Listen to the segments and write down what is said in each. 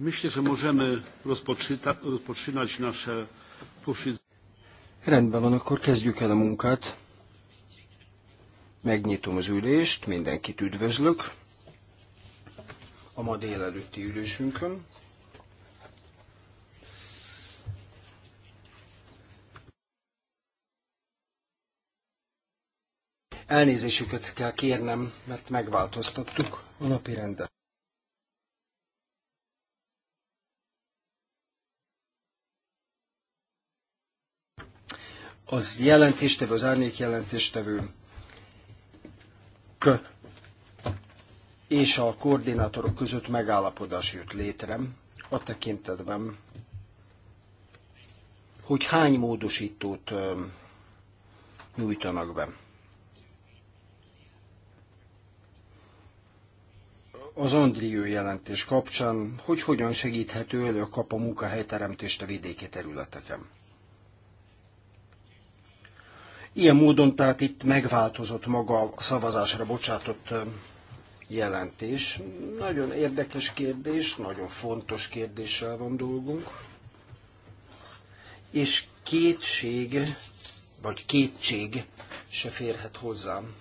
Myślę, że możemy rozpoczynać nasze posiedzenie. Rendben van, akkor kezdjük el a munkát. Megnyitom az ülést, mindenkit üdvözlök a ma délelőtti ülésünkön. Elnézésüket kell kérnem, mert megváltoztattuk a napi rendet. az jelentéstevő, az árnyék jelentéstevő kö és a koordinátorok között megállapodás jött létre a tekintetben, hogy hány módosítót nyújtanak be. Az Andrió jelentés kapcsán, hogy hogyan segíthető elő kap a munkahelyteremtést a vidéki területeken. Ilyen módon tehát itt megváltozott maga a szavazásra bocsátott jelentés. Nagyon érdekes kérdés, nagyon fontos kérdéssel van dolgunk. És kétség, vagy kétség se férhet hozzám,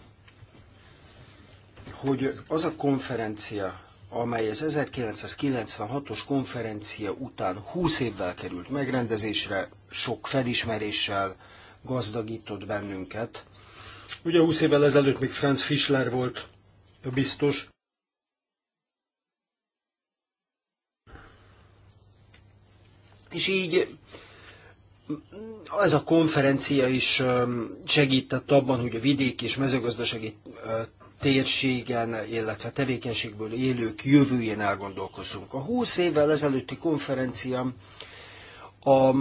hogy az a konferencia, amely az 1996-os konferencia után 20 évvel került megrendezésre, sok felismeréssel, gazdagított bennünket. Ugye 20 évvel ezelőtt még Franz Fischler volt a biztos, És így ez a konferencia is segített abban, hogy a vidék és mezőgazdasági térségen, illetve tevékenységből élők jövőjén elgondolkozzunk. A 20 évvel ezelőtti konferencia a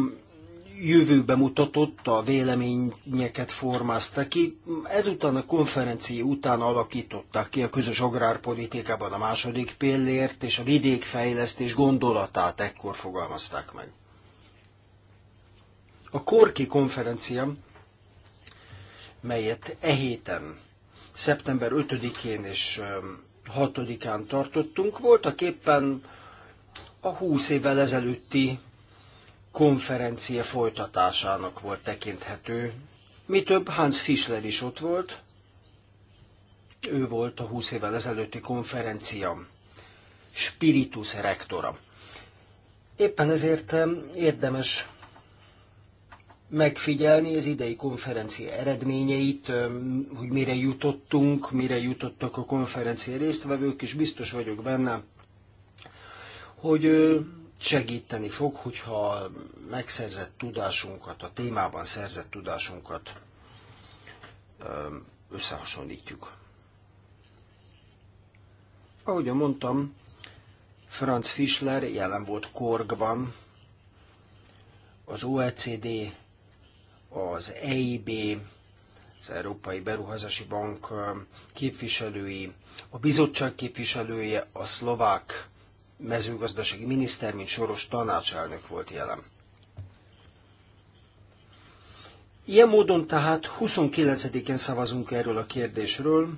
jövőbe mutatott, a véleményeket formázta ki, ezután a konferencia után alakították ki a közös agrárpolitikában a második pillért, és a vidékfejlesztés gondolatát ekkor fogalmazták meg. A Korki konferenciám, melyet e héten, szeptember 5-én és 6-án tartottunk, voltak éppen a 20 évvel ezelőtti konferencia folytatásának volt tekinthető. Mi több, Hans Fischler is ott volt, ő volt a 20 évvel ezelőtti konferencia spiritus rektora. Éppen ezért érdemes megfigyelni az idei konferencia eredményeit, hogy mire jutottunk, mire jutottak a konferencia résztvevők, és biztos vagyok benne, hogy segíteni fog, hogyha megszerzett tudásunkat, a témában szerzett tudásunkat összehasonlítjuk. Ahogy mondtam, Franz Fischler jelen volt Korgban, az OECD, az EIB, az Európai Beruházási Bank képviselői, a bizottság képviselője, a szlovák mezőgazdasági miniszter, mint soros tanácselnök volt jelen. Ilyen módon tehát 29-én szavazunk erről a kérdésről.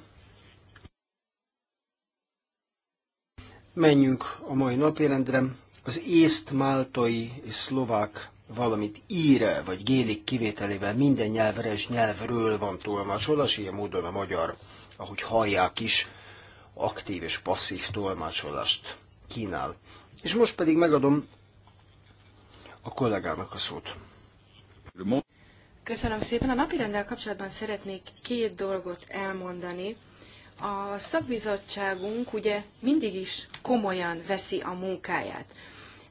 Menjünk a mai napirendre. Az észt, máltai és szlovák, valamint íre vagy gélik kivételével minden nyelvre és nyelvről van tolmácsolás, ilyen módon a magyar, ahogy hallják is, aktív és passzív tolmácsolást kínál. És most pedig megadom a kollégának a szót. Köszönöm szépen. A rendel kapcsolatban szeretnék két dolgot elmondani. A szakbizottságunk ugye mindig is komolyan veszi a munkáját.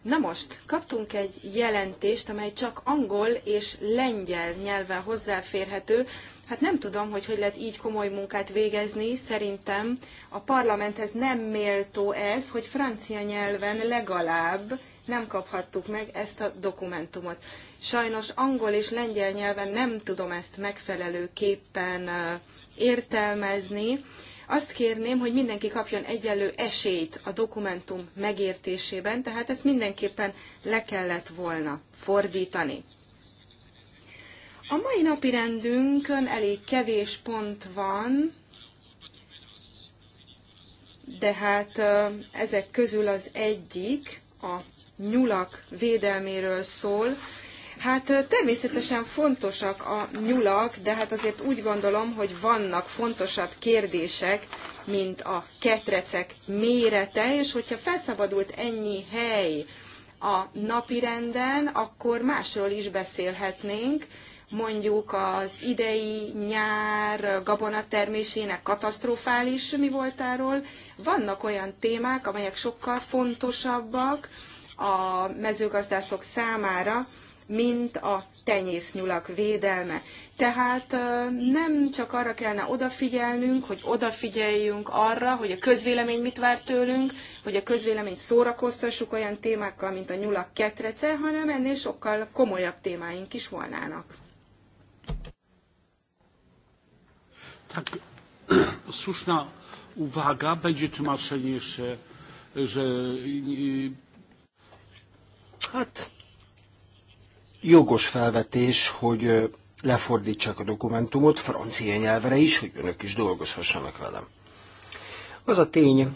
Na most, kaptunk egy jelentést, amely csak angol és lengyel nyelven hozzáférhető. Hát nem tudom, hogy hogy lehet így komoly munkát végezni. Szerintem a parlamenthez nem méltó ez, hogy francia nyelven legalább nem kaphattuk meg ezt a dokumentumot. Sajnos angol és lengyel nyelven nem tudom ezt megfelelőképpen uh, értelmezni. Azt kérném, hogy mindenki kapjon egyenlő esélyt a dokumentum megértésében, tehát ezt mindenképpen le kellett volna fordítani. A mai napi rendünkön elég kevés pont van, de hát ezek közül az egyik a nyulak védelméről szól, Hát természetesen fontosak a nyulak, de hát azért úgy gondolom, hogy vannak fontosabb kérdések, mint a ketrecek mérete, és hogyha felszabadult ennyi hely a napirenden, akkor másról is beszélhetnénk, mondjuk az idei nyár gabonatermésének katasztrofális mi voltáról. Vannak olyan témák, amelyek sokkal fontosabbak a mezőgazdászok számára, mint a tenyésznyulak védelme. Tehát nem csak arra kellene odafigyelnünk, hogy odafigyeljünk arra, hogy a közvélemény mit vár tőlünk, hogy a közvélemény szórakoztassuk olyan témákkal, mint a nyulak ketrece, hanem ennél sokkal komolyabb témáink is volnának. Tak, słuszna uwaga, będzie tłumaczenie jeszcze, że... Hát, jogos felvetés, hogy lefordítsák a dokumentumot francia nyelvre is, hogy önök is dolgozhassanak velem. Az a tény,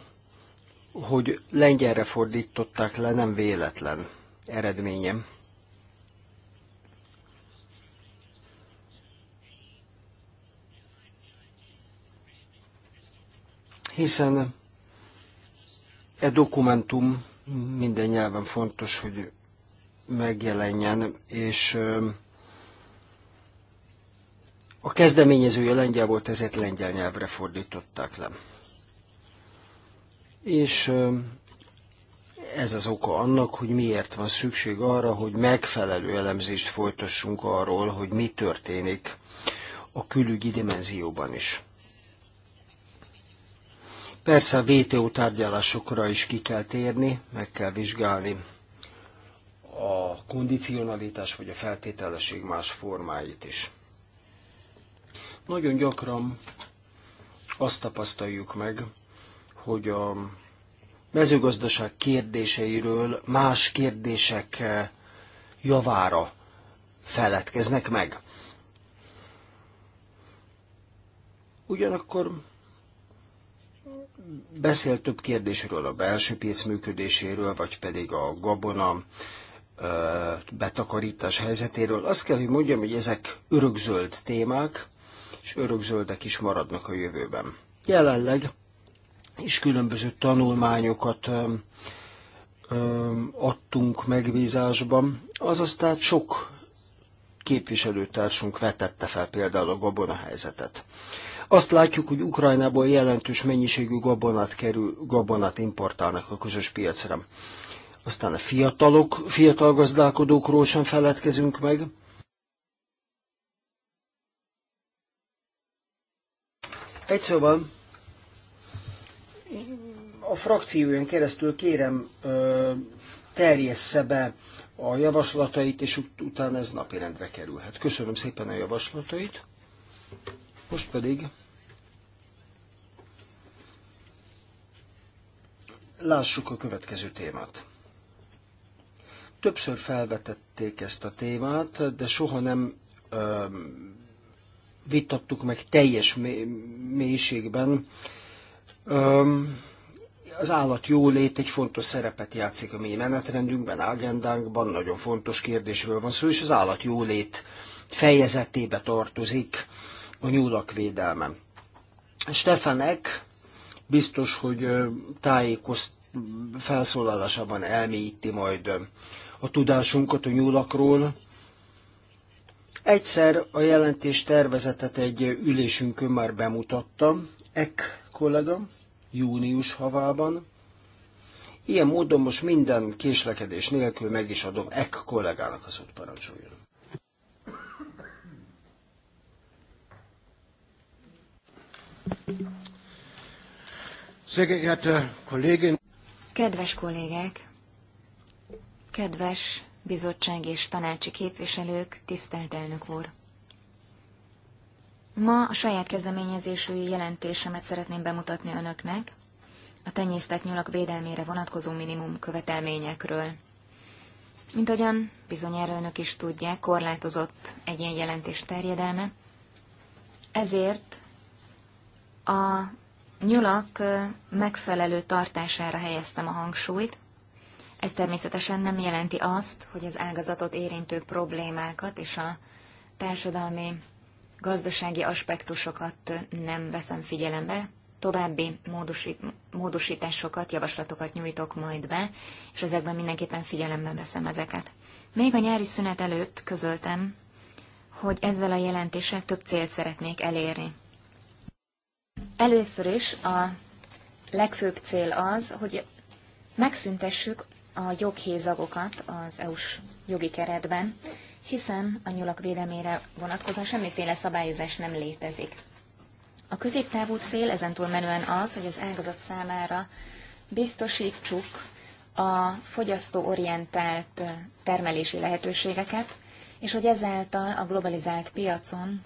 hogy lengyelre fordították le, nem véletlen eredményem. Hiszen e dokumentum minden nyelven fontos, hogy megjelenjen, és a kezdeményezője lengyel volt, ezért lengyel nyelvre fordították le. És ez az oka annak, hogy miért van szükség arra, hogy megfelelő elemzést folytassunk arról, hogy mi történik a külügyi dimenzióban is. Persze a VTO tárgyalásokra is ki kell térni, meg kell vizsgálni a kondicionalitás vagy a feltételesség más formáit is. Nagyon gyakran azt tapasztaljuk meg, hogy a mezőgazdaság kérdéseiről más kérdések eh, javára feledkeznek meg. Ugyanakkor beszél több kérdésről, a belső piac működéséről, vagy pedig a gabona betakarítás helyzetéről. Azt kell, hogy mondjam, hogy ezek örökzöld témák, és örökzöldek is maradnak a jövőben. Jelenleg is különböző tanulmányokat adtunk megbízásban, az aztán sok képviselőtársunk vetette fel például a gabona helyzetet. Azt látjuk, hogy Ukrajnából jelentős mennyiségű gabonát, kerül, gabonát importálnak a közös piacra. Aztán a fiatalok, fiatal gazdálkodókról sem feledkezünk meg. Egy szóval a frakcióján keresztül kérem terjessze be a javaslatait, és ut- utána ez napirendre kerülhet. Köszönöm szépen a javaslatait. Most pedig lássuk a következő témát. Többször felvetették ezt a témát, de soha nem ö, vitattuk meg teljes mélységben. Ö, az állat jólét egy fontos szerepet játszik a mi menetrendünkben, agendánkban, nagyon fontos kérdésről van szó, és az állat jólét fejezetébe tartozik a nyúlak védelme. Stefanek biztos, hogy tájékoz felszólalásában elmélyíti majd a tudásunkat a nyúlakról. Egyszer a jelentés tervezetet egy ülésünkön már bemutattam, Ek kollega, június havában. Ilyen módon most minden késlekedés nélkül meg is adom Ek kollégának az szót parancsoljon. Kedves kollégák! Kedves bizottság és tanácsi képviselők, tisztelt elnök úr! Ma a saját kezdeményezésű jelentésemet szeretném bemutatni önöknek a tenyésztett nyulak védelmére vonatkozó minimum követelményekről. Mint ahogyan bizonyára önök is tudják, korlátozott egy ilyen jelentés terjedelme, ezért a nyulak megfelelő tartására helyeztem a hangsúlyt, ez természetesen nem jelenti azt, hogy az ágazatot érintő problémákat és a társadalmi gazdasági aspektusokat nem veszem figyelembe, további módosít, módosításokat, javaslatokat nyújtok majd be, és ezekben mindenképpen figyelembe veszem ezeket. Még a nyári szünet előtt közöltem, hogy ezzel a jelentéssel több célt szeretnék elérni. Először is a legfőbb cél az, hogy megszüntessük a joghézagokat az EU-s jogi keretben, hiszen a nyulak védelmére vonatkozóan semmiféle szabályozás nem létezik. A középtávú cél ezentúl menően az, hogy az ágazat számára biztosítsuk a fogyasztóorientált termelési lehetőségeket, és hogy ezáltal a globalizált piacon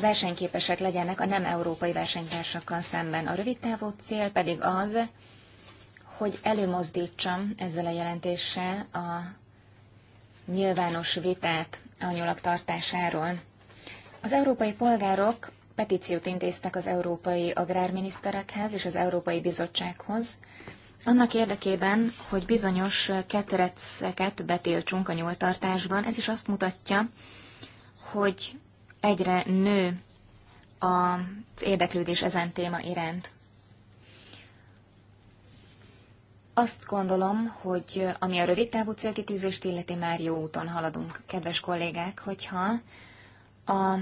versenyképesek legyenek a nem európai versenytársakkal szemben. A rövid távú cél pedig az, hogy előmozdítsam ezzel a jelentéssel a nyilvános vitát a nyulak tartásáról. Az európai polgárok petíciót intéztek az európai agrárminiszterekhez és az Európai Bizottsághoz, annak érdekében, hogy bizonyos ketreceket betiltsunk a nyúltartásban, ez is azt mutatja, hogy egyre nő az érdeklődés ezen téma iránt. Azt gondolom, hogy ami a rövid távú célkitűzést illeti, már jó úton haladunk, kedves kollégák, hogyha a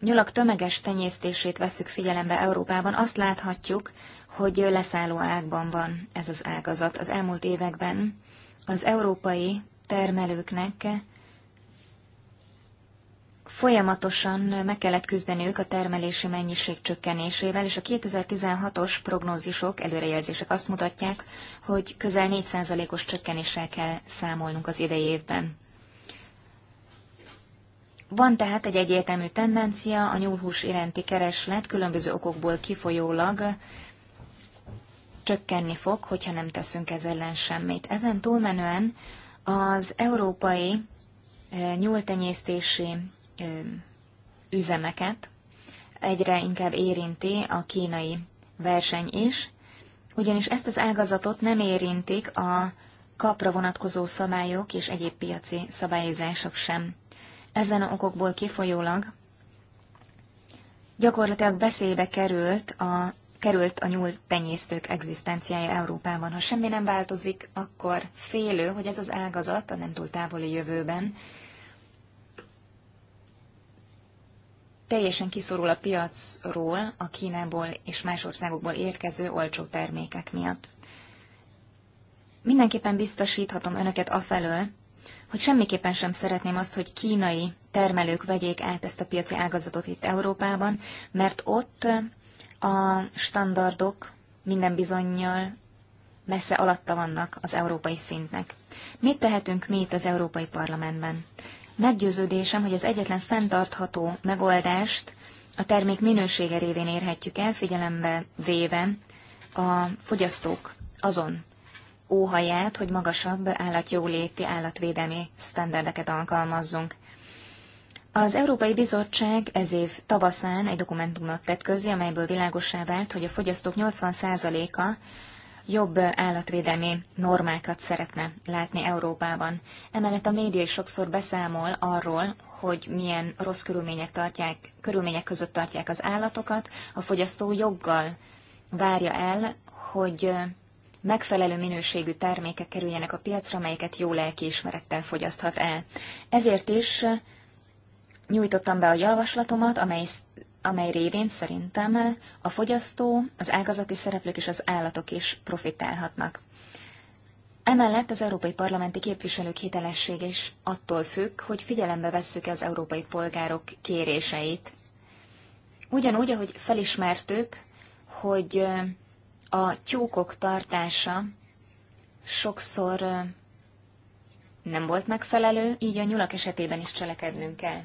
nyulak tömeges tenyésztését vesszük figyelembe Európában, azt láthatjuk, hogy leszálló ágban van ez az ágazat. Az elmúlt években az európai termelőknek folyamatosan meg kellett küzdeniük a termelési mennyiség csökkenésével, és a 2016-os prognózisok, előrejelzések azt mutatják, hogy közel 4%-os csökkenéssel kell számolnunk az idei évben. Van tehát egy egyértelmű tendencia, a nyúlhús iránti kereslet különböző okokból kifolyólag csökkenni fog, hogyha nem teszünk ez ellen semmit. Ezen túlmenően az európai eh, nyúltenyésztési üzemeket egyre inkább érinti a kínai verseny is, ugyanis ezt az ágazatot nem érintik a kapra vonatkozó szabályok és egyéb piaci szabályozások sem. Ezen a okokból kifolyólag gyakorlatilag veszélybe került a, került a nyúl tenyésztők egzisztenciája Európában. Ha semmi nem változik, akkor félő, hogy ez az ágazat a nem túl távoli jövőben teljesen kiszorul a piacról a Kínából és más országokból érkező olcsó termékek miatt. Mindenképpen biztosíthatom önöket afelől, hogy semmiképpen sem szeretném azt, hogy kínai termelők vegyék át ezt a piaci ágazatot itt Európában, mert ott a standardok minden bizonyjal messze alatta vannak az európai szintnek. Mit tehetünk mi itt az Európai Parlamentben? Meggyőződésem, hogy az egyetlen fenntartható megoldást a termék minősége révén érhetjük el, figyelembe véve a fogyasztók azon óhaját, hogy magasabb állatjóléti, állatvédelmi sztenderdeket alkalmazzunk. Az Európai Bizottság ez év tavaszán egy dokumentumot tett közzé, amelyből világosá vált, hogy a fogyasztók 80%-a jobb állatvédelmi normákat szeretne látni Európában. Emellett a média is sokszor beszámol arról, hogy milyen rossz körülmények, tartják, körülmények között tartják az állatokat. A fogyasztó joggal várja el, hogy megfelelő minőségű termékek kerüljenek a piacra, melyeket jó lelkiismerettel fogyaszthat el. Ezért is nyújtottam be a javaslatomat, amely amely révén szerintem a fogyasztó, az ágazati szereplők és az állatok is profitálhatnak. Emellett az európai parlamenti képviselők hitelessége is attól függ, hogy figyelembe vesszük-e az európai polgárok kéréseit. Ugyanúgy, ahogy felismertük, hogy a tyúkok tartása sokszor nem volt megfelelő, így a nyulak esetében is cselekednünk kell.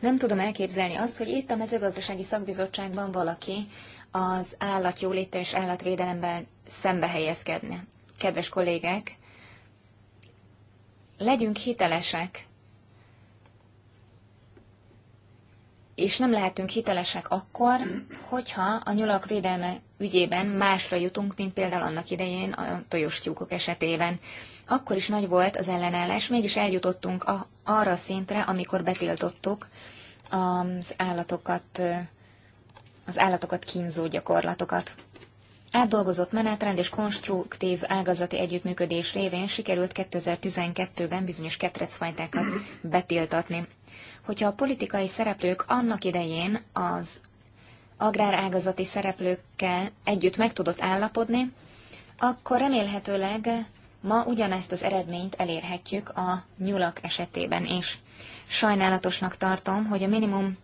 Nem tudom elképzelni azt, hogy itt a mezőgazdasági szakbizottságban valaki az állatjóléttel és állatvédelemben szembe helyezkedne. Kedves kollégek, legyünk hitelesek, és nem lehetünk hitelesek akkor, hogyha a nyulak védelme ügyében másra jutunk, mint például annak idején a tojostyúkok esetében. Akkor is nagy volt az ellenállás, mégis eljutottunk a, arra a szintre, amikor betiltottuk az állatokat, az állatokat kínzó gyakorlatokat. Átdolgozott menetrend és konstruktív ágazati együttműködés révén sikerült 2012-ben bizonyos ketrecfajtákat betiltatni. Hogyha a politikai szereplők annak idején az agrárágazati szereplőkkel együtt meg tudott állapodni, akkor remélhetőleg Ma ugyanezt az eredményt elérhetjük a nyulak esetében is. Sajnálatosnak tartom, hogy a minimum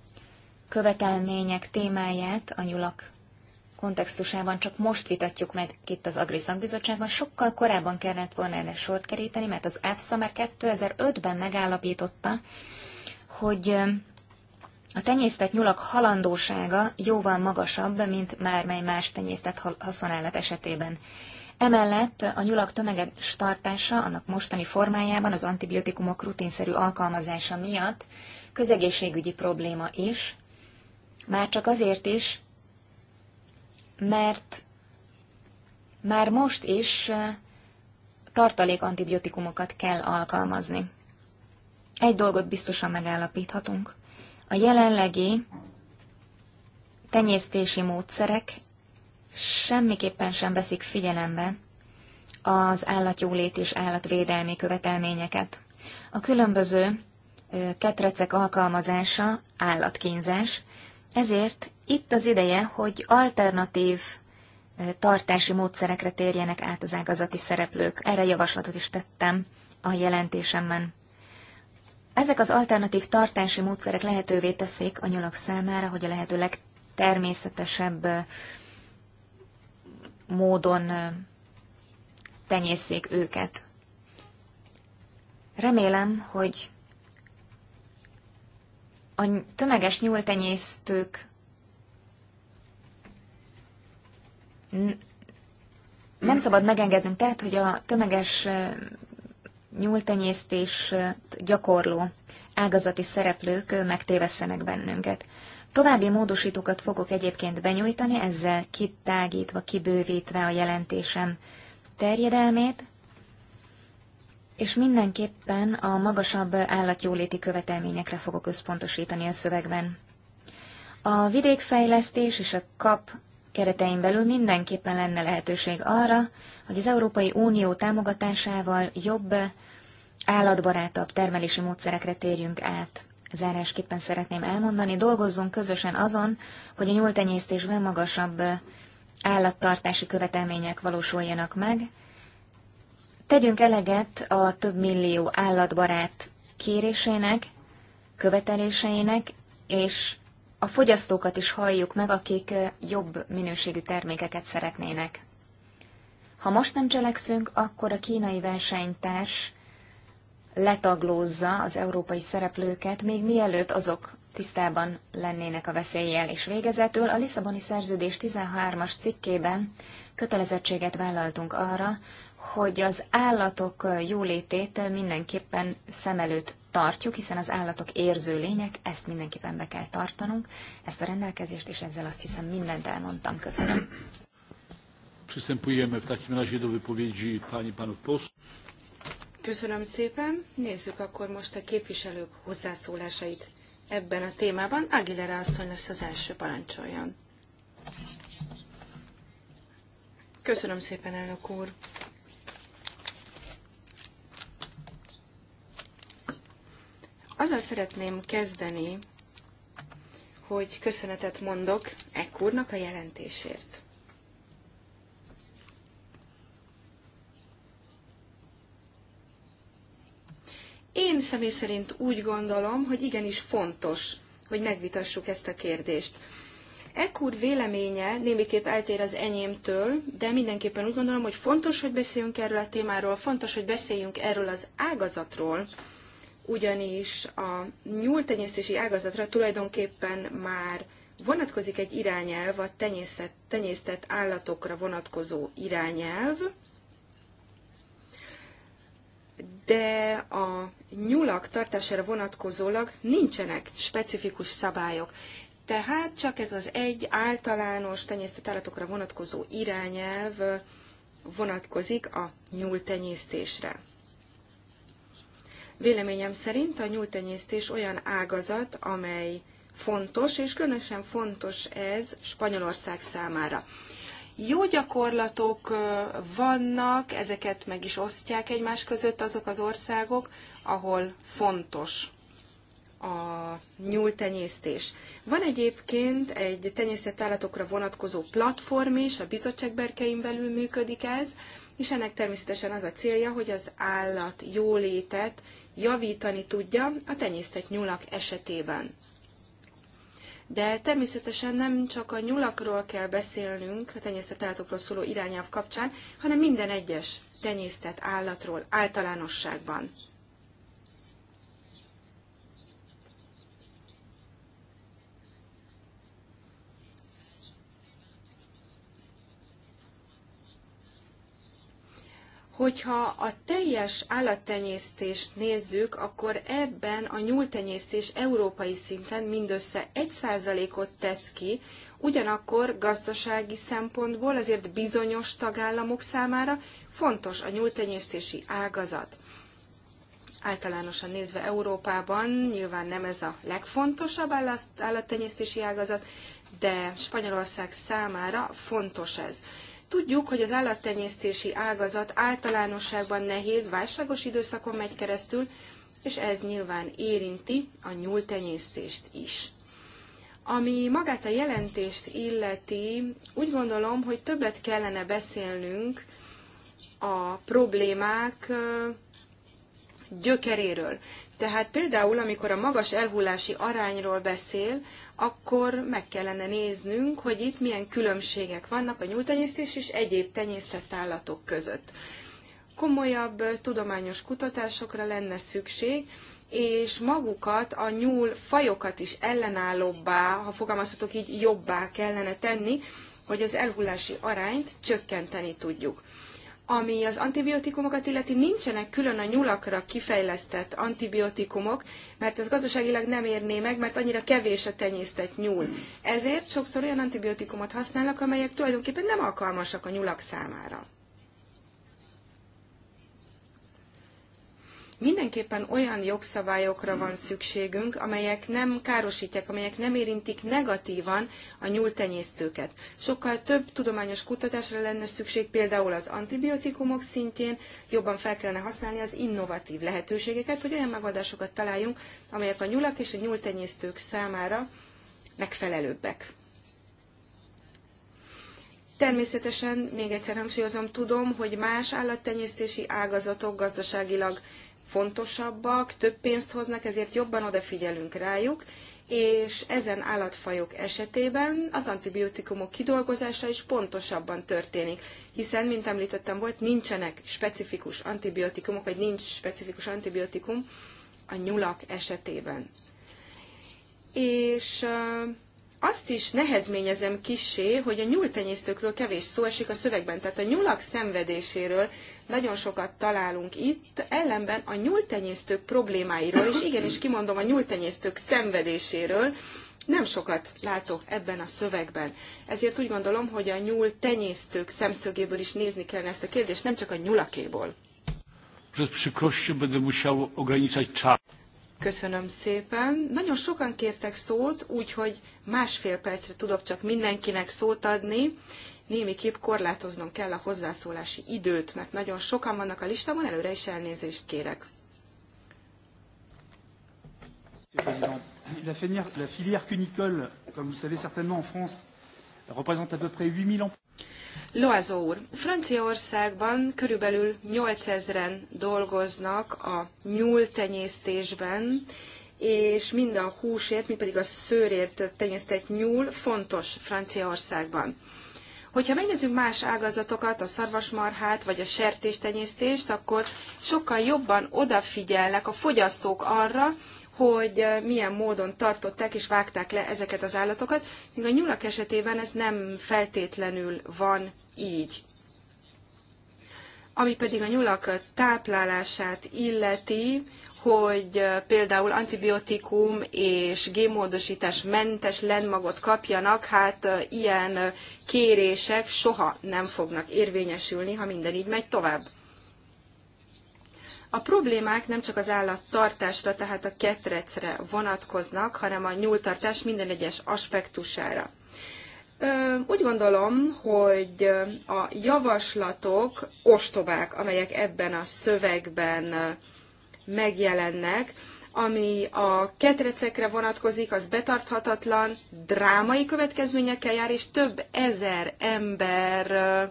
követelmények témáját a nyulak kontextusában csak most vitatjuk meg itt az Agri Szakbizottságban, sokkal korábban kellett volna erre sort keríteni, mert az EFSA már 2005-ben megállapította, hogy a tenyésztett nyulak halandósága jóval magasabb, mint mármely más tenyésztett haszonállat esetében. Emellett a nyulak tömeges tartása annak mostani formájában az antibiotikumok rutinszerű alkalmazása miatt közegészségügyi probléma is, már csak azért is, mert már most is tartalék antibiotikumokat kell alkalmazni. Egy dolgot biztosan megállapíthatunk. A jelenlegi tenyésztési módszerek semmiképpen sem veszik figyelembe az állatjólét és állatvédelmi követelményeket. A különböző ketrecek alkalmazása állatkínzás, ezért itt az ideje, hogy alternatív tartási módszerekre térjenek át az ágazati szereplők. Erre javaslatot is tettem a jelentésemben. Ezek az alternatív tartási módszerek lehetővé teszik a nyulak számára, hogy a lehető legtermészetesebb módon tenyészék őket. Remélem, hogy a tömeges nyúltenyésztők nem szabad megengednünk, tehát, hogy a tömeges nyúltenyésztés gyakorló ágazati szereplők megtévesztenek bennünket. További módosítókat fogok egyébként benyújtani, ezzel kitágítva, kibővítve a jelentésem terjedelmét, és mindenképpen a magasabb állatjóléti követelményekre fogok összpontosítani a szövegben. A vidékfejlesztés és a kap keretein belül mindenképpen lenne lehetőség arra, hogy az Európai Unió támogatásával jobb, állatbarátabb termelési módszerekre térjünk át zárásképpen szeretném elmondani, dolgozzunk közösen azon, hogy a nyúltenyésztésben magasabb állattartási követelmények valósuljanak meg. Tegyünk eleget a több millió állatbarát kérésének, követeléseinek, és a fogyasztókat is halljuk meg, akik jobb minőségű termékeket szeretnének. Ha most nem cselekszünk, akkor a kínai versenytárs letaglózza az európai szereplőket, még mielőtt azok tisztában lennének a veszélyel, és végezetül a Lisszaboni Szerződés 13-as cikkében kötelezettséget vállaltunk arra, hogy az állatok jólétét mindenképpen szem előtt tartjuk, hiszen az állatok érző lények, ezt mindenképpen be kell tartanunk, ezt a rendelkezést, és ezzel azt hiszem mindent elmondtam. Köszönöm. Przystępujemy w takim razie do wypowiedzi pani panów posłów. Köszönöm szépen. Nézzük akkor most a képviselők hozzászólásait ebben a témában. Aguilera asszony lesz az első parancsoljon. Köszönöm szépen, elnök úr. Azzal szeretném kezdeni, hogy köszönetet mondok Ekkurnak a jelentésért. Én személy szerint úgy gondolom, hogy igenis fontos, hogy megvitassuk ezt a kérdést. Ekkor véleménye némiképp eltér az enyémtől, de mindenképpen úgy gondolom, hogy fontos, hogy beszéljünk erről a témáról, fontos, hogy beszéljünk erről az ágazatról, ugyanis a nyúltenyésztési ágazatra tulajdonképpen már vonatkozik egy irányelv, a tenyészet, tenyésztett állatokra vonatkozó irányelv, de a nyulak tartására vonatkozólag nincsenek specifikus szabályok. Tehát csak ez az egy általános tenyésztett állatokra vonatkozó irányelv vonatkozik a nyúltenyésztésre. Véleményem szerint a nyúltenyésztés olyan ágazat, amely fontos, és különösen fontos ez Spanyolország számára. Jó gyakorlatok vannak, ezeket meg is osztják egymás között azok az országok, ahol fontos a nyúltenyésztés. Van egyébként egy tenyésztett állatokra vonatkozó platform is, a bizottság berkein belül működik ez, és ennek természetesen az a célja, hogy az állat jólétet javítani tudja a tenyésztett nyulak esetében. De természetesen nem csak a nyulakról kell beszélnünk, a állatokról szóló irányelv kapcsán, hanem minden egyes tenyésztett állatról általánosságban. Hogyha a teljes állattenyésztést nézzük, akkor ebben a nyúltenyésztés európai szinten mindössze 1%-ot tesz ki, ugyanakkor gazdasági szempontból azért bizonyos tagállamok számára fontos a nyúltenyésztési ágazat. Általánosan nézve Európában nyilván nem ez a legfontosabb állattenyésztési ágazat, de Spanyolország számára fontos ez. Tudjuk, hogy az állattenyésztési ágazat általánosságban nehéz, válságos időszakon megy keresztül, és ez nyilván érinti a nyúltenyésztést is. Ami magát a jelentést illeti, úgy gondolom, hogy többet kellene beszélnünk a problémák gyökeréről. Tehát például, amikor a magas elhullási arányról beszél, akkor meg kellene néznünk, hogy itt milyen különbségek vannak a nyúltenyésztés és egyéb tenyésztett állatok között. Komolyabb tudományos kutatásokra lenne szükség, és magukat, a nyúl fajokat is ellenállóbbá, ha fogalmazhatok így, jobbá kellene tenni, hogy az elhullási arányt csökkenteni tudjuk. Ami az antibiotikumokat illeti, nincsenek külön a nyulakra kifejlesztett antibiotikumok, mert ez gazdaságilag nem érné meg, mert annyira kevés a tenyésztett nyúl. Ezért sokszor olyan antibiotikumot használnak, amelyek tulajdonképpen nem alkalmasak a nyulak számára. Mindenképpen olyan jogszabályokra van szükségünk, amelyek nem károsítják, amelyek nem érintik negatívan a nyúltenyésztőket. Sokkal több tudományos kutatásra lenne szükség, például az antibiotikumok szintjén jobban fel kellene használni az innovatív lehetőségeket, hogy olyan megoldásokat találjunk, amelyek a nyulak és a nyúltenyésztők számára megfelelőbbek. Természetesen, még egyszer hangsúlyozom, tudom, hogy más állattenyésztési ágazatok gazdaságilag fontosabbak, több pénzt hoznak, ezért jobban odafigyelünk rájuk, és ezen állatfajok esetében az antibiotikumok kidolgozása is pontosabban történik, hiszen, mint említettem volt, nincsenek specifikus antibiotikumok, vagy nincs specifikus antibiotikum a nyulak esetében. És azt is nehezményezem kissé, hogy a nyúltenyésztőkről kevés szó esik a szövegben, tehát a nyulak szenvedéséről nagyon sokat találunk itt, ellenben a nyúltenyésztők problémáiról, és igenis kimondom a nyúltenyésztők szenvedéséről, nem sokat látok ebben a szövegben. Ezért úgy gondolom, hogy a nyúl tenyésztők szemszögéből is nézni kellene ezt a kérdést, nem csak a nyulakéból. Köszönöm szépen. Nagyon sokan kértek szót, úgyhogy másfél percre tudok csak mindenkinek szót adni, némiképp korlátoznom kell a hozzászólási időt, mert nagyon sokan vannak a listámon, előre is elnézést kérek. La filière, la filière cunicole, comme vous savez certainement en France, représente à peu près 8000 emplois. Loazó úr, Franciaországban körülbelül 8000-en dolgoznak a nyúltenyésztésben, és mind a húsért, mind pedig a szőrért tenyésztett nyúl fontos Franciaországban. Hogyha megnézzük más ágazatokat, a szarvasmarhát vagy a sertéstenyésztést, akkor sokkal jobban odafigyelnek a fogyasztók arra, hogy eh, milyen módon tartották és vágták le ezeket az állatokat, míg a nyulak esetében ez nem feltétlenül van így. Ami pedig a nyulak táplálását illeti, hogy például antibiotikum és gémódosítás mentes lenmagot kapjanak, hát ilyen kérések soha nem fognak érvényesülni, ha minden így megy tovább. A problémák nem csak az állattartásra, tehát a ketrecre vonatkoznak, hanem a nyúltartás minden egyes aspektusára. Úgy gondolom, hogy a javaslatok ostobák, amelyek ebben a szövegben megjelennek, ami a ketrecekre vonatkozik, az betarthatatlan, drámai következményekkel jár, és több ezer ember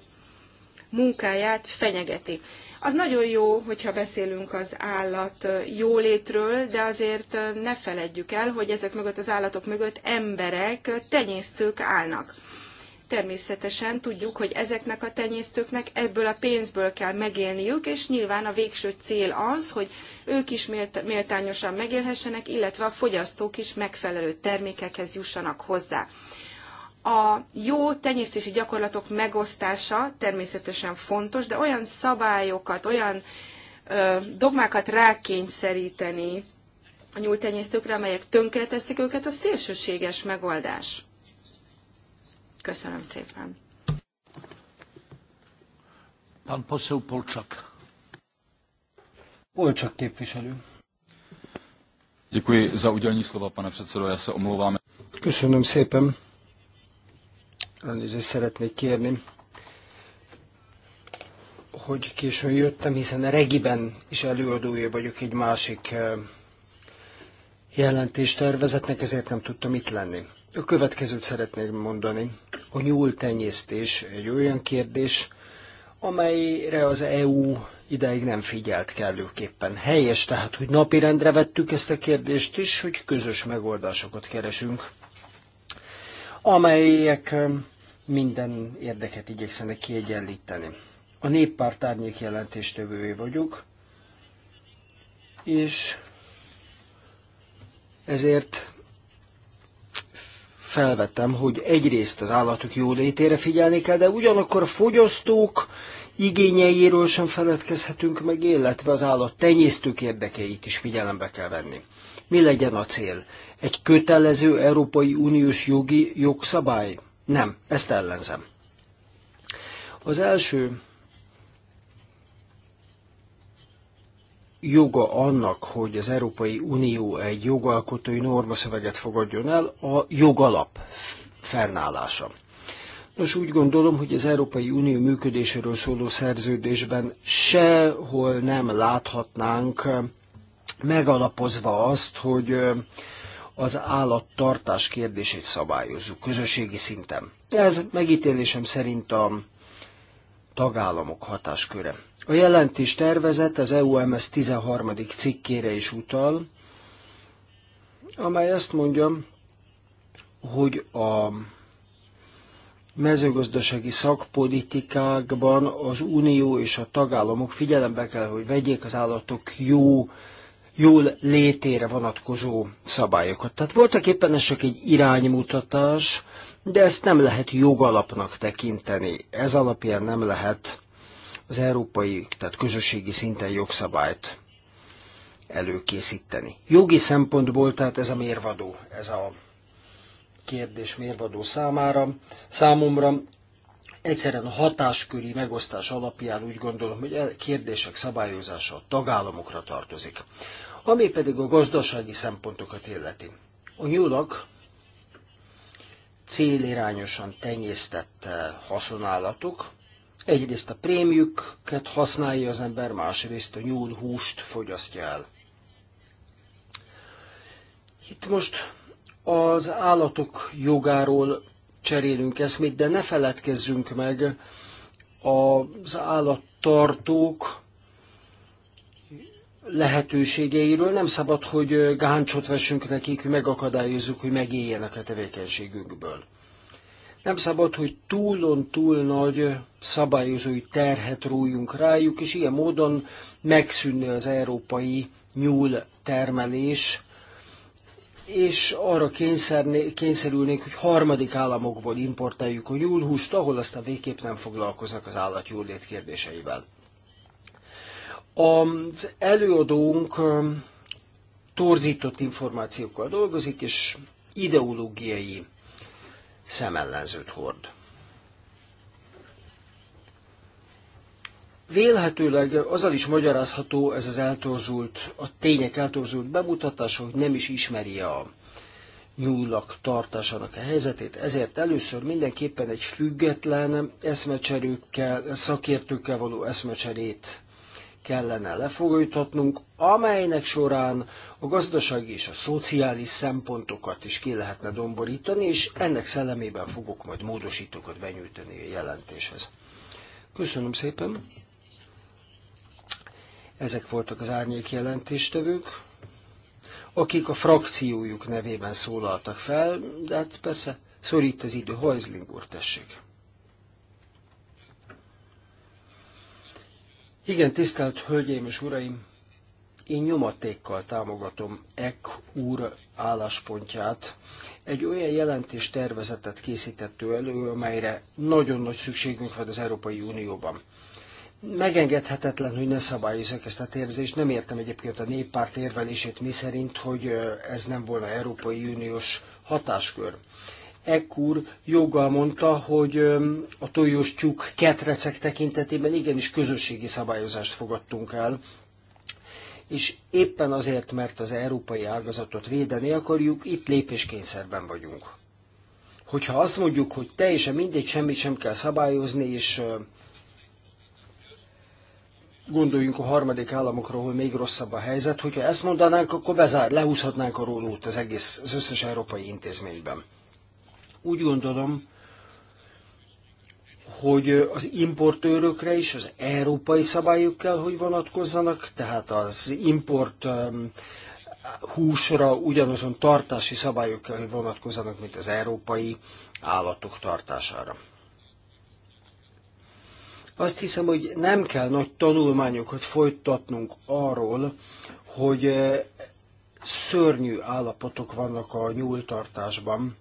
munkáját fenyegeti. Az nagyon jó, hogyha beszélünk az állat jólétről, de azért ne feledjük el, hogy ezek mögött az állatok mögött emberek, tenyésztők állnak természetesen tudjuk, hogy ezeknek a tenyésztőknek ebből a pénzből kell megélniük, és nyilván a végső cél az, hogy ők is méltányosan megélhessenek, illetve a fogyasztók is megfelelő termékekhez jussanak hozzá. A jó tenyésztési gyakorlatok megosztása természetesen fontos, de olyan szabályokat, olyan ö, dogmákat rákényszeríteni a nyúltenyésztőkre, amelyek tönkreteszik őket, az szélsőséges megoldás. Köszönöm szépen. Pan poseł Polczak. Polczak képviselő. Děkuji za udělení slova, pane předsedo. Já se omlouvám. Köszönöm szépen. Elnézést szeretnék kérni, hogy későn jöttem, hiszen a Regiben is előadója vagyok egy másik eh, jelentéstervezetnek, ezért nem tudtam itt lenni. A következőt szeretnék mondani. A nyúltenyésztés egy olyan kérdés, amelyre az EU ideig nem figyelt kellőképpen. Helyes tehát, hogy napirendre vettük ezt a kérdést is, hogy közös megoldásokat keresünk, amelyek minden érdeket igyekszenek kiegyenlíteni. A néppárt árnyék jelentéstevője vagyok, és ezért felvettem, hogy egyrészt az állatok jólétére figyelni kell, de ugyanakkor a fogyasztók igényeiről sem feledkezhetünk meg, illetve az állat tenyésztők érdekeit is figyelembe kell venni. Mi legyen a cél? Egy kötelező Európai Uniós jogi jogszabály? Nem, ezt ellenzem. Az első joga annak, hogy az Európai Unió egy jogalkotói normaszöveget fogadjon el, a jogalap fennállása. Nos, úgy gondolom, hogy az Európai Unió működéséről szóló szerződésben sehol nem láthatnánk megalapozva azt, hogy az állattartás kérdését szabályozzuk közösségi szinten. Ez megítélésem szerint a tagállamok hatásköre. A jelentés tervezet az EUMS 13. cikkére is utal, amely azt mondja, hogy a mezőgazdasági szakpolitikákban az Unió és a tagállamok figyelembe kell, hogy vegyék az állatok jó, jól létére vonatkozó szabályokat. Tehát voltak éppen ez csak egy iránymutatás, de ezt nem lehet jogalapnak tekinteni. Ez alapján nem lehet az európai, tehát közösségi szinten jogszabályt előkészíteni. Jogi szempontból tehát ez a mérvadó, ez a kérdés mérvadó számára, számomra. Egyszerűen a hatásköri megosztás alapján úgy gondolom, hogy a e- kérdések szabályozása a tagállamokra tartozik. Ami pedig a gazdasági szempontokat illeti. A nyúlak célirányosan tenyésztett haszonállatok, Egyrészt a prémjüket használja az ember, másrészt a nyúl húst fogyasztja el. Itt most az állatok jogáról cserélünk eszmét, de ne feledkezzünk meg az állattartók lehetőségeiről. Nem szabad, hogy gáncsot vessünk nekik, hogy megakadályozzuk, hogy megéljenek a tevékenységükből. Nem szabad, hogy túlon túl nagy szabályozói terhet rójunk rájuk, és ilyen módon megszűnne az európai nyúl termelés, és arra kényszerülnék, hogy harmadik államokból importáljuk a nyúlhúst, ahol aztán végképp nem foglalkoznak az állatjólét kérdéseivel. Az előadónk um, torzított információkkal dolgozik, és ideológiai szemellenzőt hord. Vélhetőleg azzal is magyarázható ez az eltorzult, a tények eltorzult bemutatása, hogy nem is ismeri a nyúlak tartásának a helyzetét, ezért először mindenképpen egy független eszmecserőkkel, szakértőkkel való eszmecserét kellene lefolytatnunk, amelynek során a gazdasági és a szociális szempontokat is ki lehetne domborítani, és ennek szellemében fogok majd módosítókat benyújtani a jelentéshez. Köszönöm szépen! Ezek voltak az árnyék jelentéstevők, akik a frakciójuk nevében szólaltak fel, de hát persze szorít az idő. Hajzling úr, tessék! Igen, tisztelt Hölgyeim és Uraim! Én nyomatékkal támogatom Ek úr álláspontját. Egy olyan jelentés tervezetet ő elő, amelyre nagyon nagy szükségünk van az Európai Unióban. Megengedhetetlen, hogy ne szabályozzak ezt a térzést. Nem értem egyébként a néppárt érvelését, mi szerint, hogy ez nem volna Európai Uniós hatáskör. Ekkor joggal mondta, hogy a tojós tyúk ketrecek tekintetében igenis közösségi szabályozást fogadtunk el, és éppen azért, mert az európai ágazatot védeni akarjuk, itt lépéskényszerben vagyunk. Hogyha azt mondjuk, hogy teljesen mindegy, semmit sem kell szabályozni, és gondoljunk a harmadik államokra, ahol még rosszabb a helyzet, hogyha ezt mondanánk, akkor bezár, lehúzhatnánk a rólót az egész, az összes európai intézményben. Úgy gondolom, hogy az importőrökre is az európai szabályok kell, hogy vonatkozzanak, tehát az import um, húsra ugyanazon tartási szabályok kell, hogy vonatkozzanak, mint az európai állatok tartására. Azt hiszem, hogy nem kell nagy tanulmányokat folytatnunk arról, hogy eh, szörnyű állapotok vannak a nyúltartásban,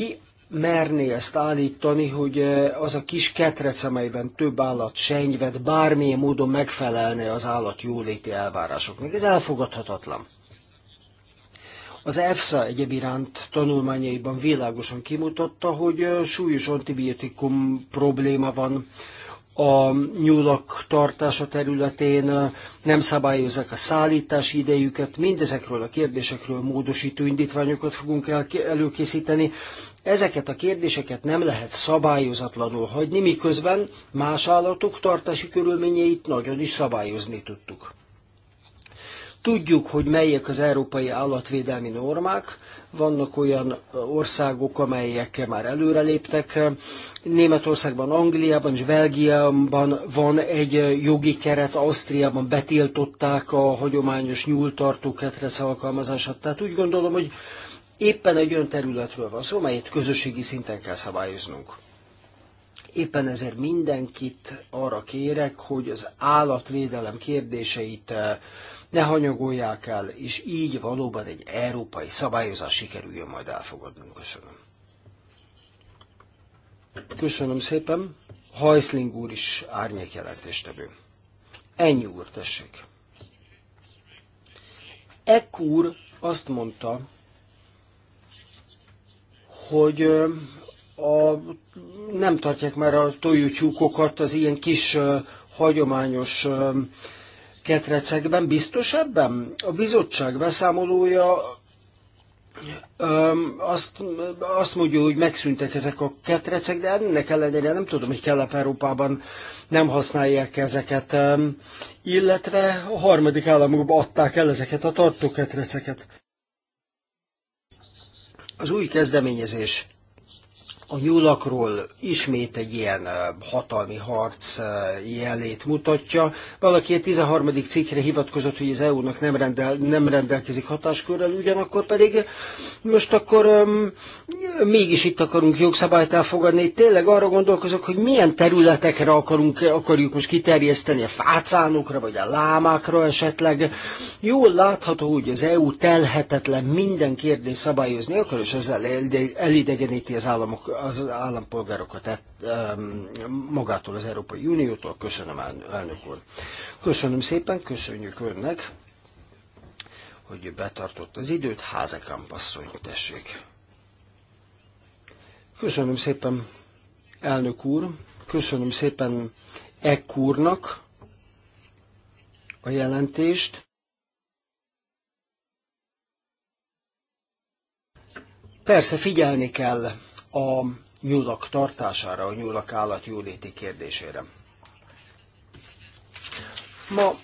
ki merné ezt állítani, hogy eh, az a kis ketrec, amelyben több állat senyved, bármilyen módon megfelelne az állat jóléti elvárásoknak. Ez elfogadhatatlan. Az EFSA egyebiránt tanulmányaiban világosan kimutatta, hogy eh, súlyos antibiotikum probléma van a nyúlak tartása területén, eh, nem szabályozzák a szállítás idejüket, mindezekről a kérdésekről módosító indítványokat fogunk előkészíteni, Ezeket a kérdéseket nem lehet szabályozatlanul hagyni, miközben más állatok tartási körülményeit nagyon is szabályozni tudtuk. Tudjuk, hogy melyek az európai állatvédelmi normák, vannak olyan országok, amelyek már előreléptek. Németországban, Angliában és Belgiában van egy jogi keret, Ausztriában betiltották a hagyományos nyúltartó ketresz alkalmazását. Tehát úgy gondolom, hogy Éppen egy olyan területről van szó, melyet közösségi szinten kell szabályoznunk. Éppen ezért mindenkit arra kérek, hogy az állatvédelem kérdéseit eh, ne hanyagolják el, és így valóban egy európai szabályozás sikerüljön majd elfogadnunk. Köszönöm. Köszönöm szépen. Hajszling úr is árnyék jelentéstevő. Ennyi úr, tessék. Ekkor azt mondta, hogy a, nem tartják már a tojócsúkokat az ilyen kis hagyományos ketrecekben. Biztos ebben? A bizottság beszámolója Öm, azt, azt mondja, hogy megszűntek ezek a ketrecek, de ennek ellenére nem tudom, hogy Kelet-Európában nem használják ezeket, Öm, illetve a harmadik államokban adták el ezeket a tartóketreceket. Az új kezdeményezés a nyulakról ismét egy ilyen hatalmi harc jelét mutatja. Valaki a 13. cikkre hivatkozott, hogy az EU-nak nem, rendel, nem rendelkezik hatáskörrel, ugyanakkor pedig most akkor um, mégis itt akarunk jogszabályt elfogadni. Tényleg arra gondolkozok, hogy milyen területekre akarunk, akarjuk most kiterjeszteni, a fácánokra, vagy a lámákra esetleg. Jól látható, hogy az EU telhetetlen minden kérdés szabályozni akar, és ezzel elidegeníti az államok, az állampolgárokat tehát, magától az Európai Uniótól. Köszönöm, elnök úr. Köszönöm szépen, köszönjük önnek, hogy betartott az időt. Házekamp asszony, tessék. Köszönöm szépen, elnök úr. Köszönöm szépen Ek úrnak a jelentést. Persze figyelni kell a nyúlak tartására, a nyúlak állatjóléti kérdésére. Ma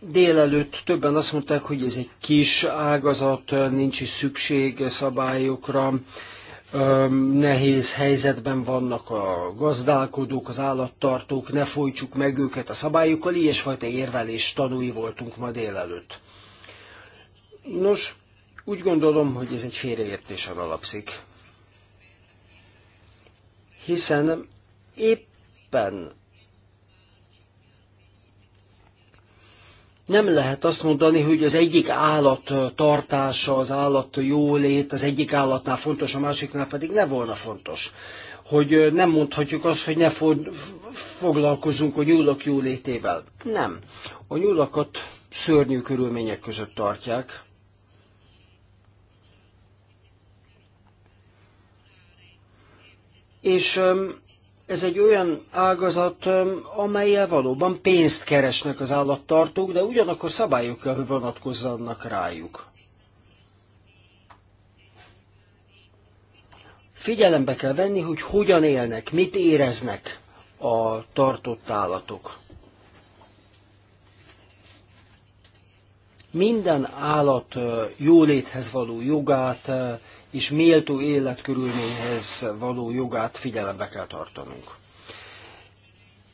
délelőtt többen azt mondták, hogy ez egy kis ágazat, nincs is szükség szabályokra, nehéz helyzetben vannak a gazdálkodók, az állattartók, ne folytsuk meg őket a szabályokkal, ilyesfajta érvelés tanúi voltunk ma délelőtt. Nos, úgy gondolom, hogy ez egy félreértésen alapszik, hiszen éppen nem lehet azt mondani, hogy az egyik állat tartása, az állat jólét az egyik állatnál fontos, a másiknál pedig ne volna fontos. Hogy nem mondhatjuk azt, hogy ne foglalkozunk a nyúlak jólétével. Nem. A nyúlakat szörnyű körülmények között tartják. és ez egy olyan ágazat, amelyel valóban pénzt keresnek az állattartók, de ugyanakkor szabályok kell, hogy vonatkozzanak rájuk. Figyelembe kell venni, hogy hogyan élnek, mit éreznek a tartott állatok. Minden állat jóléthez való jogát és méltó életkörülményhez való jogát figyelembe kell tartanunk.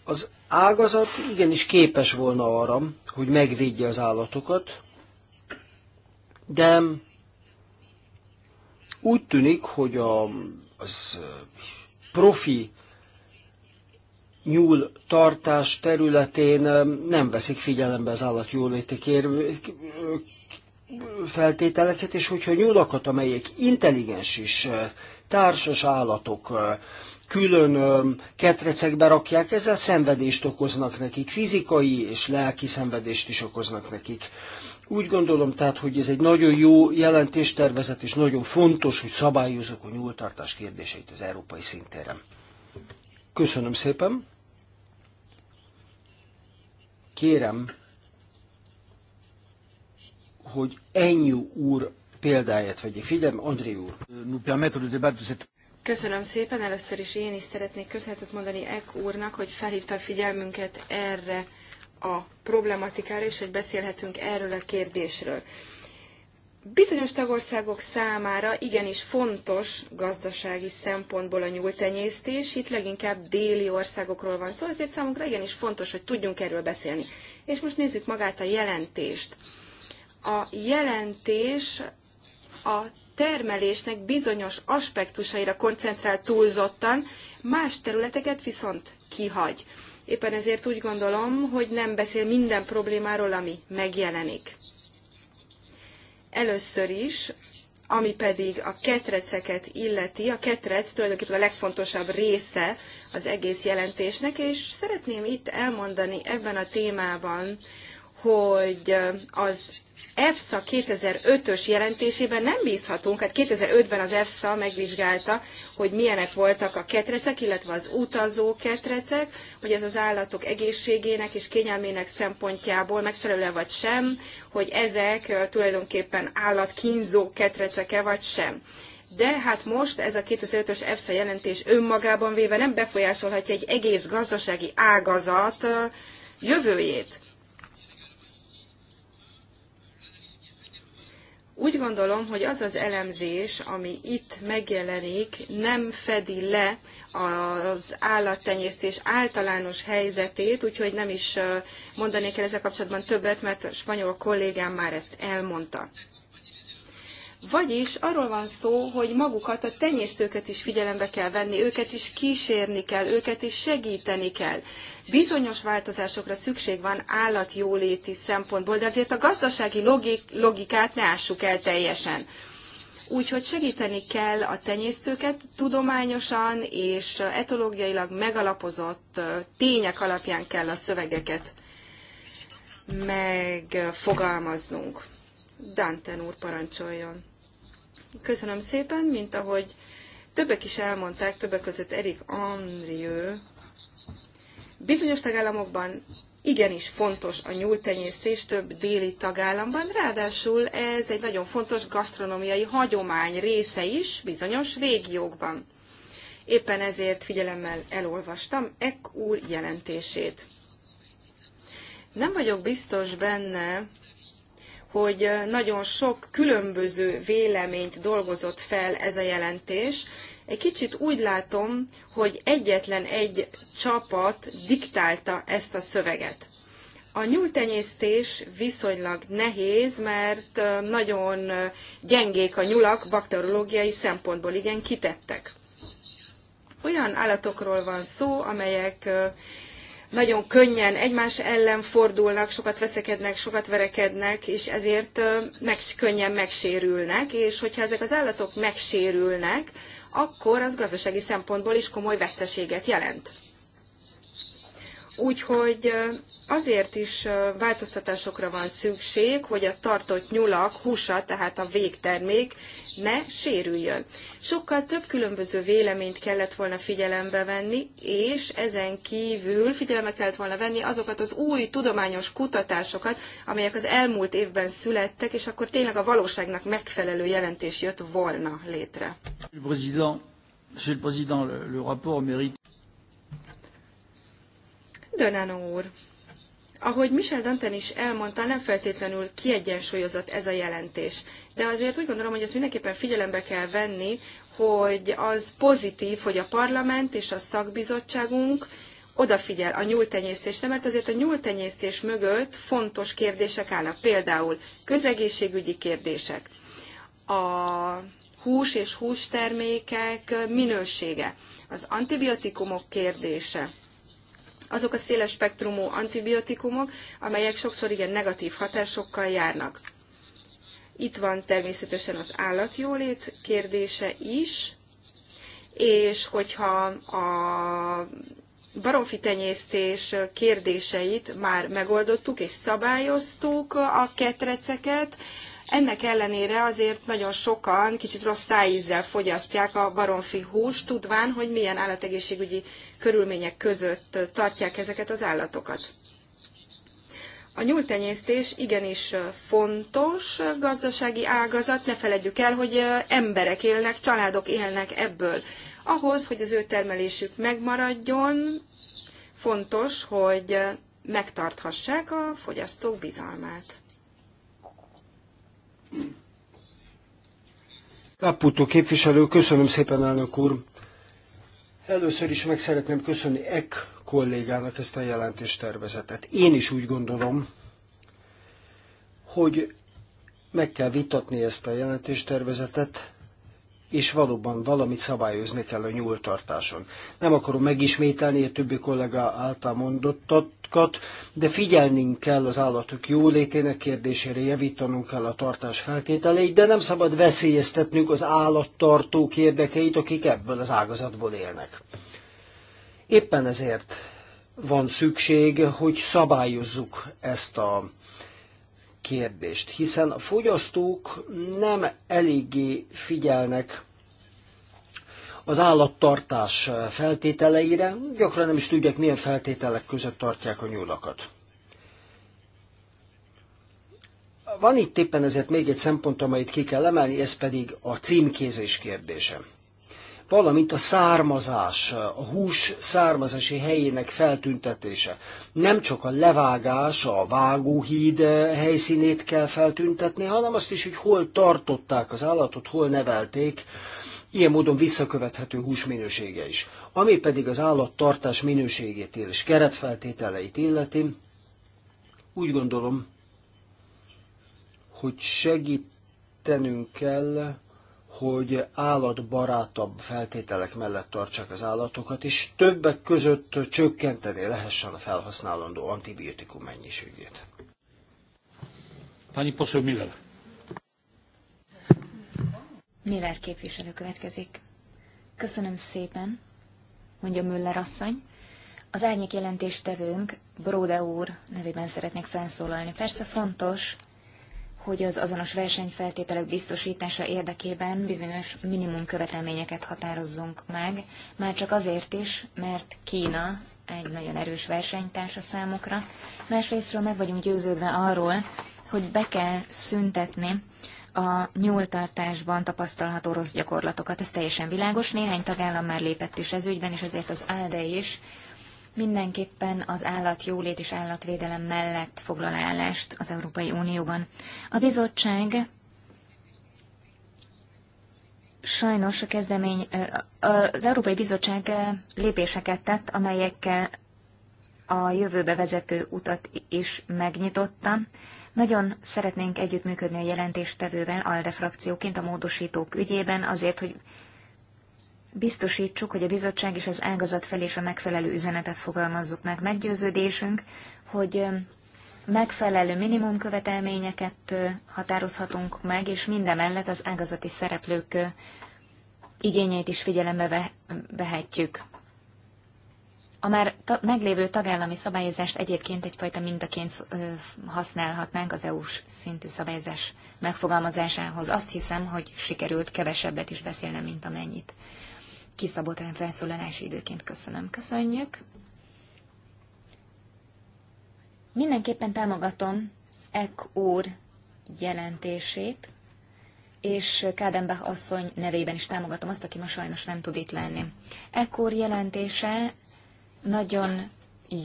Az ágazat igenis képes volna arra, hogy megvédje az állatokat, de úgy tűnik, hogy a, az eh, profi nyúl tartás területén eh, nem veszik figyelembe az állat jóléti feltételeket, és hogyha nyulakat, amelyek intelligens és társas állatok, külön ketrecekbe rakják, ezzel szenvedést okoznak nekik, fizikai és lelki szenvedést is okoznak nekik. Úgy gondolom tehát, hogy ez egy nagyon jó jelentéstervezet, és nagyon fontos, hogy szabályozok a nyúltartás kérdéseit az európai szintéren. Köszönöm szépen! Kérem, hogy ennyi úr példáját vegyék. Figyelme, André úr. Köszönöm szépen. Először is én is szeretnék köszönetet mondani Ek úrnak, hogy felhívta a figyelmünket erre a problematikára, és hogy beszélhetünk erről a kérdésről. Bizonyos tagországok számára igenis fontos gazdasági szempontból a nyúltenyésztés, itt leginkább déli országokról van szó, ezért számunkra igenis fontos, hogy tudjunk erről beszélni. És most nézzük magát a jelentést. A jelentés a termelésnek bizonyos aspektusaira koncentrál túlzottan, más területeket viszont kihagy. Éppen ezért úgy gondolom, hogy nem beszél minden problémáról, ami megjelenik. Először is, ami pedig a ketreceket illeti, a ketrec tulajdonképpen a legfontosabb része az egész jelentésnek, és szeretném itt elmondani ebben a témában, hogy az EFSA 2005-ös jelentésében nem bízhatunk, hát 2005-ben az EFSA megvizsgálta, hogy milyenek voltak a ketrecek, illetve az utazó ketrecek, hogy ez az állatok egészségének és kényelmének szempontjából megfelelő vagy sem, hogy ezek tulajdonképpen állatkínzó kettrecek-e vagy sem de hát most ez a 2005-ös EFSA jelentés önmagában véve nem befolyásolhatja egy egész gazdasági ágazat jövőjét. Úgy gondolom, hogy az az elemzés, ami itt megjelenik, nem fedi le az állattenyésztés általános helyzetét, úgyhogy nem is mondanék el ezzel kapcsolatban többet, mert a spanyol kollégám már ezt elmondta. Vagyis arról van szó, hogy magukat, a tenyésztőket is figyelembe kell venni, őket is kísérni kell, őket is segíteni kell. Bizonyos változásokra szükség van állatjóléti szempontból, de azért a gazdasági logik, logikát ne ássuk el teljesen. Úgyhogy segíteni kell a tenyésztőket tudományosan és etológiailag megalapozott tények alapján kell a szövegeket megfogalmaznunk. Danten úr parancsoljon. Köszönöm szépen, mint ahogy többek is elmondták, többek között Erik Andrieu, bizonyos tagállamokban igenis fontos a nyúltenyésztés több déli tagállamban, ráadásul ez egy nagyon fontos gasztronómiai hagyomány része is bizonyos régiókban. Éppen ezért figyelemmel elolvastam Ek úr jelentését. Nem vagyok biztos benne, hogy nagyon sok különböző véleményt dolgozott fel ez a jelentés. Egy kicsit úgy látom, hogy egyetlen egy csapat diktálta ezt a szöveget. A nyúltenyésztés viszonylag nehéz, mert nagyon gyengék a nyulak bakteriológiai szempontból, igen kitettek. Olyan állatokról van szó, amelyek nagyon könnyen egymás ellen fordulnak, sokat veszekednek, sokat verekednek, és ezért meg, könnyen megsérülnek, és hogyha ezek az állatok megsérülnek, akkor az gazdasági szempontból is komoly veszteséget jelent. Úgyhogy azért is változtatásokra van szükség, hogy a tartott nyulak húsa, tehát a végtermék ne sérüljön. Sokkal több különböző véleményt kellett volna figyelembe venni, és ezen kívül figyelembe kellett volna venni azokat az új tudományos kutatásokat, amelyek az elmúlt évben születtek, és akkor tényleg a valóságnak megfelelő jelentés jött volna létre. Monsieur le Président, le, rapport mérite. Dönano ahogy Michel Danten is elmondta, nem feltétlenül kiegyensúlyozott ez a jelentés. De azért úgy gondolom, hogy ezt mindenképpen figyelembe kell venni, hogy az pozitív, hogy a parlament és a szakbizottságunk odafigyel a nyúltenyésztésre, mert azért a nyúltenyésztés mögött fontos kérdések állnak, például közegészségügyi kérdések, a hús és hústermékek minősége, az antibiotikumok kérdése, azok a széles spektrumú antibiotikumok, amelyek sokszor igen negatív hatásokkal járnak. Itt van természetesen az állatjólét kérdése is, és hogyha a baromfi tenyésztés kérdéseit már megoldottuk és szabályoztuk a ketreceket, ennek ellenére azért nagyon sokan kicsit rossz szájízzel fogyasztják a baromfi húst, tudván, hogy milyen állategészségügyi körülmények között tartják ezeket az állatokat. A nyúltenyésztés igenis fontos gazdasági ágazat, ne feledjük el, hogy emberek élnek, családok élnek ebből. Ahhoz, hogy az ő termelésük megmaradjon, fontos, hogy megtarthassák a fogyasztók bizalmát. Caputo képviselő, köszönöm szépen, elnök úr. Először is meg szeretném köszönni Ek kollégának ezt a jelentéstervezetet. Én is úgy gondolom, hogy meg kell vitatni ezt a jelentéstervezetet, és valóban valamit szabályozni kell a nyúltartáson. Nem akarom megismételni a többi kollega által mondottakat, de figyelnünk kell az állatok jólétének kérdésére, javítanunk kell a tartás feltételeit, de nem szabad veszélyeztetnünk az állattartók érdekeit, akik ebből az ágazatból élnek. Éppen ezért van szükség, hogy szabályozzuk ezt a kérdést, hiszen a fogyasztók nem eléggé figyelnek az állattartás feltételeire, gyakran nem is tudják, milyen feltételek között tartják a nyúlakat. Van itt éppen ezért még egy szempont, amelyet ki kell emelni, ez pedig a címkézés kérdése valamint a származás, a hús származási helyének feltüntetése. Nem csak a levágás, a vágóhíd eh, helyszínét kell feltüntetni, hanem azt is, hogy hol tartották az állatot, hol nevelték, ilyen módon visszakövethető hús minősége is. Ami pedig az állattartás minőségét és keretfeltételeit illeti, úgy gondolom, hogy segítenünk kell hogy állatbarátabb feltételek mellett tartsák az állatokat, és többek között csökkenteni lehessen a felhasználandó antibiotikum mennyiségét. Pani poseł Miller. Miller képviselő következik. Köszönöm szépen, mondja Müller asszony. Az árnyék jelentéstevőnk Bróde úr nevében szeretnék felszólalni. Persze fontos, hogy az azonos versenyfeltételek biztosítása érdekében bizonyos minimum követelményeket határozzunk meg, már csak azért is, mert Kína egy nagyon erős versenytársa számukra, másrésztről meg vagyunk győződve arról, hogy be kell szüntetni a nyúltartásban tapasztalható rossz gyakorlatokat. Ez teljesen világos, néhány tagállam már lépett is ez ügyben, és ezért az ALDE is mindenképpen az állatjólét és állatvédelem mellett foglal állást az Európai Unióban. A bizottság sajnos a kezdemény, az Európai Bizottság lépéseket tett, amelyekkel a jövőbe vezető utat is megnyitotta. Nagyon szeretnénk együttműködni a jelentéstevővel ALDE frakcióként a módosítók ügyében, azért, hogy biztosítsuk, hogy a bizottság és az ágazat felé is a megfelelő üzenetet fogalmazzuk meg. Meggyőződésünk, hogy megfelelő minimumkövetelményeket határozhatunk meg, és mindemellett az ágazati szereplők igényeit is figyelembe vehetjük. A már ta- meglévő tagállami szabályozást egyébként egyfajta mintaként használhatnánk az EU-s szintű szabályozás megfogalmazásához. Azt hiszem, hogy sikerült kevesebbet is beszélnem, mint amennyit kiszabott rám felszólalási időként köszönöm. Köszönjük. Mindenképpen támogatom Ek úr jelentését, és Kádenbach asszony nevében is támogatom azt, aki ma sajnos nem tud itt lenni. Ek úr jelentése nagyon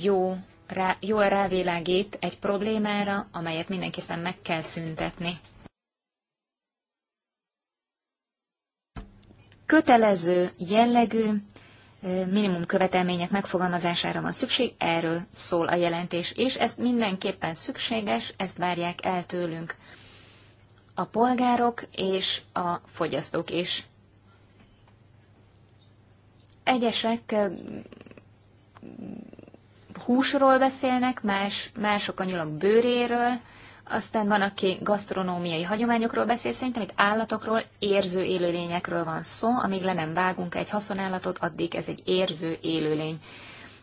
jó, rá, jól rávilágít egy problémára, amelyet mindenképpen meg kell szüntetni. kötelező jellegű minimum követelmények megfogalmazására van szükség, erről szól a jelentés, és ezt mindenképpen szükséges, ezt várják el tőlünk a polgárok és a fogyasztók is. Egyesek húsról beszélnek, más, mások a nyulak bőréről, aztán van, aki gasztronómiai hagyományokról beszél, szerintem itt állatokról, érző élőlényekről van szó, amíg le nem vágunk egy haszonállatot, addig ez egy érző élőlény.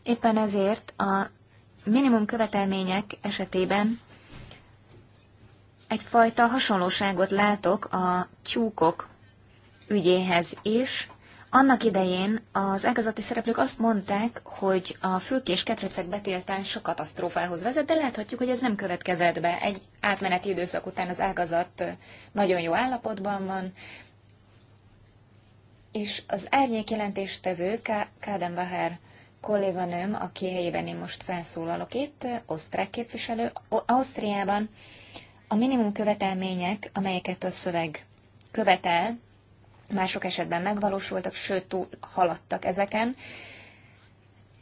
Éppen ezért a minimum követelmények esetében egyfajta hasonlóságot látok a tyúkok ügyéhez is, annak idején az ágazati szereplők azt mondták, hogy a fülkés ketrecek betiltása katasztrófához vezet, de láthatjuk, hogy ez nem következett be. Egy átmeneti időszak után az ágazat nagyon jó állapotban van, és az árnyék jelentéstevő Kádenbaher kolléganőm, aki helyében én most felszólalok itt, osztrák képviselő, Ausztriában a minimum követelmények, amelyeket a szöveg követel, mások esetben megvalósultak, sőt túl haladtak ezeken.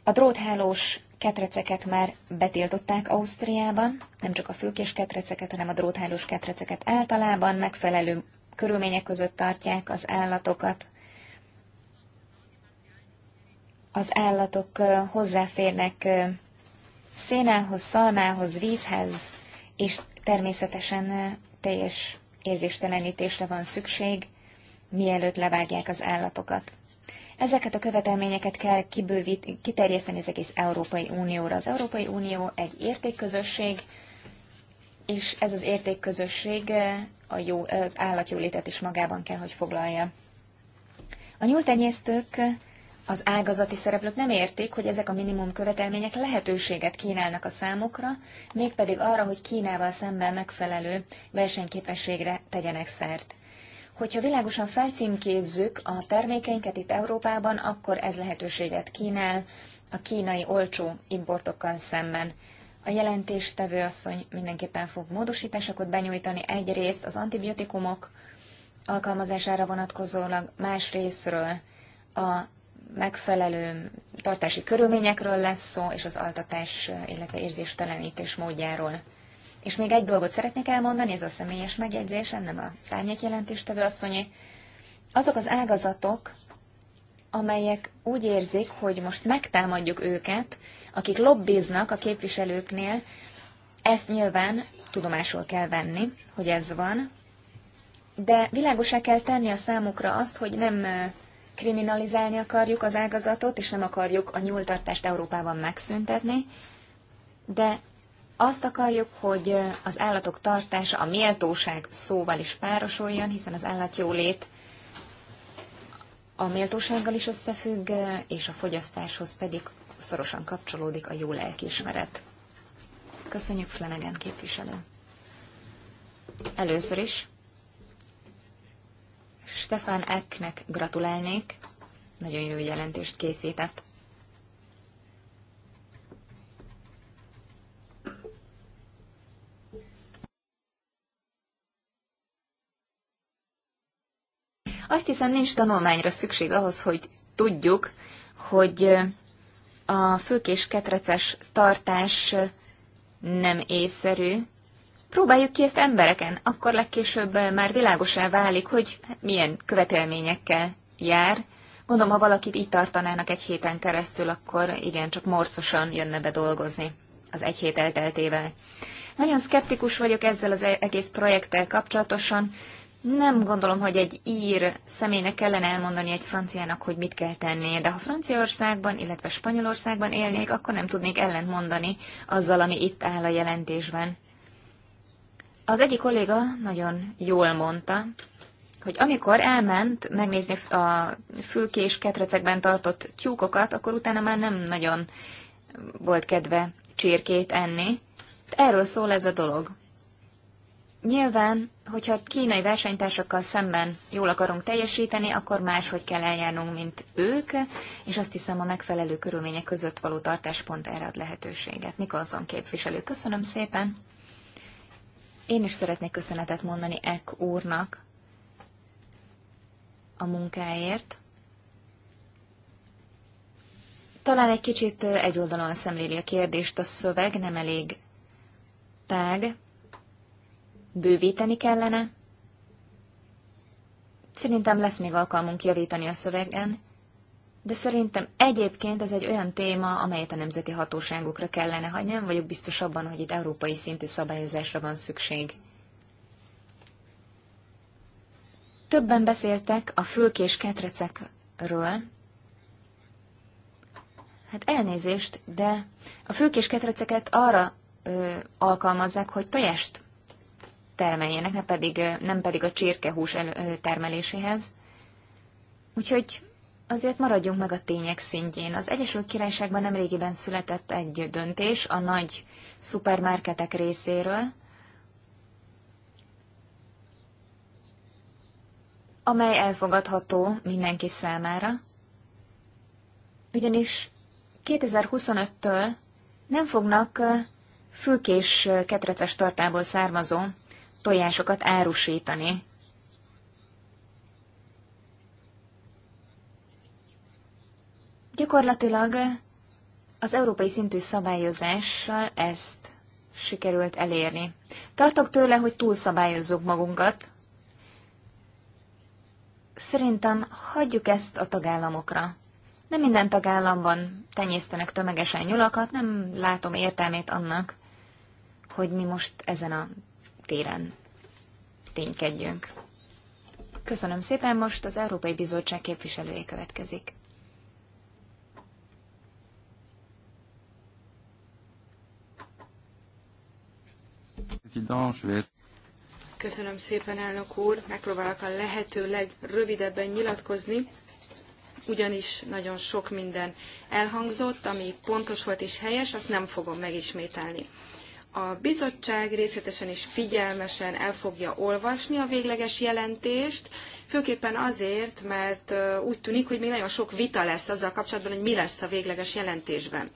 A dróthálós ketreceket már betiltották Ausztriában, nem csak a fülkés ketreceket, hanem a dróthálós ketreceket általában megfelelő körülmények között tartják az állatokat. Az állatok hozzáférnek szénához, szalmához, vízhez, és természetesen teljes érzéstelenítésre van szükség, mielőtt levágják az állatokat. Ezeket a követelményeket kell kibővít, kiterjeszteni az egész Európai Unióra. Az Európai Unió egy értékközösség, és ez az értékközösség eh, a jó, eh, az állatjólétet is magában kell, hogy foglalja. A nyúltenyésztők, eh, az ágazati szereplők nem értik, hogy ezek a minimum követelmények lehetőséget kínálnak a számukra, mégpedig arra, hogy Kínával szemben megfelelő versenyképességre tegyenek szert. Hogyha világosan felcímkézzük a termékeinket itt Európában, akkor ez lehetőséget kínál a kínai olcsó importokkal szemben. A jelentéstevő asszony mindenképpen fog módosításokat benyújtani egyrészt az antibiotikumok alkalmazására vonatkozólag, másrésztről a megfelelő tartási körülményekről lesz szó, és az altatás, illetve érzéstelenítés módjáról. És még egy dolgot szeretnék elmondani, ez a személyes megjegyzésem, nem a szárnyék jelentéstevő asszonyi. Azok az ágazatok, amelyek úgy érzik, hogy most megtámadjuk őket, akik lobbiznak a képviselőknél, ezt nyilván tudomásul kell venni, hogy ez van, de világosá kell tenni a számukra azt, hogy nem kriminalizálni akarjuk az ágazatot, és nem akarjuk a nyúltartást Európában megszüntetni, de azt akarjuk, hogy az állatok tartása a méltóság szóval is párosuljon, hiszen az állatjólét a méltósággal is összefügg, és a fogyasztáshoz pedig szorosan kapcsolódik a jó lelkismeret. Köszönjük Flanagan képviselő. Először is Stefan Ecknek gratulálnék, nagyon jó jelentést készített. Azt hiszem, nincs tanulmányra szükség ahhoz, hogy tudjuk, hogy a főkés ketreces tartás nem észszerű. Próbáljuk ki ezt embereken, akkor legkésőbb már világosá válik, hogy milyen követelményekkel jár. Gondolom, ha valakit így tartanának egy héten keresztül, akkor igen, csak morcosan jönne be dolgozni az egy hét elteltével. Nagyon szkeptikus vagyok ezzel az e-, egész projekttel kapcsolatosan. Nem gondolom, hogy egy ír személynek kellene elmondani egy franciának, hogy mit kell tennie, de ha Franciaországban, illetve Spanyolországban élnék, akkor nem tudnék ellent mondani azzal, ami itt áll a jelentésben. Az egyik kolléga nagyon jól mondta, hogy amikor elment megnézni a fülkés ketrecekben tartott tyúkokat, akkor utána már nem nagyon volt kedve csirkét enni. Erről szól ez a dolog. Nyilván, hogyha kínai versenytársakkal szemben jól akarunk teljesíteni, akkor máshogy kell eljárnunk, mint ők, és azt hiszem a megfelelő körülmények között való tartáspont erre ad lehetőséget. Nikolson képviselő, köszönöm szépen. Én is szeretnék köszönetet mondani Ek úrnak a munkáért. Talán egy kicsit egyoldalúan szemléli a kérdést, a szöveg nem elég tág, bővíteni kellene. Szerintem lesz még alkalmunk javítani a szövegen, de szerintem egyébként ez egy olyan téma, amelyet a nemzeti hatóságokra kellene hagyni. Nem vagyok biztos abban, hogy itt európai szintű szabályozásra van szükség. Többen beszéltek a fülkés ketrecekről. Hát elnézést, de a fülkés ketreceket arra ö, alkalmazzák, hogy tojást termeljenek, nem pedig, nem pedig a csirkehús termeléséhez. Úgyhogy azért maradjunk meg a tények szintjén. Az Egyesült Királyságban nemrégiben született egy döntés a nagy szupermarketek részéről, amely elfogadható mindenki számára, ugyanis 2025-től nem fognak fülkés ketreces tartából származó tojásokat árusítani. Gyakorlatilag az európai szintű szabályozással ezt sikerült elérni. Tartok tőle, hogy túlszabályozzuk magunkat. Szerintem hagyjuk ezt a tagállamokra. Nem minden tagállamban tenyésztenek tömegesen nyulakat, nem látom értelmét annak, hogy mi most ezen a téren ténykedjünk. Köszönöm szépen, most az Európai Bizottság képviselője következik. Köszönöm szépen, elnök úr. Megpróbálok a lehető legrövidebben nyilatkozni, ugyanis nagyon sok minden elhangzott, ami pontos volt és helyes, azt nem fogom megismételni a bizottság részletesen és figyelmesen el fogja olvasni a végleges jelentést, főképpen azért, mert úgy tűnik, hogy még nagyon sok vita lesz azzal kapcsolatban, hogy mi lesz a végleges jelentésben.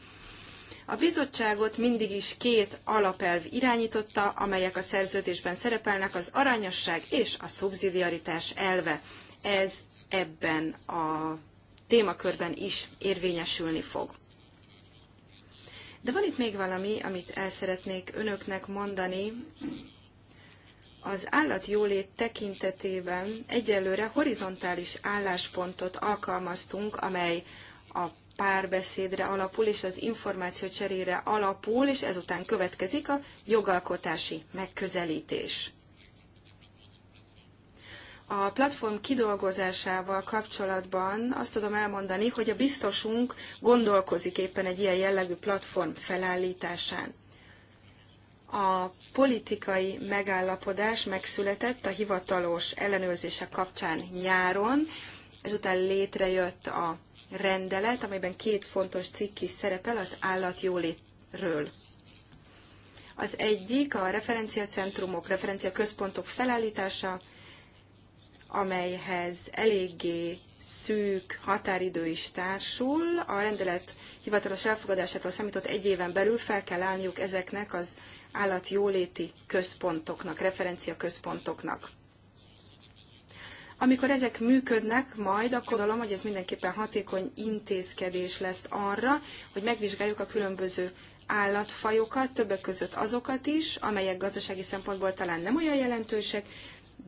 A bizottságot mindig is két alapelv irányította, amelyek a szerződésben szerepelnek, az arányosság és a szubszidiaritás elve. Ez ebben a témakörben is érvényesülni fog. De van itt még valami, amit el szeretnék önöknek mondani. Az állatjólét tekintetében egyelőre horizontális álláspontot alkalmaztunk, amely a párbeszédre alapul és az információ cserére alapul, és ezután következik a jogalkotási megközelítés. A platform kidolgozásával kapcsolatban azt tudom elmondani, hogy a biztosunk gondolkozik éppen egy ilyen jellegű platform felállításán. A politikai megállapodás megszületett a hivatalos ellenőrzések kapcsán nyáron, ezután létrejött a rendelet, amelyben két fontos cikk is szerepel az állatjólétről. Az egyik a referenciacentrumok, referenciaközpontok felállítása, amelyhez eléggé szűk határidő is társul. A rendelet hivatalos elfogadásától számított egy éven belül fel kell állniuk ezeknek az állatjóléti központoknak, referencia központoknak. Amikor ezek működnek, majd akkor gondolom, hogy ez mindenképpen hatékony intézkedés lesz arra, hogy megvizsgáljuk a különböző állatfajokat, többek között azokat is, amelyek gazdasági szempontból talán nem olyan jelentősek,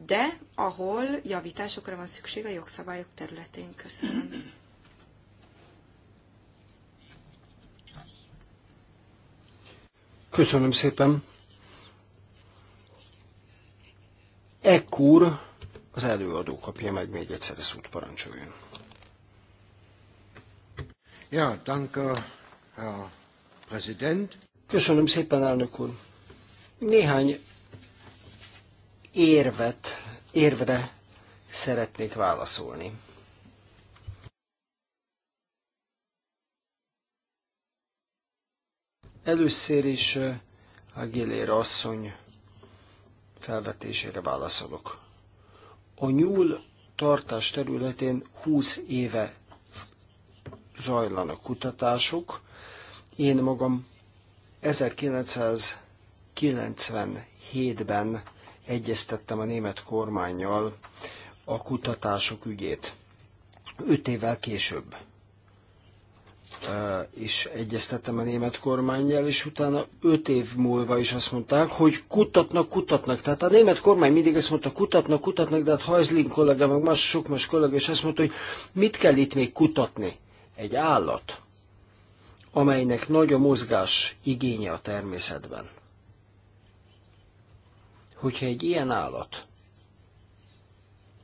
de ahol javításokra van szükség a jogszabályok területén. Köszönöm. Köszönöm szépen. Ekkor az előadó kapja meg még egyszer ezt út parancsoljon. Ja, danke, Herr Präsident. Köszönöm szépen, elnök úr. Néhány érvet, érvre szeretnék válaszolni. Először is Aguilera asszony felvetésére válaszolok. A nyúl tartás területén 20 éve zajlanak kutatások. Én magam 1997-ben egyeztettem a német kormányjal a kutatások ügyét. Öt évvel később is egyeztettem a német kormányjal, és utána öt év múlva is azt mondták, hogy kutatnak, kutatnak. Tehát a német kormány mindig azt mondta, kutatnak, kutatnak, de hát Hajzlin kollega, meg más, sok más kollega és azt mondta, hogy mit kell itt még kutatni? Egy állat, amelynek nagy a mozgás igénye a természetben hogyha egy ilyen állat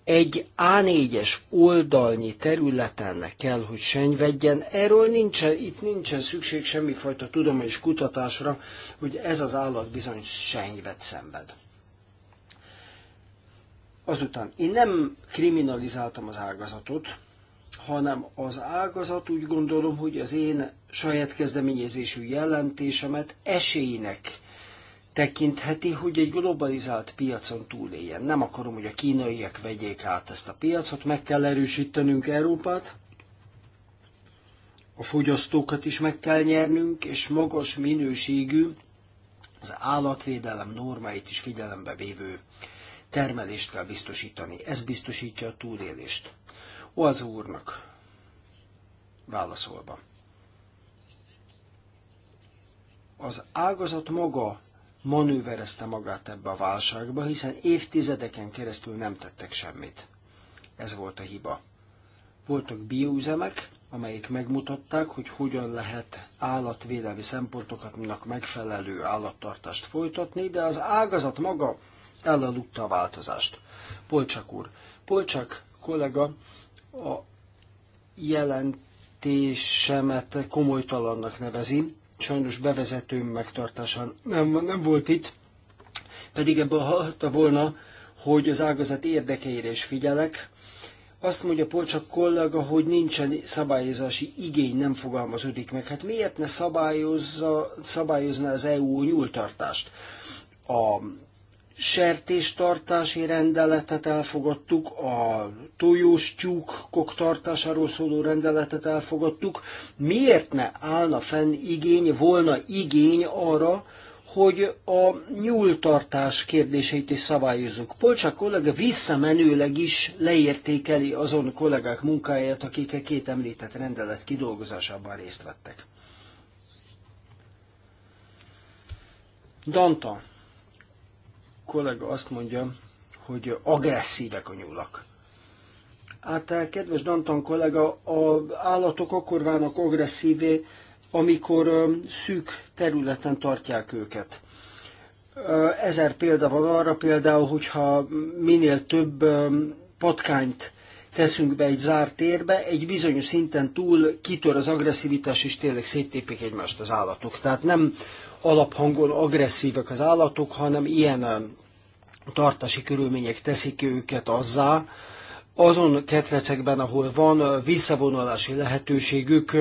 egy A4-es oldalnyi területen kell, hogy senyvedjen. Erről nincsen, itt nincsen szükség semmifajta tudományos kutatásra, hogy ez az állat bizony senyvet szenved. Azután én nem kriminalizáltam az ágazatot, hanem az ágazat úgy gondolom, hogy az én saját kezdeményezésű jelentésemet esélynek tekintheti, hogy egy globalizált piacon túléljen. Nem akarom, hogy a kínaiak vegyék át ezt a piacot, meg kell erősítenünk Európát, a fogyasztókat is meg kell nyernünk, és magas minőségű, az állatvédelem normáit is figyelembe vévő termelést kell biztosítani. Ez biztosítja a túlélést. O az úrnak válaszolva. Az ágazat maga manőverezte magát ebbe a válságba, hiszen évtizedeken keresztül nem tettek semmit. Ez volt a hiba. Voltak bioüzemek, amelyek megmutatták, hogy hogyan lehet állatvédelmi szempontoknak megfelelő állattartást folytatni, de az ágazat maga elaludta a változást. Polcsak úr, Polcsak kollega a jelentésemet komolytalannak nevezi, sajnos bevezetőm megtartása nem, nem volt itt, pedig ebből hallotta volna, hogy az ágazat érdekeire is figyelek. Azt mondja Polcsak kollega, hogy nincsen szabályozási igény, nem fogalmazódik meg. Hát miért ne szabályozza, szabályozna az EU nyúltartást? A sertéstartási rendeletet elfogadtuk, a tojós tyúkok tartásáról szóló rendeletet elfogadtuk. Miért ne állna fenn igény, volna igény arra, hogy a nyúltartás kérdéseit is szabályozunk. Polcsák kollega visszamenőleg is leértékeli azon kollégák munkáját, akik a két említett rendelet kidolgozásában részt vettek. Danta kollega azt mondja, hogy agresszívek a nyúlak. Hát, eh, kedves Danton kollega, az állatok akkor válnak agresszívé, amikor eh, szűk területen tartják őket. Eh, ezer példa van arra például, hogyha minél több patkányt teszünk be egy zárt térbe, egy bizonyos szinten túl kitör az agresszivitás, és tényleg széttépik egymást az állatok. Tehát nem alaphangon agresszívek az állatok, hanem ilyen tartási körülmények teszik őket azzá, azon ketrecekben, ahol van visszavonulási lehetőségük,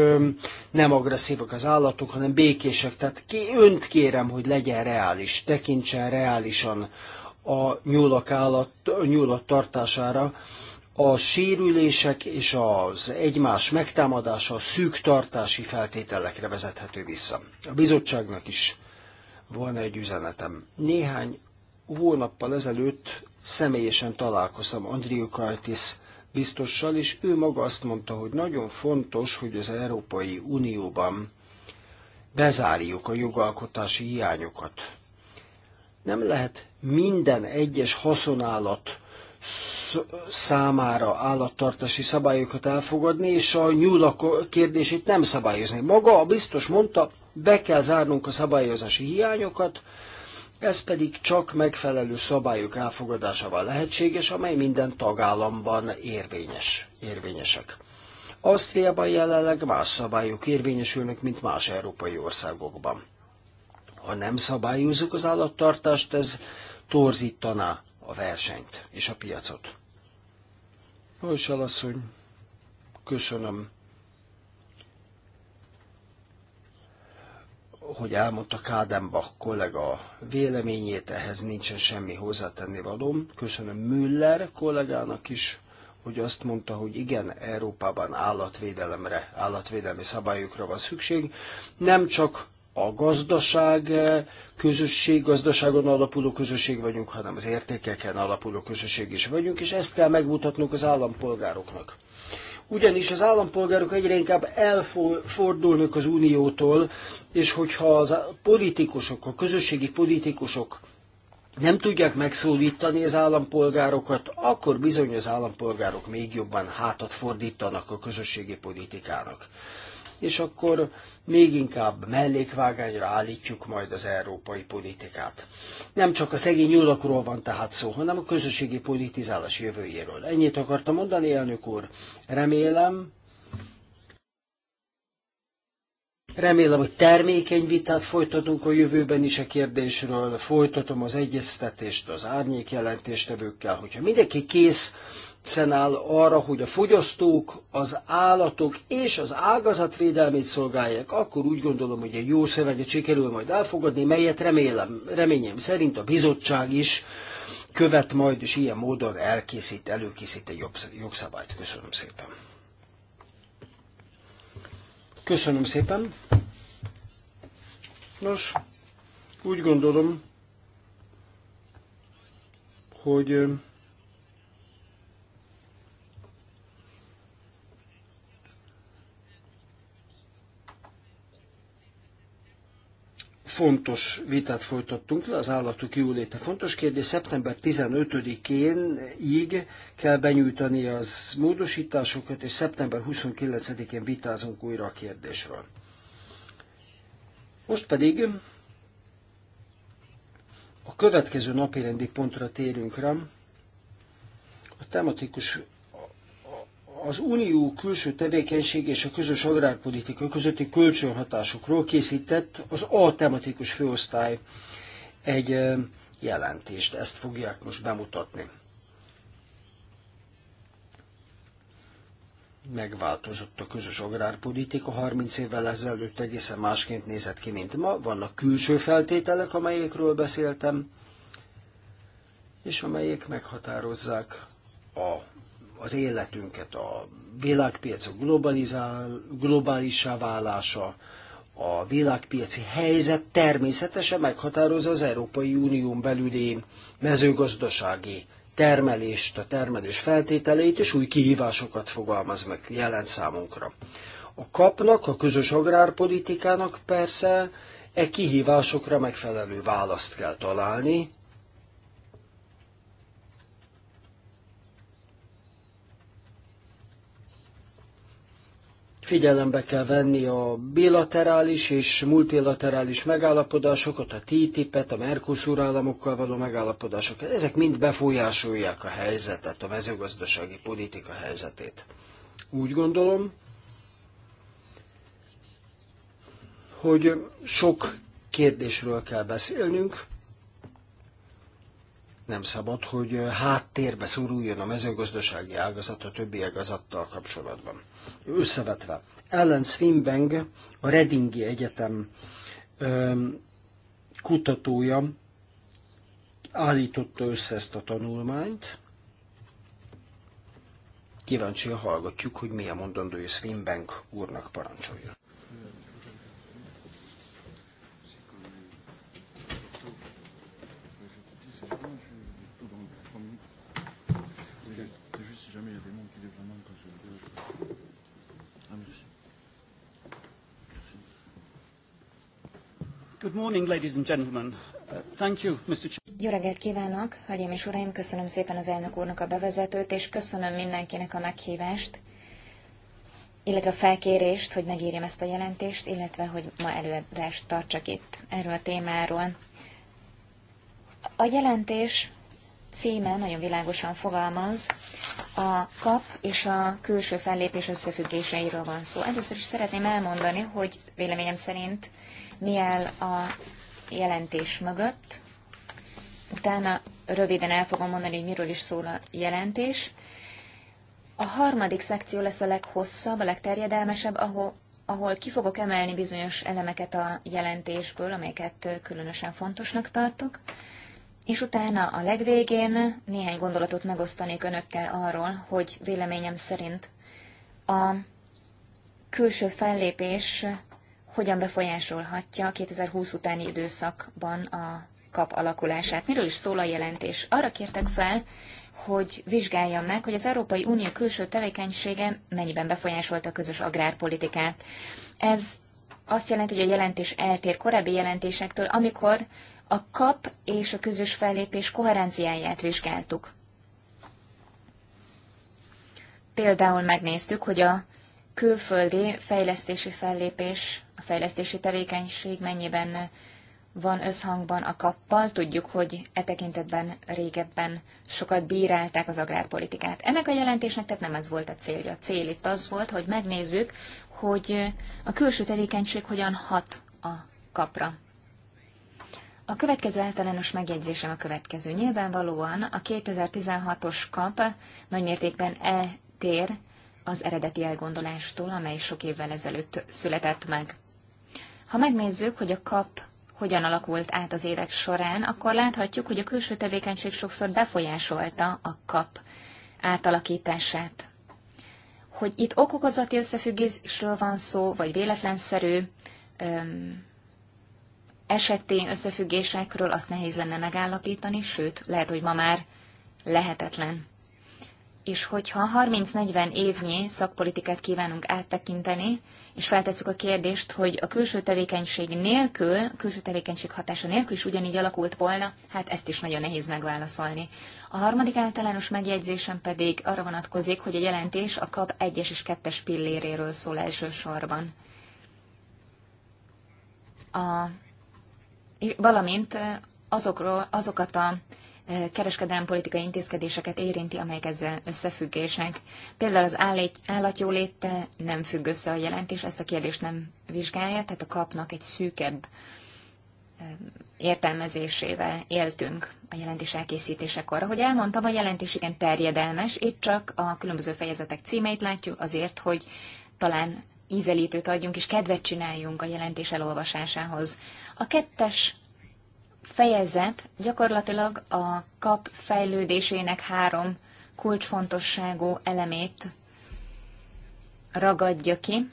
nem agresszívak az állatok, hanem békések. Tehát ki, önt kérem, hogy legyen reális, tekintsen reálisan a nyúlak, állat, nyúlak tartására. A sérülések és az egymás megtámadása a szűk tartási feltételekre vezethető vissza. A bizottságnak is volna egy üzenetem. Néhány hónappal ezelőtt személyesen találkoztam Andriu Kajtis biztossal, és ő maga azt mondta, hogy nagyon fontos, hogy az Európai Unióban bezárjuk a jogalkotási hiányokat. Nem lehet minden egyes haszonállat számára állattartási szabályokat elfogadni, és a nyúlak kérdését nem szabályozni. Maga a biztos mondta, be kell zárnunk a szabályozási hiányokat, ez pedig csak megfelelő szabályok elfogadásával lehetséges, amely minden tagállamban érvényes, érvényesek. Ausztriában jelenleg más szabályok érvényesülnek, mint más európai országokban. Ha nem szabályozzuk az állattartást, ez torzítaná a versenyt és a piacot. Hajsal asszony, köszönöm hogy elmondta Kádenbach kollega véleményét, ehhez nincsen semmi hozzátenni valóm. Köszönöm Müller kollégának is, hogy azt mondta, hogy igen, Európában állatvédelemre, állatvédelmi szabályokra van szükség, nem csak a gazdaság, eh, közösség, gazdaságon alapuló közösség vagyunk, hanem az értékeken alapuló közösség is vagyunk, és ezt kell megmutatnunk az állampolgároknak ugyanis az állampolgárok egyre inkább elfordulnak az uniótól, és hogyha az politikusok, a közösségi politikusok nem tudják megszólítani az állampolgárokat, akkor bizony az állampolgárok még jobban hátat fordítanak a közösségi politikának és akkor még inkább mellékvágányra állítjuk majd az európai politikát. Nem csak a szegény nyulakról van tehát szó, hanem a közösségi politizálás jövőjéről. Ennyit akartam mondani, elnök úr. Remélem, Remélem, hogy termékeny vitát folytatunk a jövőben is a kérdésről, folytatom az egyeztetést az árnyék jelentéstevőkkel, hogyha mindenki kész készen áll arra, hogy a fogyasztók, az állatok és az ágazat védelmét szolgálják, akkor úgy gondolom, hogy egy jó szöveget sikerül majd elfogadni, melyet remélem, reményem szerint a bizottság is követ majd, és ilyen módon elkészít, előkészít egy jogszabályt. Köszönöm szépen. Köszönöm szépen. Nos, úgy gondolom, hogy fontos vitát folytattunk le, az állatok jóléte fontos kérdés. Szeptember 15-én így kell benyújtani az módosításokat, és szeptember 29-én vitázunk újra a kérdésről. Most pedig a következő napirendi pontra térünk rá. A tematikus az unió külső tevékenység és a közös agrárpolitika közötti kölcsönhatásokról készített az A tematikus főosztály egy jelentést. Ezt fogják most bemutatni. megváltozott a közös agrárpolitika, 30 évvel ezelőtt egészen másként nézett ki, mint ma. Vannak külső feltételek, amelyekről beszéltem, és amelyek meghatározzák a az életünket, a világpiacok globalizál, globálissá válása, a világpiaci helyzet természetesen meghatározza az Európai Unión belüli mezőgazdasági termelést, a termelés feltételeit és új kihívásokat fogalmaz meg jelent számunkra. A kapnak, a közös agrárpolitikának persze e kihívásokra megfelelő választ kell találni, Figyelembe kell venni a bilaterális és multilaterális megállapodásokat, a TTIP-et, a Mercosur államokkal való megállapodásokat. Ezek mind befolyásolják a helyzetet, a mezőgazdasági politika helyzetét. Úgy gondolom, hogy sok kérdésről kell beszélnünk, nem szabad, hogy háttérbe szoruljon a mezőgazdasági ágazat a többi ágazattal kapcsolatban összevetve. Ellen Swinbeng, a Redingi Egyetem kutatója állította össze ezt a tanulmányt. Kíváncsian hallgatjuk, hogy milyen mondandója Swinbeng úrnak parancsoljon. Good morning, ladies and gentlemen. Uh, thank you, Mr. Jó reggelt kívánok, hölgyeim és uraim, köszönöm szépen az elnök úrnak a bevezetőt, és köszönöm mindenkinek a meghívást, illetve a felkérést, hogy megírjam ezt a jelentést, illetve hogy ma előadást tartsak itt erről a témáról. A jelentés címe nagyon világosan fogalmaz, a kap és a külső fellépés összefüggéseiről van szó. Először is szeretném elmondani, hogy véleményem szerint mi áll a jelentés mögött. Utána röviden el fogom mondani, hogy miről is szól a jelentés. A harmadik szekció lesz a leghosszabb, a legterjedelmesebb, ahol, ahol ki fogok emelni bizonyos elemeket a jelentésből, amelyeket különösen fontosnak tartok, és utána a legvégén néhány gondolatot megosztanék önökkel arról, hogy véleményem szerint a külső fellépés hogyan befolyásolhatja a 2020 utáni időszakban a kap alakulását. Miről is szól a jelentés? Arra kértek fel, hogy vizsgálja meg, hogy az Európai Unió külső tevékenysége mennyiben befolyásolta a közös agrárpolitikát. Ez azt jelenti, hogy a jelentés eltér korábbi jelentésektől, amikor a kap és a közös fellépés koherenciáját vizsgáltuk. Például megnéztük, hogy a külföldi fejlesztési fellépés a fejlesztési tevékenység mennyiben van összhangban a kappal. Tudjuk, hogy e tekintetben régebben sokat bírálták az agrárpolitikát. Ennek a jelentésnek tehát nem ez volt a célja. A cél itt az volt, hogy megnézzük, hogy a külső tevékenység hogyan hat a kapra. A következő általános megjegyzésem a következő. Nyilvánvalóan a 2016-os kap nagymértékben eltér az eredeti elgondolástól, amely sok évvel ezelőtt született meg. Ha megnézzük, hogy a kap hogyan alakult át az évek során, akkor láthatjuk, hogy a külső tevékenység sokszor befolyásolta a kap átalakítását. Hogy itt okokozati összefüggésről van szó, vagy véletlenszerű öm, eseti összefüggésekről, azt nehéz lenne megállapítani, sőt, lehet, hogy ma már lehetetlen. És hogyha 30-40 évnyi szakpolitikát kívánunk áttekinteni, és feltesszük a kérdést, hogy a külső tevékenység nélkül, a külső tevékenység hatása nélkül is ugyanígy alakult volna, hát ezt is nagyon nehéz megválaszolni. A harmadik általános megjegyzésem pedig arra vonatkozik, hogy a jelentés a kap 1 és 2 pilléréről szól elsősorban. A, valamint azokról, azokat a kereskedelempolitikai intézkedéseket érinti, amelyek ezzel összefüggések. Például az állatjóléte nem függ össze a jelentés, ezt a kérdést nem vizsgálja, tehát a kapnak egy szűkebb értelmezésével éltünk a jelentés elkészítésekor. Ahogy elmondtam, a jelentés igen terjedelmes, itt csak a különböző fejezetek címeit látjuk azért, hogy talán ízelítőt adjunk és kedvet csináljunk a jelentés elolvasásához. A kettes fejezet gyakorlatilag a kap fejlődésének három kulcsfontosságú elemét ragadja ki,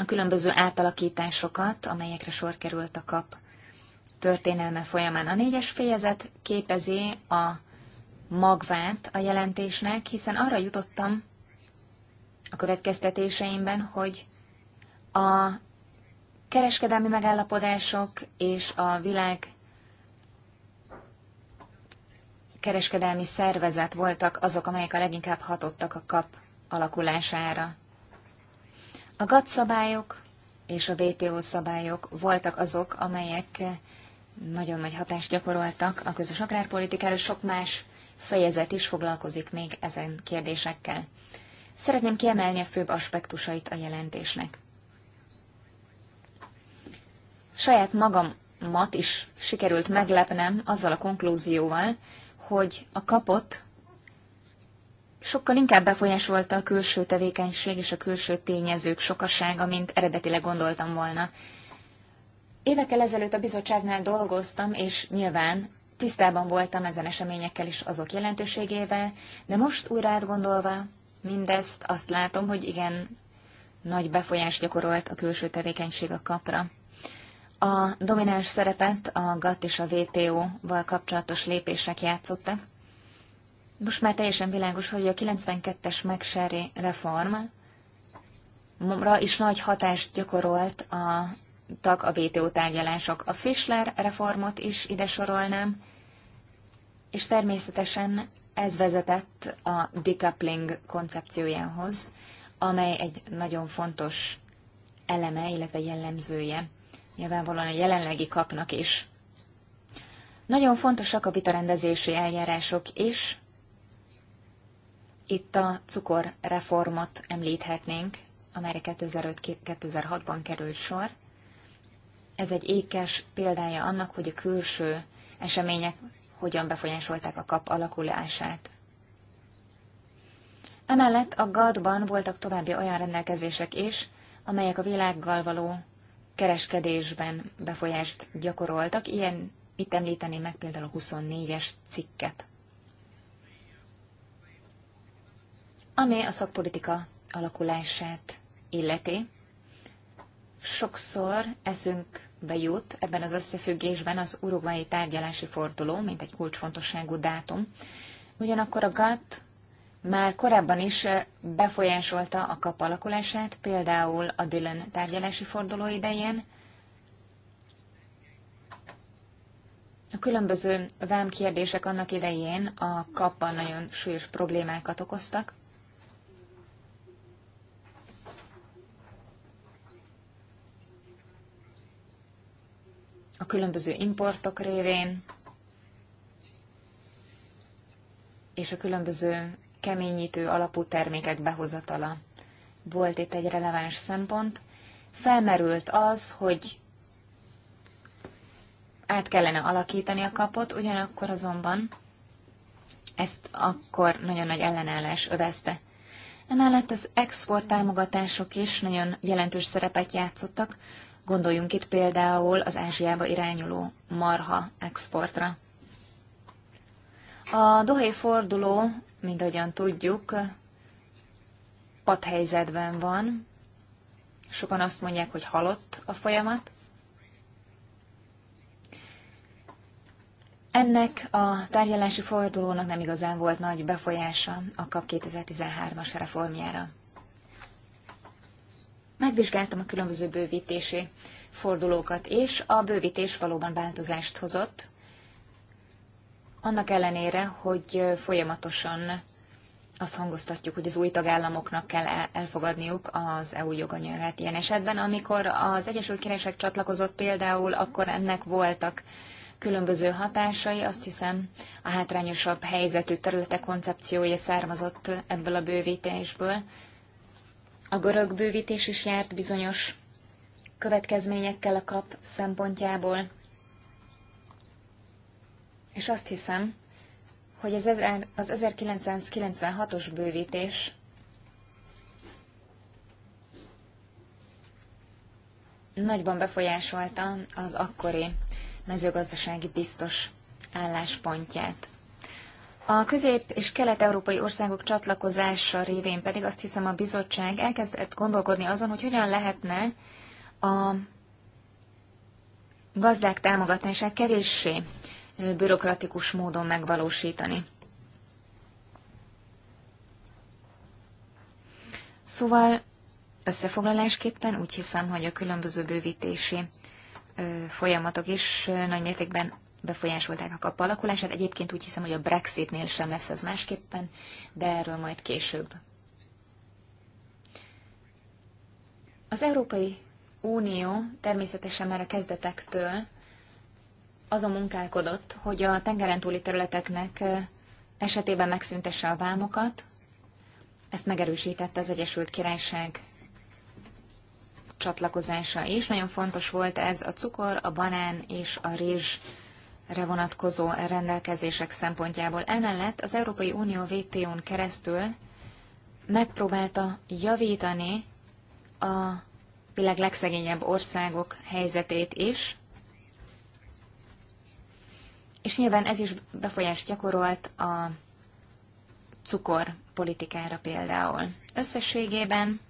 a különböző átalakításokat, amelyekre sor került a kap történelme folyamán. A négyes fejezet képezi a magvát a jelentésnek, hiszen arra jutottam a következtetéseimben, hogy a kereskedelmi megállapodások és a világ kereskedelmi szervezet voltak azok, amelyek a leginkább hatottak a kap alakulására. A GATT szabályok és a WTO szabályok voltak azok, amelyek nagyon nagy hatást gyakoroltak a közös agrárpolitikára, sok más fejezet is foglalkozik még ezen kérdésekkel. Szeretném kiemelni a főbb aspektusait a jelentésnek saját magamat is sikerült meglepnem azzal a konklúzióval, hogy a kapott sokkal inkább befolyásolta a külső tevékenység és a külső tényezők sokasága, mint eredetileg gondoltam volna. Évekkel ezelőtt a bizottságnál dolgoztam, és nyilván tisztában voltam ezen eseményekkel is azok jelentőségével, de most újra átgondolva mindezt azt látom, hogy igen, nagy befolyást gyakorolt a külső tevékenység a kapra. A domináns szerepet a GATT és a WTO-val kapcsolatos lépések játszottak. Most már teljesen világos, hogy a 92-es megsári reform is nagy hatást gyakorolt a tag a WTO tárgyalások. A Fischler reformot is ide sorolnám, és természetesen ez vezetett a decoupling koncepciójához, amely egy nagyon fontos eleme, illetve jellemzője nyilvánvalóan a jelenlegi kapnak is. Nagyon fontosak a vitarendezési eljárások is. Itt a cukorreformot említhetnénk, amelyre 2005-2006-ban került sor. Ez egy ékes példája annak, hogy a külső események hogyan befolyásolták a kap alakulását. Emellett a GAD-ban voltak további olyan rendelkezések is, amelyek a világgal való kereskedésben befolyást gyakoroltak. Ilyen itt említeném meg például a 24-es cikket. Ami a szakpolitika alakulását illeti, sokszor eszünk bejut ebben az összefüggésben az urugvai tárgyalási forduló, mint egy kulcsfontosságú dátum. Ugyanakkor a GATT már korábban is eh, befolyásolta a kap alakulását, például a Dylan tárgyalási forduló idején. A különböző vámkérdések annak idején a kapban nagyon súlyos problémákat okoztak. A különböző importok révén és a különböző keményítő alapú termékek behozatala. Volt itt egy releváns szempont. Felmerült az, hogy át kellene alakítani a kapot, ugyanakkor azonban ezt akkor nagyon nagy ellenállás övezte. Emellett az export támogatások is nagyon jelentős szerepet játszottak, gondoljunk itt például az Ázsiába irányuló marha exportra. A Dohai forduló mint ahogyan tudjuk, padhelyzetben van. Sokan azt mondják, hogy halott a folyamat. Ennek a tárgyalási fordulónak nem igazán volt nagy befolyása a KAP 2013-as reformjára. Megvizsgáltam a különböző bővítési fordulókat, és a bővítés valóban változást hozott annak ellenére, hogy folyamatosan azt hangoztatjuk, hogy az új tagállamoknak kell elfogadniuk az EU joganyagát ilyen esetben. Amikor az Egyesült Királyság csatlakozott például, akkor ennek voltak különböző hatásai, azt hiszem a hátrányosabb helyzetű területek koncepciója származott ebből a bővítésből. A görög bővítés is járt bizonyos következményekkel a kap szempontjából és azt hiszem, hogy az 1996-os bővítés nagyban befolyásolta az akkori mezőgazdasági biztos álláspontját. A közép- és kelet-európai országok csatlakozása révén pedig azt hiszem a bizottság elkezdett gondolkodni azon, hogy hogyan lehetne a gazdák támogatását kevéssé bürokratikus módon megvalósítani. Szóval összefoglalásképpen úgy hiszem, hogy a különböző bővítési folyamatok is nagy mértékben befolyásolták a kap alakulását. Egyébként úgy hiszem, hogy a Brexitnél sem lesz ez másképpen, de erről majd később. Az Európai Unió természetesen már a kezdetektől azon munkálkodott, hogy a tengeren túli területeknek esetében megszüntesse a vámokat. Ezt megerősítette az Egyesült Királyság csatlakozása is. Nagyon fontos volt ez a cukor, a banán és a rizsre vonatkozó rendelkezések szempontjából. Emellett az Európai Unió WTO-n keresztül megpróbálta javítani a világ legszegényebb országok helyzetét is, és nyilván ez is befolyást gyakorolt a cukor politikára például. Összességében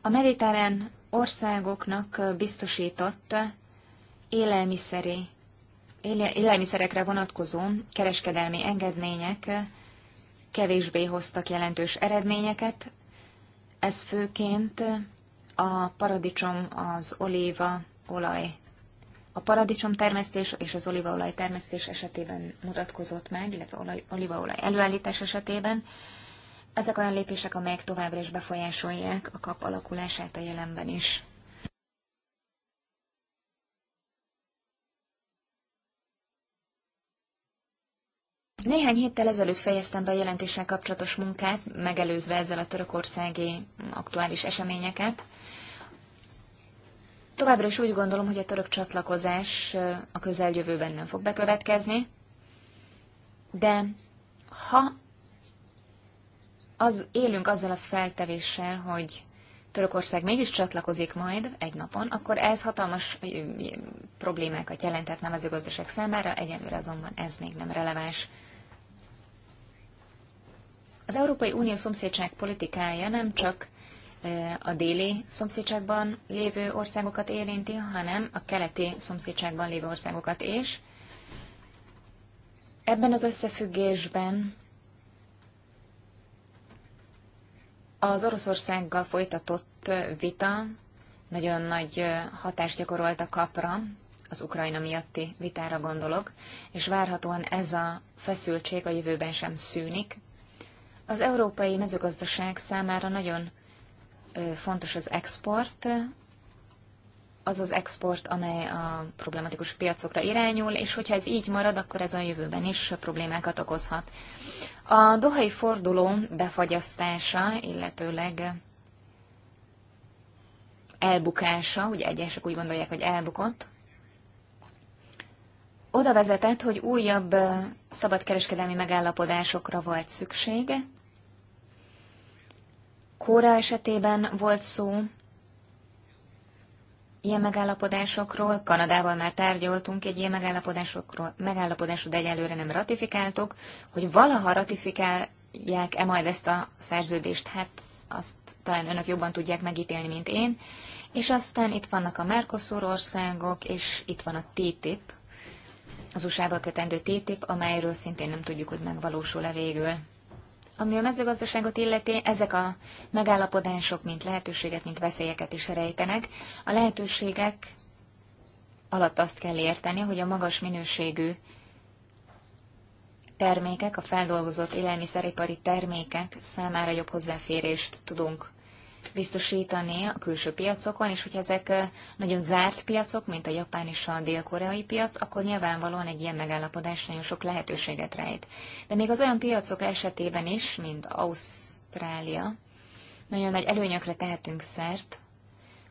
a mediterrán országoknak biztosított élelmiszeri, élelmiszerekre vonatkozó kereskedelmi engedmények kevésbé hoztak jelentős eredményeket. Ez főként a paradicsom, az olíva, olaj a paradicsom termesztés és az olívaolaj termesztés esetében mutatkozott meg, illetve olaj, olívaolaj előállítás esetében. Ezek olyan lépések, amelyek továbbra is befolyásolják a kap alakulását a jelenben is. Néhány héttel ezelőtt fejeztem be a jelentéssel kapcsolatos munkát, megelőzve ezzel a törökországi aktuális eseményeket. Továbbra is úgy gondolom, hogy a török csatlakozás a közeljövőben nem fog bekövetkezni, de ha az élünk azzal a feltevéssel, hogy Törökország mégis csatlakozik majd egy napon, akkor ez hatalmas problémákat jelentett nem az gazdaság számára, egyelőre azonban ez még nem releváns. Az Európai Unió szomszédság politikája nem csak a déli szomszédságban lévő országokat érinti, hanem a keleti szomszédságban lévő országokat is. Ebben az összefüggésben az Oroszországgal folytatott vita nagyon nagy hatást gyakorolt a kapra, az Ukrajna miatti vitára gondolok, és várhatóan ez a feszültség a jövőben sem szűnik. Az európai mezőgazdaság számára nagyon fontos az export, az az export, amely a problematikus piacokra irányul, és hogyha ez így marad, akkor ez a jövőben is problémákat okozhat. A dohai forduló befagyasztása, illetőleg elbukása, ugye egyesek úgy gondolják, hogy elbukott, oda vezetett, hogy újabb szabadkereskedelmi megállapodásokra volt szüksége, Kóra esetében volt szó ilyen megállapodásokról, Kanadával már tárgyaltunk egy ilyen megállapodásokról, megállapodásod egyelőre nem ratifikáltuk, hogy valaha ratifikálják-e majd ezt a szerződést, hát azt talán önök jobban tudják megítélni, mint én. És aztán itt vannak a Mercosur országok, és itt van a TTIP, az USA-val kötendő TTIP, amelyről szintén nem tudjuk, hogy megvalósul-e végül. Ami a mezőgazdaságot illeti, ezek a megállapodások, mint lehetőséget, mint veszélyeket is rejtenek. A lehetőségek alatt azt kell érteni, hogy a magas minőségű termékek, a feldolgozott élelmiszeripari termékek számára jobb hozzáférést tudunk biztosítani a külső piacokon, és hogyha ezek eh, nagyon zárt piacok, mint a japán és a dél-koreai piac, akkor nyilvánvalóan egy ilyen megállapodás nagyon sok lehetőséget rejt. De még az olyan piacok esetében is, mint Ausztrália, nagyon nagy előnyökre tehetünk szert,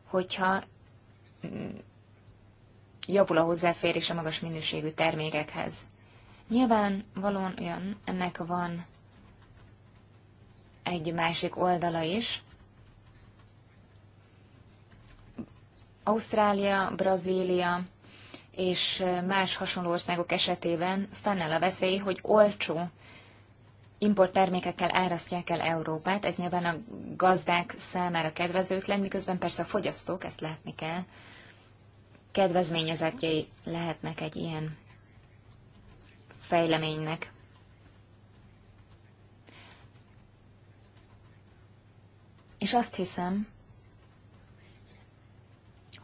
hogyha mm, javul a hozzáférés a magas minőségű termékekhez. Nyilván ennek van egy másik oldala is, Ausztrália, Brazília és más hasonló országok esetében fennáll a veszély, hogy olcsó importtermékekkel árasztják el Európát, ez nyilván a gazdák számára kedvezőtlen, miközben persze a fogyasztók, ezt látni kell, kedvezményezetjei lehetnek egy ilyen fejleménynek. És azt hiszem,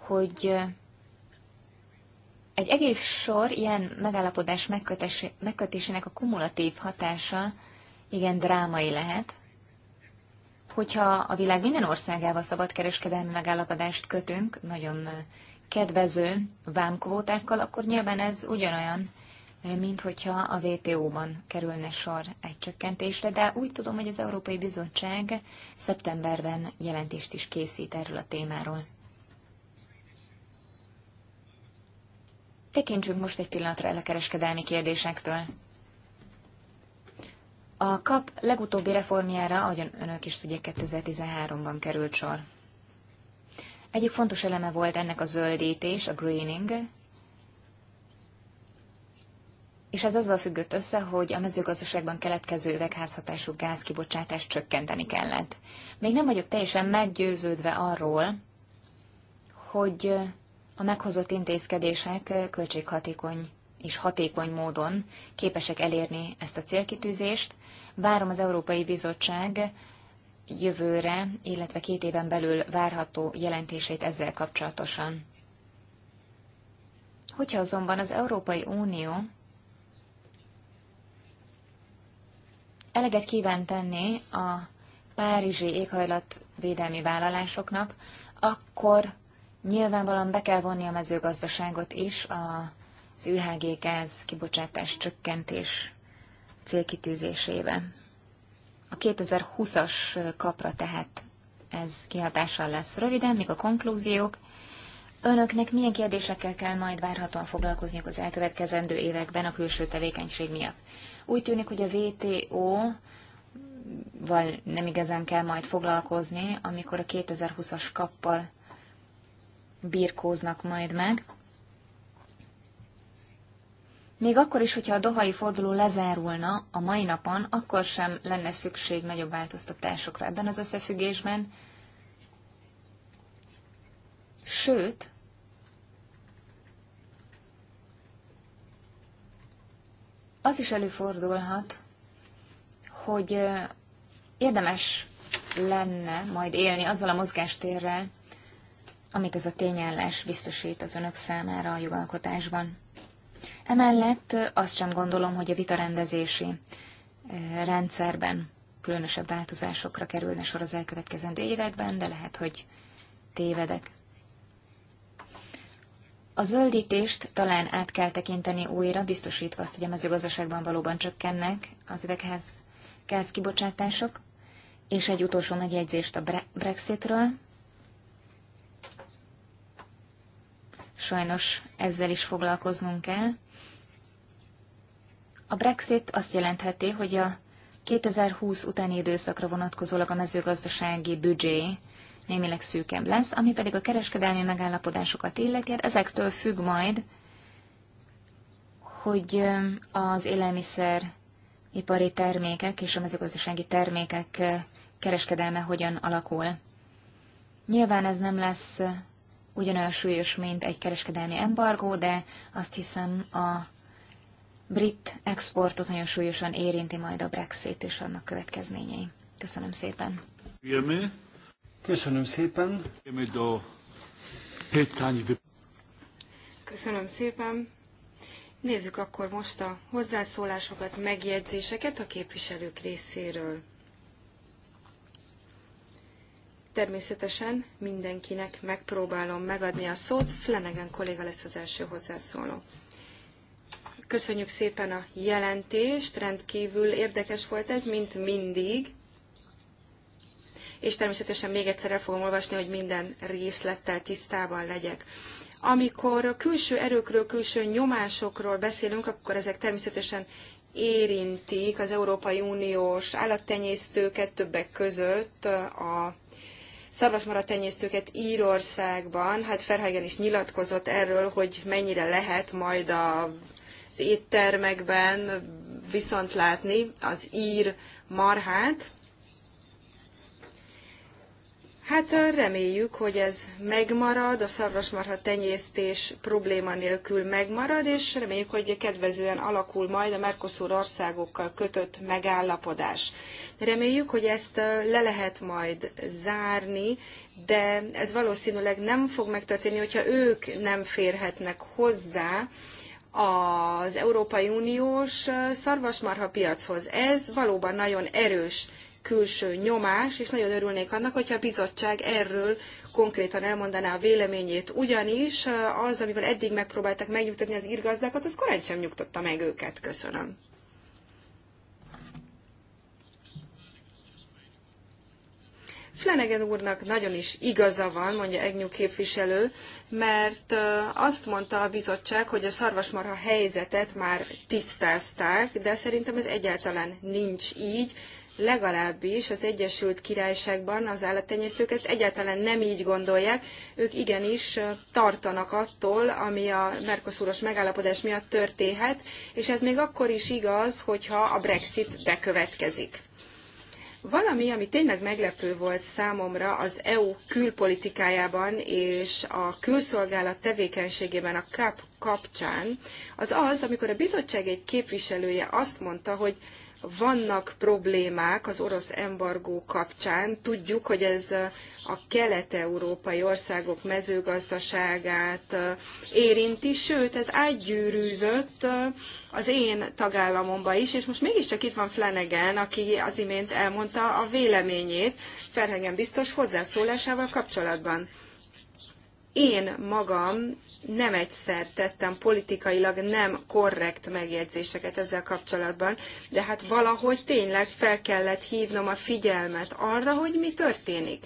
hogy egy egész sor ilyen megállapodás megkötésének a kumulatív hatása igen drámai lehet. Hogyha a világ minden országával szabadkereskedelmi megállapodást kötünk, nagyon kedvező vámkvótákkal, akkor nyilván ez ugyanolyan, mint hogyha a WTO-ban kerülne sor egy csökkentésre, de úgy tudom, hogy az Európai Bizottság szeptemberben jelentést is készít erről a témáról. Tekintsünk most egy pillanatra el a kereskedelmi kérdésektől. A KAP legutóbbi reformjára, ahogyan önök is tudják, 2013-ban került sor. Egyik fontos eleme volt ennek a zöldítés, a greening, és ez azzal függött össze, hogy a mezőgazdaságban keletkező üvegházhatású gázkibocsátást csökkenteni kellett. Még nem vagyok teljesen meggyőződve arról, hogy a meghozott intézkedések költséghatékony és hatékony módon képesek elérni ezt a célkitűzést. Várom az Európai Bizottság jövőre, illetve két éven belül várható jelentését ezzel kapcsolatosan. Hogyha azonban az Európai Unió eleget kíván tenni a párizsi éghajlatvédelmi vállalásoknak, akkor Nyilvánvalóan be kell vonni a mezőgazdaságot is az UHG gáz kibocsátás csökkentés célkitűzésébe. A 2020-as kapra tehát ez kihatással lesz. Röviden, még a konklúziók. Önöknek milyen kérdésekkel kell majd várhatóan foglalkozniuk az elkövetkezendő években a külső tevékenység miatt? Úgy tűnik, hogy a WTO val nem igazán kell majd foglalkozni, amikor a 2020-as kappal birkóznak majd meg. Még akkor is, hogyha a dohai forduló lezárulna a mai napon, akkor sem lenne szükség nagyobb változtatásokra ebben az összefüggésben. Sőt, az is előfordulhat, hogy érdemes lenne majd élni azzal a mozgástérrel, amit ez a tényállás biztosít az önök számára a jogalkotásban. Emellett azt sem gondolom, hogy a vitarendezési eh, rendszerben különösebb változásokra kerülne sor az elkövetkezendő években, de lehet, hogy tévedek. A zöldítést talán át kell tekinteni újra, biztosítva azt, hogy a mezőgazdaságban valóban csökkennek az üvegház gázkibocsátások, és egy utolsó megjegyzést a Brexitről. sajnos ezzel is foglalkoznunk kell. A Brexit azt jelentheti, hogy a 2020 utáni időszakra vonatkozólag a mezőgazdasági büdzsé némileg szűkebb lesz, ami pedig a kereskedelmi megállapodásokat illeti, hát ezektől függ majd, hogy az élelmiszer ipari termékek és a mezőgazdasági termékek kereskedelme hogyan alakul. Nyilván ez nem lesz ugyanolyan súlyos, mint egy kereskedelmi embargó, de azt hiszem a brit exportot nagyon súlyosan érinti majd a Brexit és annak következményei. Köszönöm szépen. Köszönöm szépen. Köszönöm szépen. Nézzük akkor most a hozzászólásokat, megjegyzéseket a képviselők részéről. Természetesen mindenkinek megpróbálom megadni a szót. Flanagan kolléga lesz az első hozzászóló. Köszönjük szépen a jelentést, rendkívül érdekes volt ez, mint mindig. És természetesen még egyszer el fogom olvasni, hogy minden részlettel tisztában legyek. Amikor külső erőkről, külső nyomásokról beszélünk, akkor ezek természetesen érintik az Európai Uniós állattenyésztőket, többek között a szarvasmaratenyésztőket Írországban, hát Ferhagen is nyilatkozott erről, hogy mennyire lehet majd a, az éttermekben viszont látni az ír marhát, Hát reméljük, hogy ez megmarad, a szarvasmarha tenyésztés probléma nélkül megmarad, és reméljük, hogy kedvezően alakul majd a Mercosur országokkal kötött megállapodás. Reméljük, hogy ezt le lehet majd zárni, de ez valószínűleg nem fog megtörténni, hogyha ők nem férhetnek hozzá az Európai Uniós szarvasmarha piachoz. Ez valóban nagyon erős külső nyomás, és nagyon örülnék annak, hogyha a bizottság erről konkrétan elmondaná a véleményét, ugyanis eh, az, amivel eddig megpróbáltak megnyugtatni az írgazdákat, az korán sem nyugtatta meg őket. Köszönöm. Flanagan úrnak nagyon is igaza van, mondja Egnyú képviselő, mert azt mondta a bizottság, hogy a szarvasmarha helyzetet már tisztázták, de szerintem ez egyáltalán nincs így, legalábbis az Egyesült Királyságban az állattenyésztők ezt egyáltalán nem így gondolják, ők igenis tartanak attól, ami a Mercosuros megállapodás miatt történhet, és ez még akkor is igaz, hogyha a Brexit bekövetkezik. Valami, ami tényleg meglepő volt számomra az EU külpolitikájában és a külszolgálat tevékenységében a KAP kapcsán, az az, amikor a bizottság egy képviselője azt mondta, hogy vannak problémák az orosz embargó kapcsán. Tudjuk, hogy ez a kelet-európai országok mezőgazdaságát eh, érinti, sőt, ez átgyűrűzött eh, az én tagállamomba is, és most mégiscsak itt van Flanagan, aki az imént elmondta a véleményét Ferhengen biztos hozzászólásával kapcsolatban én magam nem egyszer tettem politikailag nem korrekt megjegyzéseket ezzel kapcsolatban, de hát valahogy tényleg fel kellett hívnom a figyelmet arra, hogy mi történik.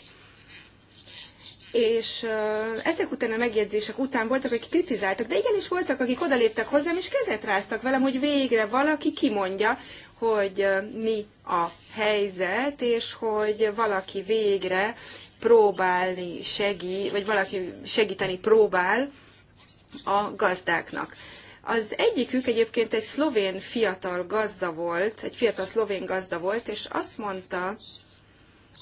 És ezek után a megjegyzések után voltak, akik kritizáltak, de igenis voltak, akik odaléptek hozzám, és kezet ráztak velem, hogy végre valaki kimondja, hogy mi a helyzet, és hogy valaki végre próbálni segít, vagy valaki segíteni próbál a gazdáknak. Az egyikük egyébként egy szlovén fiatal gazda volt, egy fiatal szlovén gazda volt, és azt mondta,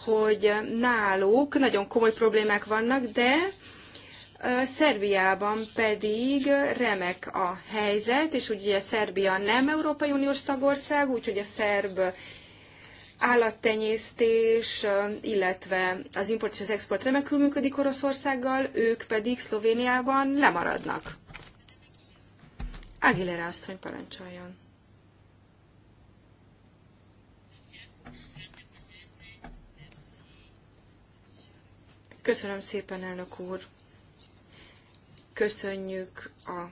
hogy náluk nagyon komoly problémák vannak, de Szerbiában pedig remek a helyzet, és ugye Szerbia nem Európai Uniós tagország, úgyhogy a szerb állattenyésztés, illetve az import és az export remekül működik Oroszországgal, ők pedig Szlovéniában lemaradnak. Aguilera asszony parancsoljon. Köszönöm szépen, elnök úr. Köszönjük a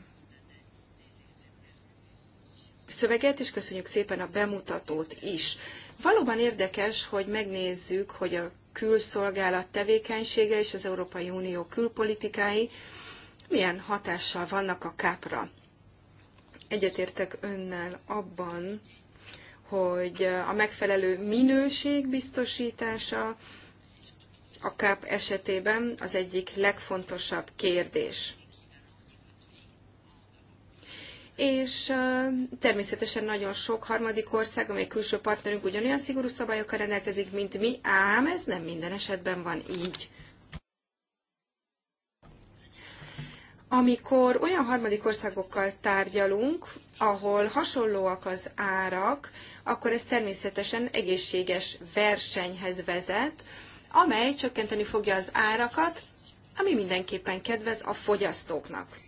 szöveget, és köszönjük szépen a bemutatót is. Valóban érdekes, hogy megnézzük, hogy a külszolgálat tevékenysége és az Európai Unió külpolitikái milyen hatással vannak a kápra. Egyetértek önnel abban, hogy a megfelelő minőség biztosítása a káp esetében az egyik legfontosabb kérdés és természetesen nagyon sok harmadik ország, amely külső partnerünk ugyanolyan szigorú szabályokkal rendelkezik, mint mi, ám ez nem minden esetben van így. Amikor olyan harmadik országokkal tárgyalunk, ahol hasonlóak az árak, akkor ez természetesen egészséges versenyhez vezet, amely csökkenteni fogja az árakat, ami mindenképpen kedvez a fogyasztóknak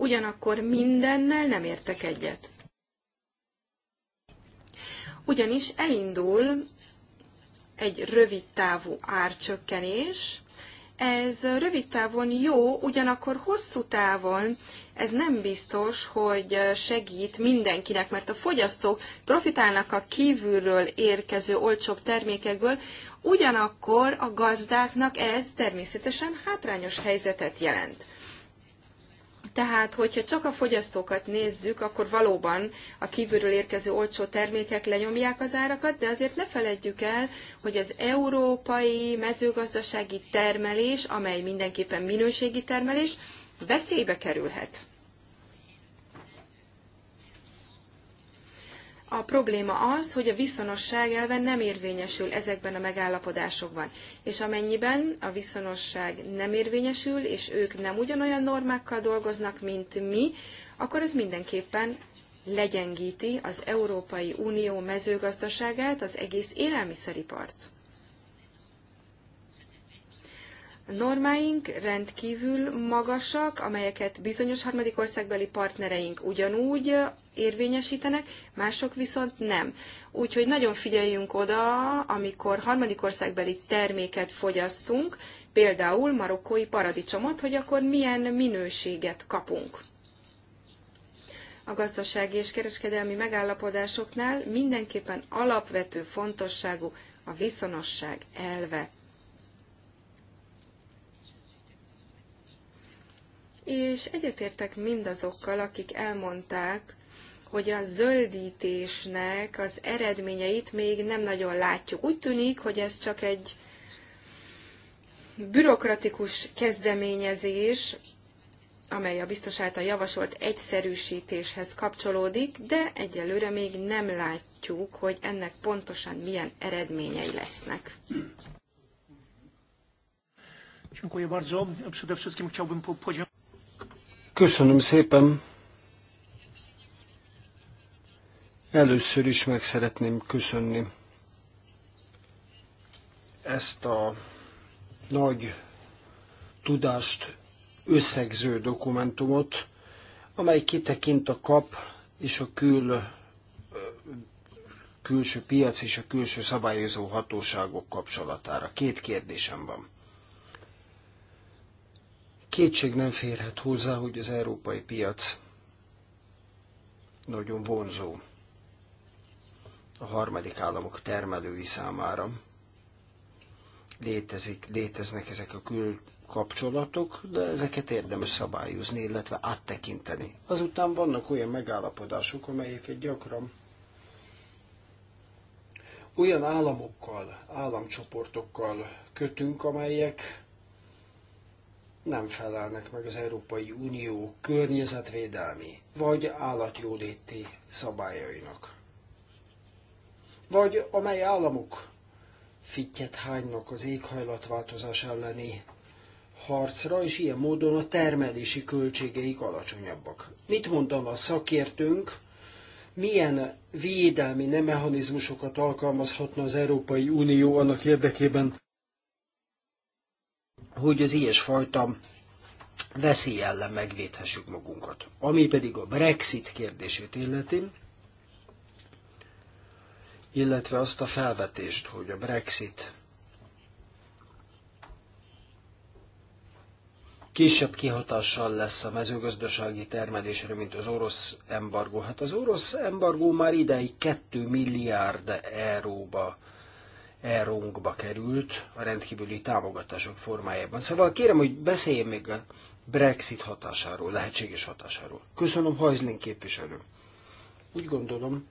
ugyanakkor mindennel nem értek egyet. Ugyanis elindul egy rövid távú árcsökkenés, ez rövid távon jó, ugyanakkor hosszú távon ez nem biztos, hogy segít mindenkinek, mert a fogyasztók profitálnak a kívülről érkező olcsóbb termékekből, ugyanakkor a gazdáknak ez természetesen hátrányos helyzetet jelent. Tehát, hogyha csak a fogyasztókat nézzük, akkor valóban a kívülről érkező olcsó termékek lenyomják az árakat, de azért ne feledjük el, hogy az európai mezőgazdasági termelés, amely mindenképpen minőségi termelés, veszélybe kerülhet. A probléma az, hogy a viszonosság elve nem érvényesül ezekben a megállapodásokban, és amennyiben a viszonosság nem érvényesül, és ők nem ugyanolyan normákkal dolgoznak, mint mi, akkor ez mindenképpen legyengíti az Európai Unió mezőgazdaságát, az egész élelmiszeripart. normáink rendkívül magasak, amelyeket bizonyos harmadik országbeli partnereink ugyanúgy érvényesítenek, mások viszont nem. Úgyhogy nagyon figyeljünk oda, amikor harmadik országbeli terméket fogyasztunk, például marokkói paradicsomot, hogy akkor milyen minőséget kapunk. A gazdasági és kereskedelmi megállapodásoknál mindenképpen alapvető fontosságú a viszonosság elve és egyetértek mindazokkal, akik elmondták, hogy a zöldítésnek az eredményeit még nem nagyon látjuk. Úgy tűnik, hogy ez csak egy bürokratikus kezdeményezés, amely a biztos által javasolt egyszerűsítéshez kapcsolódik, de egyelőre még nem látjuk, hogy ennek pontosan milyen eredményei lesznek. Dziękuję bardzo. Przede wszystkim chciałbym podziękować. Köszönöm szépen. Először is meg szeretném köszönni ezt a nagy tudást összegző dokumentumot, amely kitekint a kap és a kül, külső piac és a külső szabályozó hatóságok kapcsolatára. Két kérdésem van. Kétség nem férhet hozzá, hogy az európai piac nagyon vonzó a harmadik államok termelői számára. Létezik, léteznek ezek a kül kapcsolatok, de ezeket érdemes szabályozni, illetve áttekinteni. Azután vannak olyan megállapodások, amelyeket gyakran olyan államokkal, államcsoportokkal kötünk, amelyek nem felelnek meg az Európai Unió környezetvédelmi vagy állatjóléti szabályainak. Vagy amely államok fittyet hánynak az éghajlatváltozás elleni harcra, és ilyen módon a termelési költségeik alacsonyabbak. Mit mondana a szakértőnk, milyen védelmi mechanizmusokat alkalmazhatna az Európai Unió annak érdekében, hogy az ilyesfajta veszély ellen megvédhessük magunkat. Ami pedig a Brexit kérdését illeti, illetve azt a felvetést, hogy a Brexit kisebb kihatással lesz a mezőgazdasági termelésre, mint az orosz embargó. Hát az orosz embargó már ideig 2 milliárd euróba elrónkba került a rendkívüli támogatások formájában. Szóval kérem, hogy beszéljen még a Brexit hatásáról, lehetséges hatásáról. Köszönöm, Hajzlin képviselő. Úgy gondolom,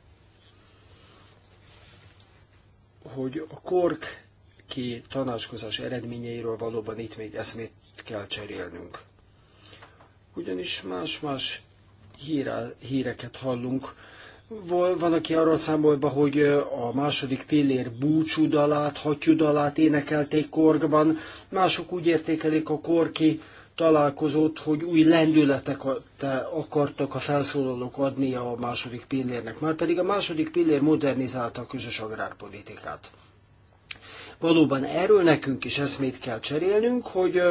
hogy a kork ki tanácskozás eredményeiről valóban itt még eszmét kell cserélnünk. Ugyanis más-más híre, híreket hallunk, van, aki arról számol be, hogy a második pillér búcsúdalát, hattyudalát énekelték korgban, mások úgy értékelik a korki találkozót, hogy új lendületeket akartak a felszólalók adni a második pillérnek. Márpedig a második pillér modernizálta a közös agrárpolitikát. Valóban erről nekünk is eszmét kell cserélnünk, hogy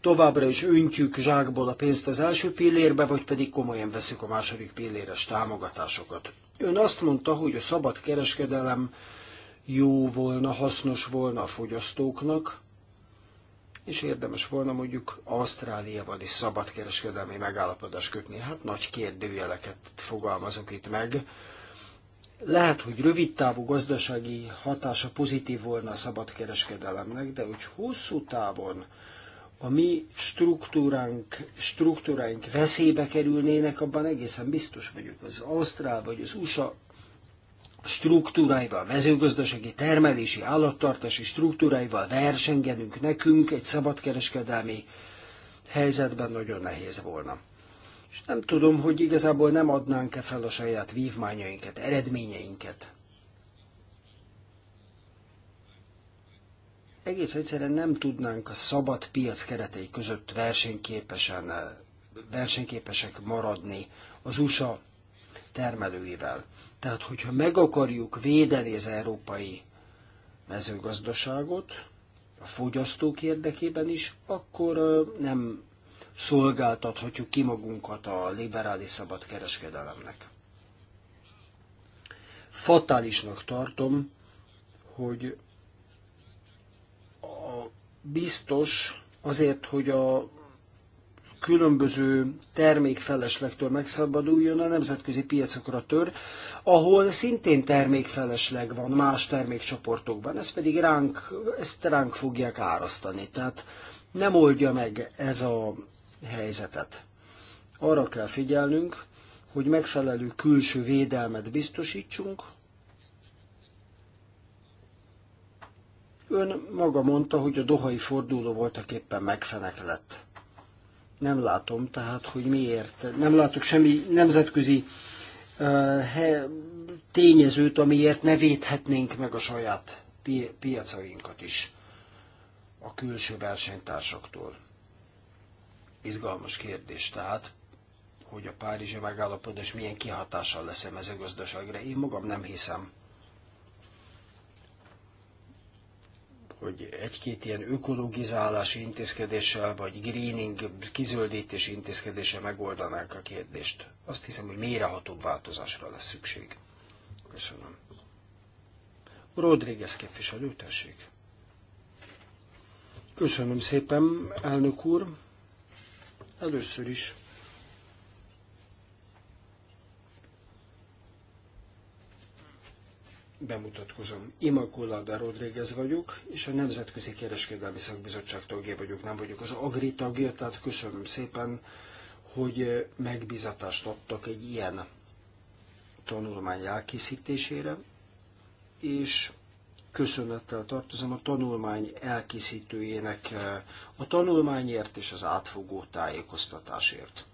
továbbra is öntjük zsákból a pénzt az első pillérbe, vagy pedig komolyan veszük a második pilléres támogatásokat. Ön azt mondta, hogy a szabad kereskedelem jó volna, hasznos volna a fogyasztóknak, és érdemes volna mondjuk Ausztráliával is szabadkereskedelmi megállapodást kötni. Hát nagy kérdőjeleket fogalmazok itt meg lehet, hogy rövid távú gazdasági hatása pozitív volna a szabadkereskedelemnek, de hogy hosszú távon a mi struktúránk, struktúráink veszélybe kerülnének, abban egészen biztos vagyok. Az Ausztrál vagy az USA struktúráival, mezőgazdasági termelési, állattartási struktúráival versengenünk nekünk egy szabadkereskedelmi helyzetben nagyon nehéz volna. És nem tudom, hogy igazából nem adnánk-e fel a saját vívmányainkat, eredményeinket. Egész egyszerűen nem tudnánk a szabad piac keretei között versenyképesen, versenyképesek maradni az USA termelőivel. Tehát, hogyha meg akarjuk védeni az európai mezőgazdaságot, a fogyasztók érdekében is, akkor nem szolgáltathatjuk ki magunkat a liberális szabadkereskedelemnek. Fatálisnak tartom, hogy a biztos azért, hogy a különböző termékfeleslektől megszabaduljon, a nemzetközi piacokra tör, ahol szintén termékfelesleg van más termékcsoportokban, ezt pedig ránk, ezt ránk fogják árasztani. Tehát nem oldja meg ez a helyzetet. Arra kell figyelnünk, hogy megfelelő külső védelmet biztosítsunk. Ön maga mondta, hogy a dohai forduló voltak éppen megfeneklett. Nem látom tehát, hogy miért. Nem látok semmi nemzetközi uh, tényezőt, amiért ne védhetnénk meg a saját pi- piacainkat is a külső versenytársaktól. Izgalmas kérdés tehát, hogy a Párizsi megállapodás milyen kihatással lesz a mezőgazdaságra. Én magam nem hiszem, hogy egy-két ilyen ökologizálási intézkedéssel, vagy greening, kizöldítési intézkedéssel megoldanák a kérdést. Azt hiszem, hogy mérehatóbb változásra lesz szükség. Köszönöm. Rodríguez képviselő, tessék. Köszönöm szépen, elnök úr. Először is bemutatkozom. Imakulada Rodriguez vagyok, és a Nemzetközi Kereskedelmi Szakbizottság tagja vagyok, nem vagyok az Agri tagja, tehát köszönöm szépen, hogy megbizatást adtak egy ilyen tanulmány elkészítésére, és köszönettel tartozom a tanulmány elkészítőjének eh, a tanulmányért és az átfogó tájékoztatásért.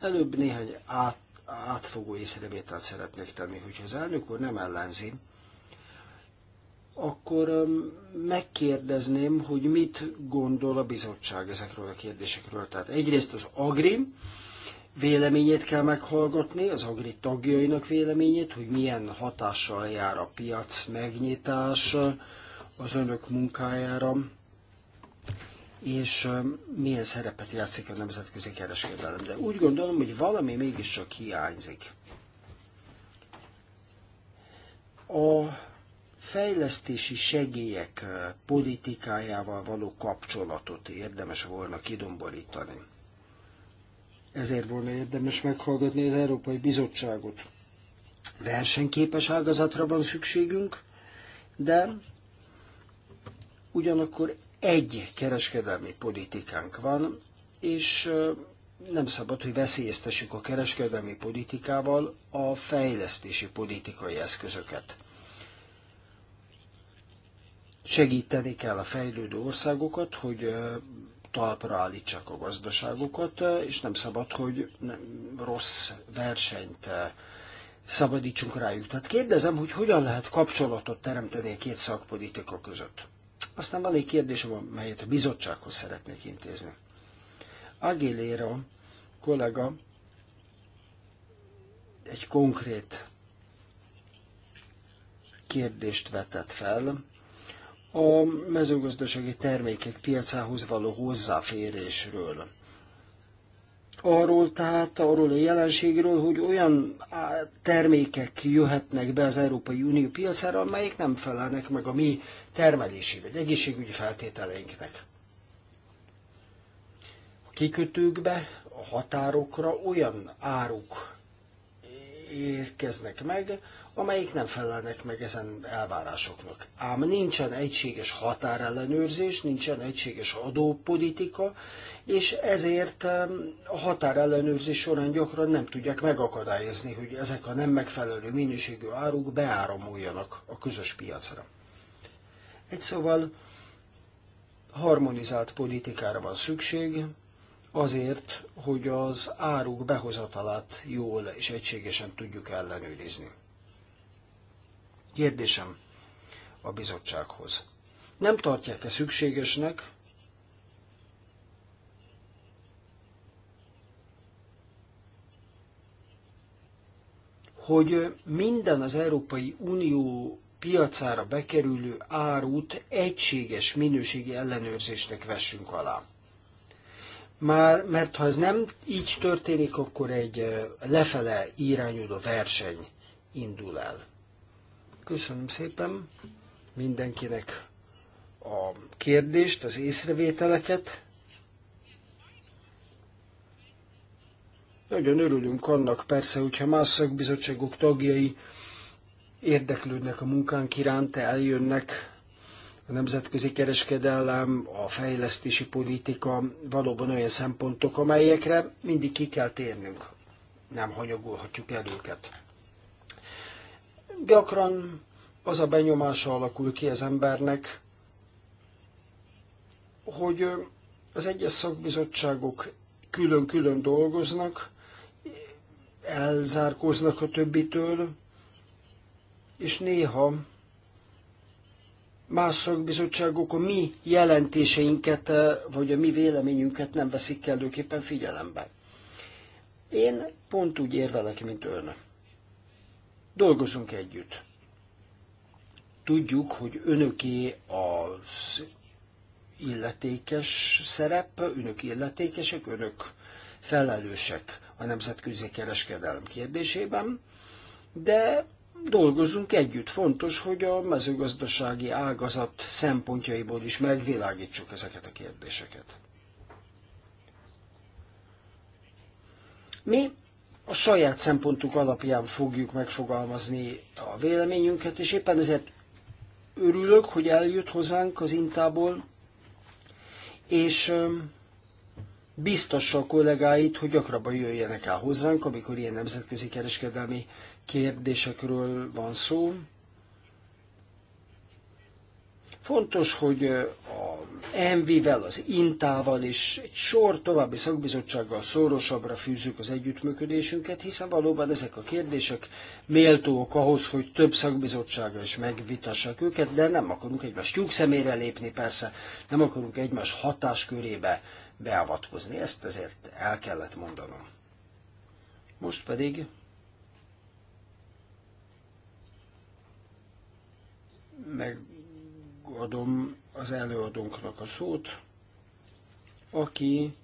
Előbb néhány át, átfogó észrevételt szeretnék tenni, hogyha az elnök úr nem ellenzi, akkor eh, megkérdezném, hogy mit gondol a bizottság ezekről a kérdésekről. Tehát egyrészt az Agrim, véleményét kell meghallgatni, az Agri tagjainak véleményét, hogy milyen hatással jár a piac megnyitás az önök munkájára, és um, milyen szerepet játszik a nemzetközi kereskedelem. De úgy gondolom, hogy valami mégiscsak hiányzik. A fejlesztési segélyek uh, politikájával való kapcsolatot érdemes volna kidomborítani. Ezért volna érdemes meghallgatni az Európai Bizottságot. Versenyképes ágazatra van szükségünk, de ugyanakkor egy kereskedelmi politikánk van, és nem szabad, hogy veszélyeztessük a kereskedelmi politikával a fejlesztési politikai eszközöket. Segíteni kell a fejlődő országokat, hogy talpra állítsák a gazdaságokat, és nem szabad, hogy nem rossz versenyt eh, szabadítsunk rájuk. Tehát kérdezem, hogy hogyan lehet kapcsolatot teremteni a két szakpolitika között. Aztán van egy kérdésem, amelyet a bizottsághoz szeretnék intézni. Agiléra kollega egy konkrét kérdést vetett fel, a mezőgazdasági termékek piacához való hozzáférésről. Arról tehát, arról a jelenségről, hogy olyan termékek jöhetnek be az Európai Unió piacára, amelyek nem felelnek meg a mi termelési vagy egészségügyi feltételeinknek. A kikötőkbe, a határokra olyan áruk érkeznek meg, amelyik nem felelnek meg ezen elvárásoknak. Ám nincsen egységes határellenőrzés, nincsen egységes adópolitika, és ezért a határellenőrzés során gyakran nem tudják megakadályozni, hogy ezek a nem megfelelő minőségű áruk beáramoljanak a közös piacra. Egy szóval harmonizált politikára van szükség, azért, hogy az áruk behozatalát jól és egységesen tudjuk ellenőrizni. Kérdésem a bizottsághoz. Nem tartják-e szükségesnek, hogy minden az Európai Unió piacára bekerülő árut egységes minőségi ellenőrzésnek vessünk alá. Már, mert ha ez nem így történik, akkor egy eh, lefele irányuló verseny indul el. Köszönöm szépen mindenkinek a kérdést, az észrevételeket. Nagyon örülünk annak persze, hogyha más szakbizottságok tagjai érdeklődnek a munkánk iránt, eljönnek a nemzetközi kereskedelem, a fejlesztési politika valóban olyan szempontok, amelyekre mindig ki kell térnünk. Nem hanyagolhatjuk el őket. Gyakran az a benyomása alakul ki az embernek, hogy az egyes szakbizottságok külön-külön dolgoznak, elzárkóznak a többitől, és néha más szakbizottságok a mi jelentéseinket, vagy a mi véleményünket nem veszik kellőképpen figyelembe. Én pont úgy érvelek, mint önök. Dolgozunk együtt. Tudjuk, hogy önöké az illetékes szerep, önök illetékesek, önök felelősek a nemzetközi kereskedelem kérdésében, de dolgozunk együtt. Fontos, hogy a mezőgazdasági ágazat szempontjaiból is megvilágítsuk ezeket a kérdéseket. Mi a saját szempontunk alapján fogjuk megfogalmazni a véleményünket, és éppen ezért örülök, hogy eljött hozzánk az Intából, és biztassa a kollégáit, hogy gyakrabban jöjjenek el hozzánk, amikor ilyen nemzetközi kereskedelmi kérdésekről van szó. Fontos, hogy a Envivel, az Intával és egy sor további szakbizottsággal szorosabbra fűzzük az együttműködésünket, hiszen valóban ezek a kérdések méltók ahhoz, hogy több szakbizottsága is megvitassák őket, de nem akarunk egymás tyúk szemére lépni persze, nem akarunk egymás hatáskörébe beavatkozni. Ezt ezért el kellett mondanom. Most pedig meg adom az előadónknak a szót, aki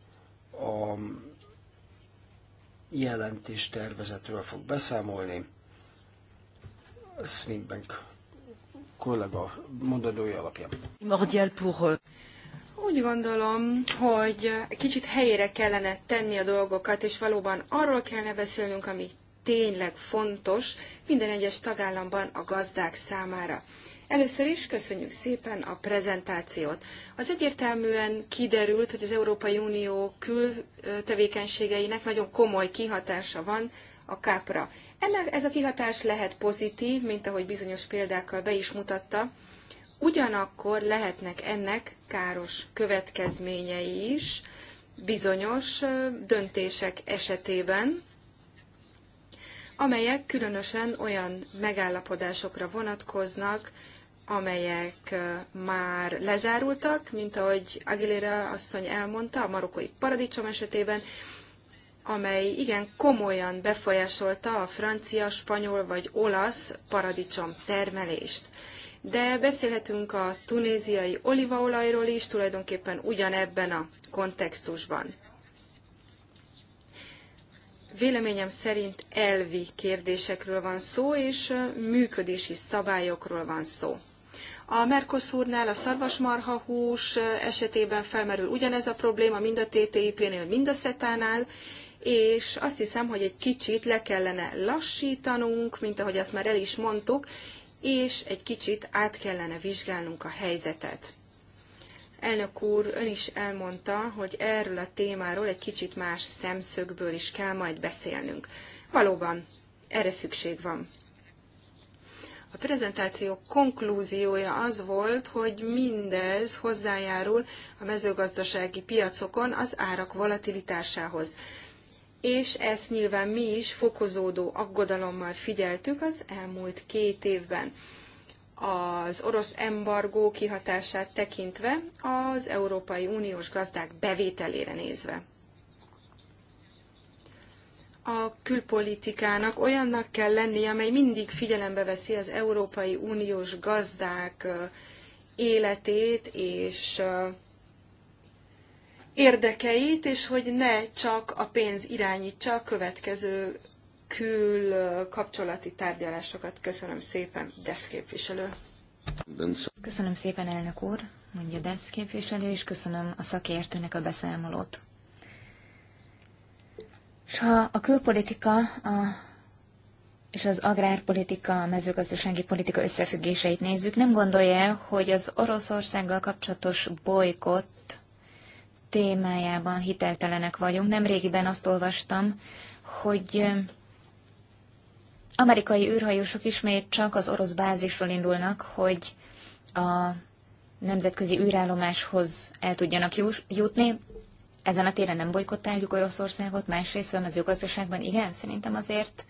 a jelentés tervezetről fog beszámolni. Swinbank kollega mondadója alapján. Euh, Úgy gondolom, hogy kicsit helyére kellene tenni a dolgokat, és valóban arról kellene beszélnünk, ami tényleg fontos minden egyes tagállamban a gazdák számára. Először is köszönjük szépen a prezentációt. Az egyértelműen kiderült, hogy az Európai Unió tevékenységeinek nagyon komoly kihatása van a kápra. Ennek ez a kihatás lehet pozitív, mint ahogy bizonyos példákkal be is mutatta, ugyanakkor lehetnek ennek káros következményei is bizonyos döntések esetében, amelyek különösen olyan megállapodásokra vonatkoznak, amelyek már lezárultak, mint ahogy Aguilera asszony elmondta, a marokkói paradicsom esetében, amely igen komolyan befolyásolta a francia, spanyol vagy olasz paradicsom termelést. De beszélhetünk a tunéziai olívaolajról is, tulajdonképpen ugyanebben a kontextusban. Véleményem szerint elvi kérdésekről van szó, és működési szabályokról van szó. A Mercosurnál a szarvasmarha hús esetében felmerül ugyanez a probléma, mind a TTIP-nél, mind a SETA-nál, és azt hiszem, hogy egy kicsit le kellene lassítanunk, mint ahogy azt már el is mondtuk, és egy kicsit át kellene vizsgálnunk a helyzetet. Elnök úr, ön is elmondta, hogy erről a témáról egy kicsit más szemszögből is kell majd beszélnünk. Valóban, erre szükség van. A prezentáció konklúziója az volt, hogy mindez hozzájárul a mezőgazdasági piacokon az árak volatilitásához. És ezt nyilván mi is fokozódó aggodalommal figyeltük az elmúlt két évben az orosz embargó kihatását tekintve az Európai Uniós gazdák bevételére nézve a külpolitikának olyannak kell lennie, amely mindig figyelembe veszi az Európai Uniós gazdák életét és érdekeit, és hogy ne csak a pénz irányítsa a következő kül kapcsolati tárgyalásokat. Köszönöm szépen, DESZ képviselő. Köszönöm szépen, elnök úr, mondja DESZ képviselő, és köszönöm a szakértőnek a beszámolót. És ha a külpolitika a, és az agrárpolitika, a mezőgazdasági politika összefüggéseit nézzük, nem gondolja, hogy az Oroszországgal kapcsolatos bolykott témájában hiteltelenek vagyunk. Nemrégiben azt olvastam, hogy amerikai űrhajósok ismét csak az orosz bázisról indulnak, hogy a nemzetközi űrállomáshoz el tudjanak jutni ezen a téren nem bolykottáljuk Oroszországot, másrészt a mezőgazdaságban igen, szerintem azért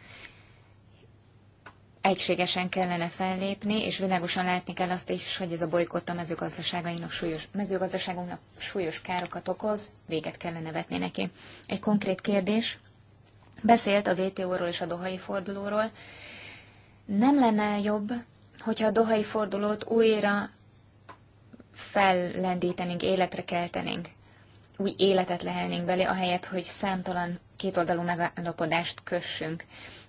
egységesen kellene fellépni, és világosan látni kell azt is, hogy ez a bolykott a mezőgazdaságainak súlyos, mezőgazdaságunknak súlyos károkat okoz, véget kellene vetni neki. Egy konkrét kérdés. Beszélt a WTO-ról és a Dohai fordulóról. Nem lenne jobb, hogyha a Dohai fordulót újra fellendítenénk, életre keltenénk? új életet lehelnénk belé, ahelyett, hogy számtalan kétoldalú megállapodást kössünk.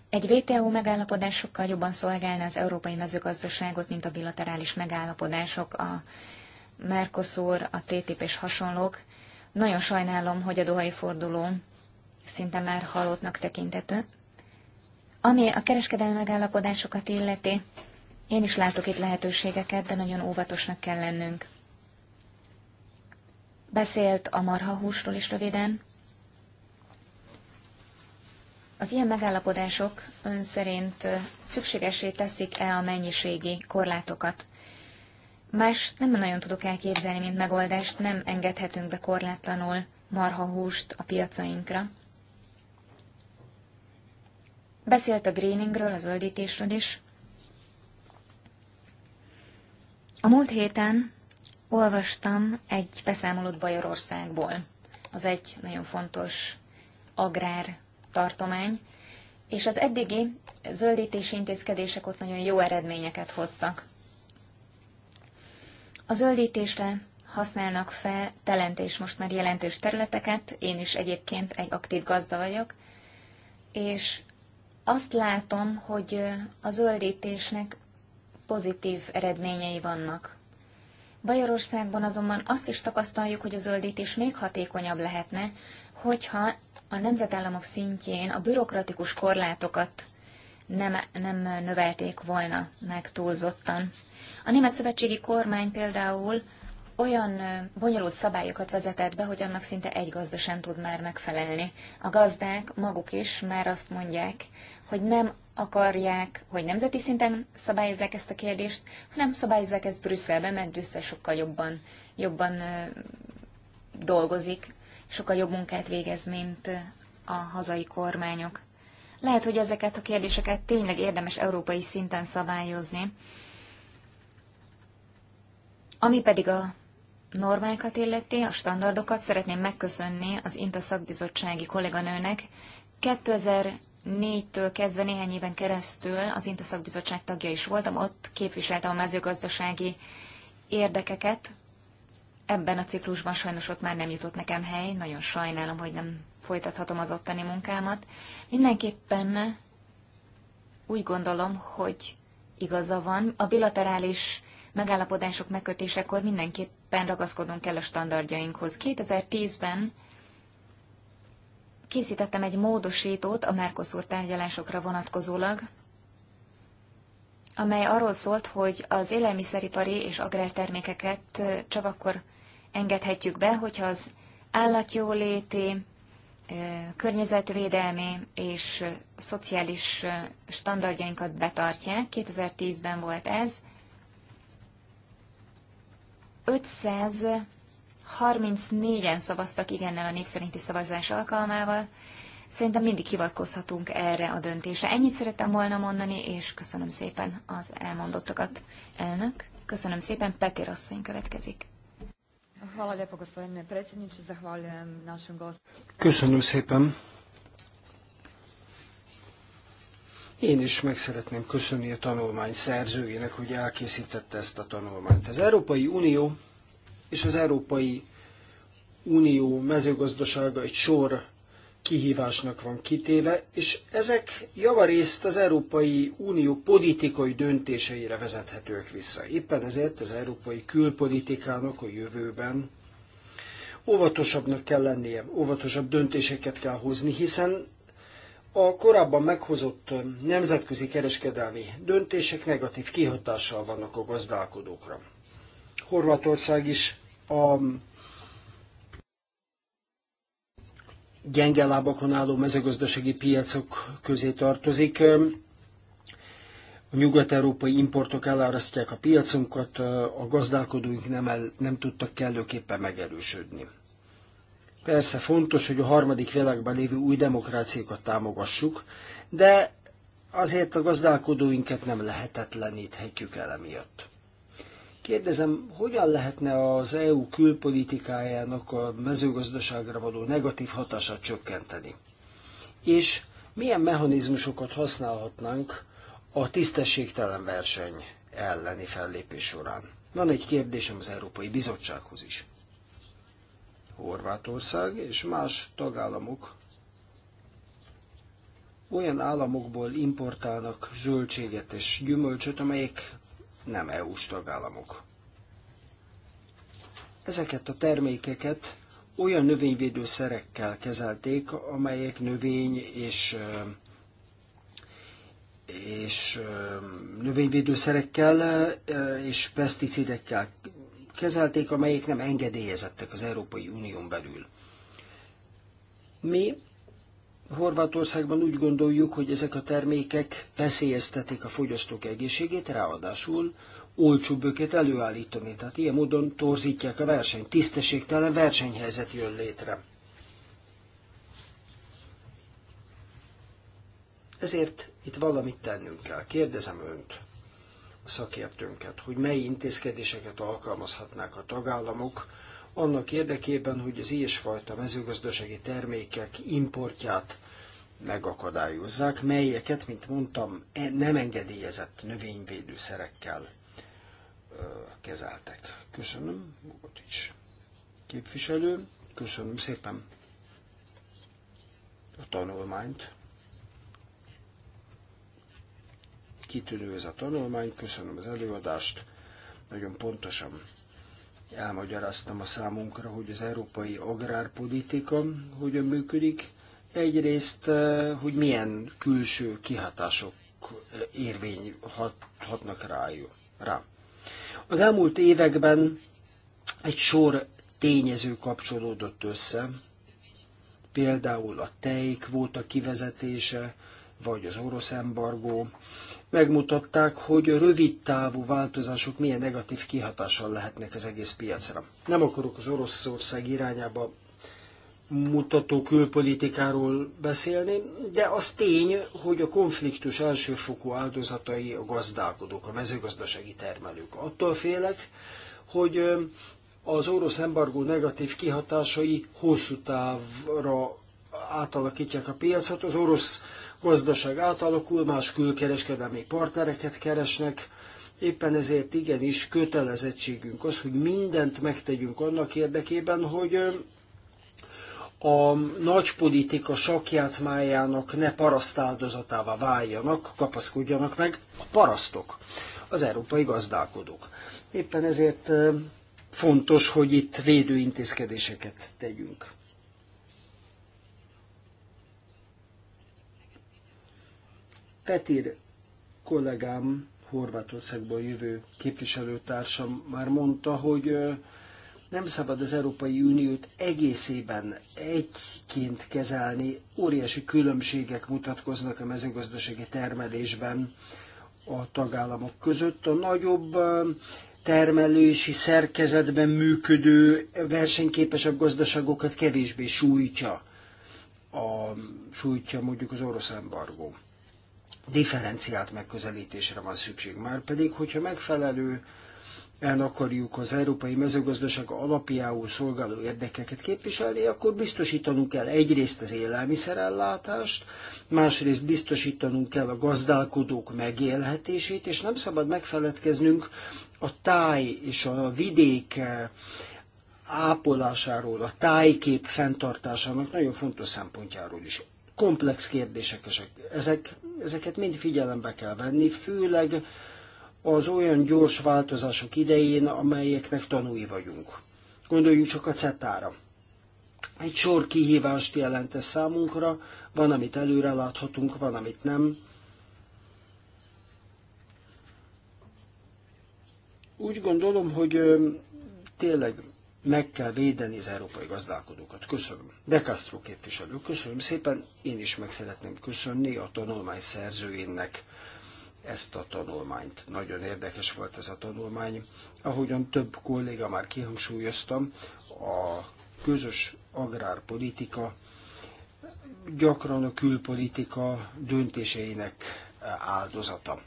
Egy WTO megállapodás sokkal jobban szolgálna az európai mezőgazdaságot, mint a bilaterális megállapodások, a Mercosur, a TTIP és hasonlók. Nagyon sajnálom, hogy a dohai forduló szinte már halottnak tekintető. Ami a kereskedelmi megállapodásokat illeti, én is látok itt lehetőségeket, de nagyon óvatosnak kell lennünk. Beszélt a marhahúsról is röviden. Az ilyen megállapodások ön szerint szükségesé teszik-e a mennyiségi korlátokat? Más nem nagyon tudok elképzelni, mint megoldást, nem engedhetünk be korlátlanul marhahúst a piacainkra. Beszélt a greeningről, a zöldítésről is. A múlt héten olvastam egy beszámolót Bajorországból. Az egy nagyon fontos agrár tartomány, és az eddigi zöldítési intézkedések ott nagyon jó eredményeket hoztak. A zöldítésre használnak fel telentés most már jelentős területeket, én is egyébként egy aktív gazda vagyok, és azt látom, hogy a zöldítésnek pozitív eredményei vannak. Bajorországban azonban azt is tapasztaljuk, hogy a zöldítés még hatékonyabb lehetne, hogyha a nemzetállamok szintjén a bürokratikus korlátokat nem, nem növelték volna meg túlzottan. A Német Szövetségi Kormány például olyan bonyolult szabályokat vezetett be, hogy annak szinte egy gazda sem tud már megfelelni. A gazdák maguk is már azt mondják, hogy nem akarják, hogy nemzeti szinten szabályozzák ezt a kérdést, hanem szabályozzák ezt Brüsszelben, mert Brüsszel sokkal jobban, jobban dolgozik, sokkal jobb munkát végez, mint a hazai kormányok. Lehet, hogy ezeket a kérdéseket tényleg érdemes európai szinten szabályozni. Ami pedig a normákat illeti, a standardokat szeretném megköszönni az INTA szakbizottsági kolléganőnek. 2000 négytől kezdve néhány éven keresztül az Inte tagja is voltam, ott képviseltem a mezőgazdasági érdekeket. Ebben a ciklusban sajnos ott már nem jutott nekem hely, nagyon sajnálom, hogy nem folytathatom az ottani munkámat. Mindenképpen úgy gondolom, hogy igaza van. A bilaterális megállapodások megkötésekor mindenképpen ragaszkodunk kell a standardjainkhoz. 2010-ben Készítettem egy módosítót a Mercosur tárgyalásokra vonatkozólag, amely arról szólt, hogy az élelmiszeripari és agrártermékeket csak akkor engedhetjük be, hogyha az állatjóléti, környezetvédelmi és szociális standardjainkat betartják. 2010-ben volt ez. 500 34-en szavaztak igennel a népszerinti szavazás alkalmával. Szerintem mindig hivatkozhatunk erre a döntésre. Ennyit szerettem volna mondani, és köszönöm szépen az elmondottakat, elnök. Köszönöm szépen, Petér asszony következik. Köszönöm szépen. Én is meg szeretném köszönni a tanulmány szerzőjének, hogy elkészítette ezt a tanulmányt. Az Európai Unió és az Európai Unió mezőgazdasága egy sor kihívásnak van kitéve, és ezek javarészt az Európai Unió politikai döntéseire vezethetők vissza. Éppen ezért az európai külpolitikának a jövőben óvatosabbnak kell lennie, óvatosabb döntéseket kell hozni, hiszen a korábban meghozott nemzetközi kereskedelmi döntések negatív kihatással vannak a gazdálkodókra. Horvátország is a gyenge lábakon álló mezőgazdasági piacok közé tartozik. A nyugat-európai importok elárasztják a piacunkat, a gazdálkodóink nem, el, nem tudtak kellőképpen megerősödni. Persze fontos, hogy a harmadik világban lévő új demokráciákat támogassuk, de azért a gazdálkodóinket nem lehetetleníthetjük el emiatt. Kérdezem, hogyan lehetne az EU külpolitikájának a mezőgazdaságra való negatív hatását csökkenteni? És milyen mechanizmusokat használhatnánk a tisztességtelen verseny elleni fellépés során? Van egy kérdésem az Európai Bizottsághoz is. Horvátország és más tagállamok olyan államokból importálnak zöldséget és gyümölcsöt, amelyek nem EU-s tagállamok. Ezeket a termékeket olyan növényvédőszerekkel kezelték, amelyek növény és és növényvédőszerekkel és peszticidekkel kezelték, amelyek nem engedélyezettek az Európai Unión belül. Mi Horvátországban úgy gondoljuk, hogy ezek a termékek veszélyeztetik a fogyasztók egészségét, ráadásul olcsóbb őket előállítani. Tehát ilyen módon torzítják a verseny, Tisztességtelen versenyhelyzet jön létre. Ezért itt valamit tennünk kell. Kérdezem önt, a szakértőnket, hogy mely intézkedéseket alkalmazhatnák a tagállamok, annak érdekében, hogy az ilyesfajta mezőgazdasági termékek importját megakadályozzák, melyeket, mint mondtam, e nem engedélyezett növényvédőszerekkel kezeltek. Köszönöm, Bogotics képviselő, köszönöm szépen a tanulmányt. Kitűnő ez a tanulmány, köszönöm az előadást, nagyon pontosan elmagyaráztam a számunkra, hogy az európai agrárpolitika hogyan működik. Egyrészt, eh, hogy milyen külső kihatások eh, érvény hat, hatnak rájuk, rá. Az elmúlt években egy sor tényező kapcsolódott össze, például a tejkvóta kivezetése, vagy az orosz embargó, megmutatták, hogy rövid távú változások milyen negatív kihatással lehetnek az egész piacra. Nem akarok az Oroszország irányába mutató külpolitikáról beszélni, de az tény, hogy a konfliktus elsőfokú áldozatai a gazdálkodók, a mezőgazdasági termelők. Attól félek, hogy az orosz embargó negatív kihatásai hosszú távra átalakítják a piacot. Az orosz gazdaság átalakul, más külkereskedelmi partnereket keresnek, Éppen ezért igenis kötelezettségünk az, hogy mindent megtegyünk annak érdekében, hogy a nagy politika sakjátszmájának ne parasztáldozatává váljanak, kapaszkodjanak meg a parasztok, az európai gazdálkodók. Éppen ezért fontos, hogy itt védőintézkedéseket tegyünk. Petir kollégám, Horvátországból jövő képviselőtársam már mondta, hogy nem szabad az Európai Uniót egészében egyként kezelni, óriási különbségek mutatkoznak a mezőgazdasági termelésben a tagállamok között. A nagyobb termelési szerkezetben működő, versenyképesebb gazdaságokat kevésbé sújtja, a, sújtja mondjuk az orosz embargó differenciált megközelítésre van szükség. Márpedig, hogyha megfelelő el akarjuk az európai mezőgazdaság alapjául szolgáló érdekeket képviselni, akkor biztosítanunk kell egyrészt az élelmiszerellátást, másrészt biztosítanunk kell a gazdálkodók megélhetését, és nem szabad megfeledkeznünk a táj és a vidék eh, ápolásáról, a tájkép fenntartásának nagyon fontos szempontjáról is komplex kérdések ezek. Ezeket mind figyelembe kell venni, főleg az olyan gyors változások idején, amelyeknek tanúi vagyunk. Gondoljunk csak a ceta Egy sor kihívást jelent ez számunkra, van, amit előre láthatunk, van, amit nem. Úgy gondolom, hogy tényleg meg kell védeni az európai gazdálkodókat. Köszönöm. De Castro képviselő, köszönöm szépen. Én is meg szeretném köszönni a tanulmány szerzőjének ezt a tanulmányt. Nagyon érdekes volt ez a tanulmány. Ahogyan több kolléga már kihangsúlyoztam, a közös agrárpolitika gyakran a külpolitika döntéseinek áldozata.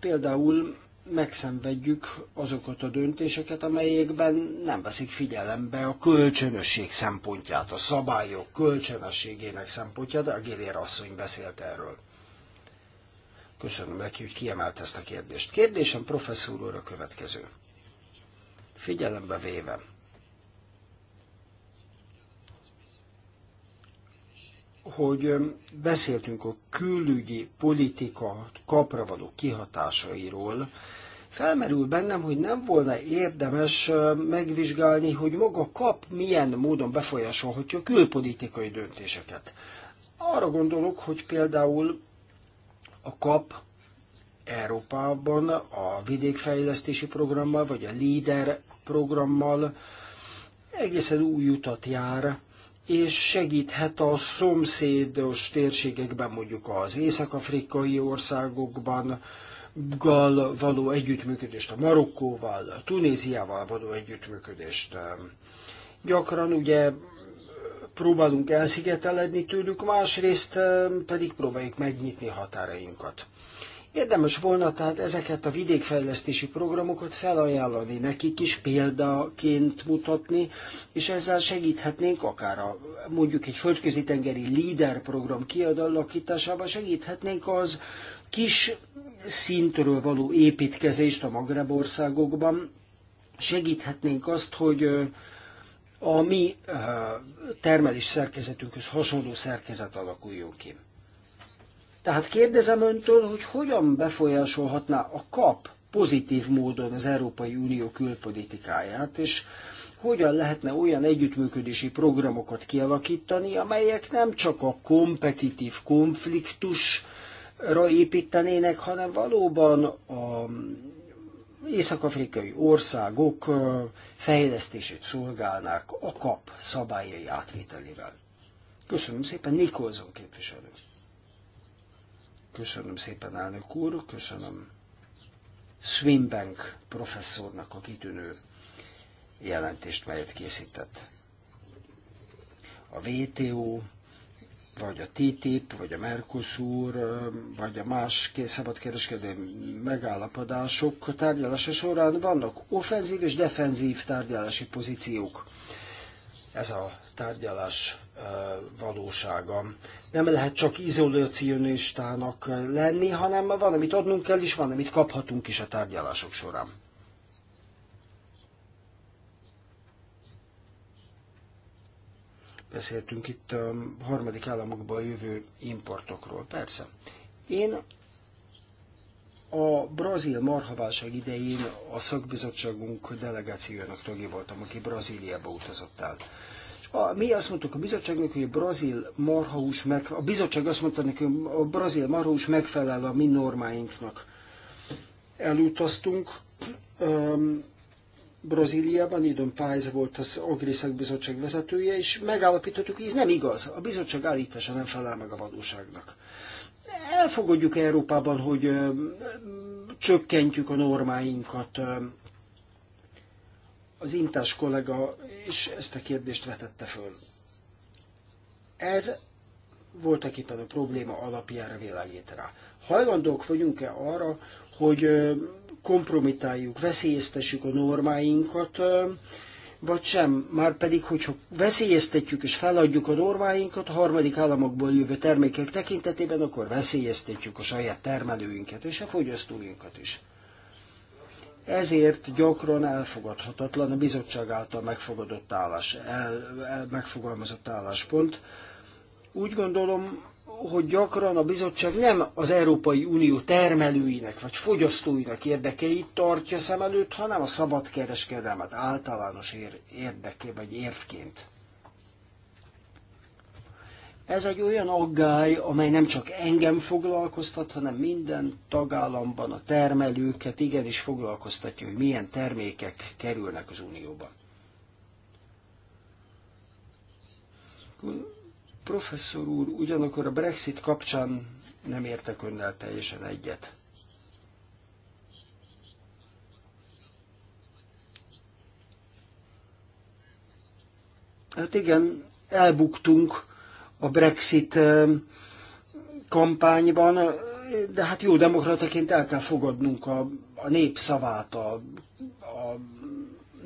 Például megszenvedjük azokat a döntéseket, amelyekben nem veszik figyelembe a kölcsönösség szempontját, a szabályok kölcsönösségének szempontját, de a Gélér asszony beszélt erről. Köszönöm neki, hogy kiemelt ezt a kérdést. Kérdésem professzor úr a következő. Figyelembe véve, hogy beszéltünk a külügyi politika kapra való kihatásairól, felmerül bennem, hogy nem volna érdemes megvizsgálni, hogy maga kap milyen módon befolyásolhatja a külpolitikai döntéseket. Arra gondolok, hogy például a kap Európában a vidékfejlesztési programmal, vagy a LEADER programmal egészen új utat jár, és segíthet a szomszédos térségekben, mondjuk az észak-afrikai országokban, gal való együttműködést, a Marokkóval, a Tunéziával való együttműködést. Gyakran ugye próbálunk elszigeteledni tőlük, másrészt eh, pedig próbáljuk megnyitni határainkat. Érdemes volna tehát ezeket a vidékfejlesztési programokat felajánlani nekik is, példaként mutatni, és ezzel segíthetnénk akár a, mondjuk egy földközi-tengeri líder program kiadalakításában segíthetnénk az kis szintről való építkezést a Magreb országokban, segíthetnénk azt, hogy a mi termelés szerkezetünkhöz hasonló szerkezet alakuljon ki. Tehát kérdezem öntől, hogy hogyan befolyásolhatná a kap pozitív módon az Európai Unió külpolitikáját, és hogyan lehetne olyan együttműködési programokat kialakítani, amelyek nem csak a kompetitív konfliktusra építenének, hanem valóban a észak-afrikai országok fejlesztését szolgálnák a kap szabályai átvételével. Köszönöm szépen, Nikolzon képviselő. Köszönöm szépen, elnök úr, köszönöm Swinbank professzornak a kitűnő jelentést, melyet készített. A WTO, vagy a TTIP, vagy a Mercosur, vagy a más szabadkereskedelmi megállapodások tárgyalása során vannak offenzív és defenzív tárgyalási pozíciók. Ez a tárgyalás valósága. Nem lehet csak izolacionistának lenni, hanem van, amit adnunk kell, és van, amit kaphatunk is a tárgyalások során. Beszéltünk itt a harmadik államokból jövő importokról. Persze. Én a brazil marhaválság idején a szakbizottságunk delegációjának tagja voltam, aki Brazíliába utazott el. A, mi azt mondtuk a bizottságnak, hogy a brazil marhahús meg, a bizottság azt mondta neki, hogy a brazil marhahús megfelel a mi normáinknak. Elutaztunk, um, Brazíliában, Idon Pájz volt az Agriszak Bizottság vezetője, és megállapítottuk, hogy ez nem igaz. A bizottság állítása nem felel meg a valóságnak. Elfogadjuk Európában, hogy um, csökkentjük a normáinkat, um, az intás kollega is ezt a kérdést vetette föl. Ez voltak éppen a probléma alapjára világít rá. Hajlandók vagyunk-e arra, hogy kompromitáljuk, veszélyeztessük a normáinkat, vagy sem. Már pedig, hogyha veszélyeztetjük és feladjuk a normáinkat a harmadik államokból jövő termékek tekintetében, akkor veszélyeztetjük a saját termelőinket és a fogyasztóinkat is. Ezért gyakran elfogadhatatlan a bizottság által megfogadott állás, el, el, megfogalmazott álláspont. Úgy gondolom, hogy gyakran a bizottság nem az Európai Unió termelőinek vagy fogyasztóinak érdekeit tartja szem előtt, hanem a szabadkereskedelmet általános érdeke vagy érvként ez egy olyan aggály, amely nem csak engem foglalkoztat, hanem minden tagállamban a termelőket igenis foglalkoztatja, hogy milyen termékek kerülnek az Unióba. Professzor úr, ugyanakkor a Brexit kapcsán nem értek önnel teljesen egyet. Hát igen, elbuktunk, a Brexit um, kampányban, de hát jó demokrataként el kell fogadnunk a, a népszavát, a, a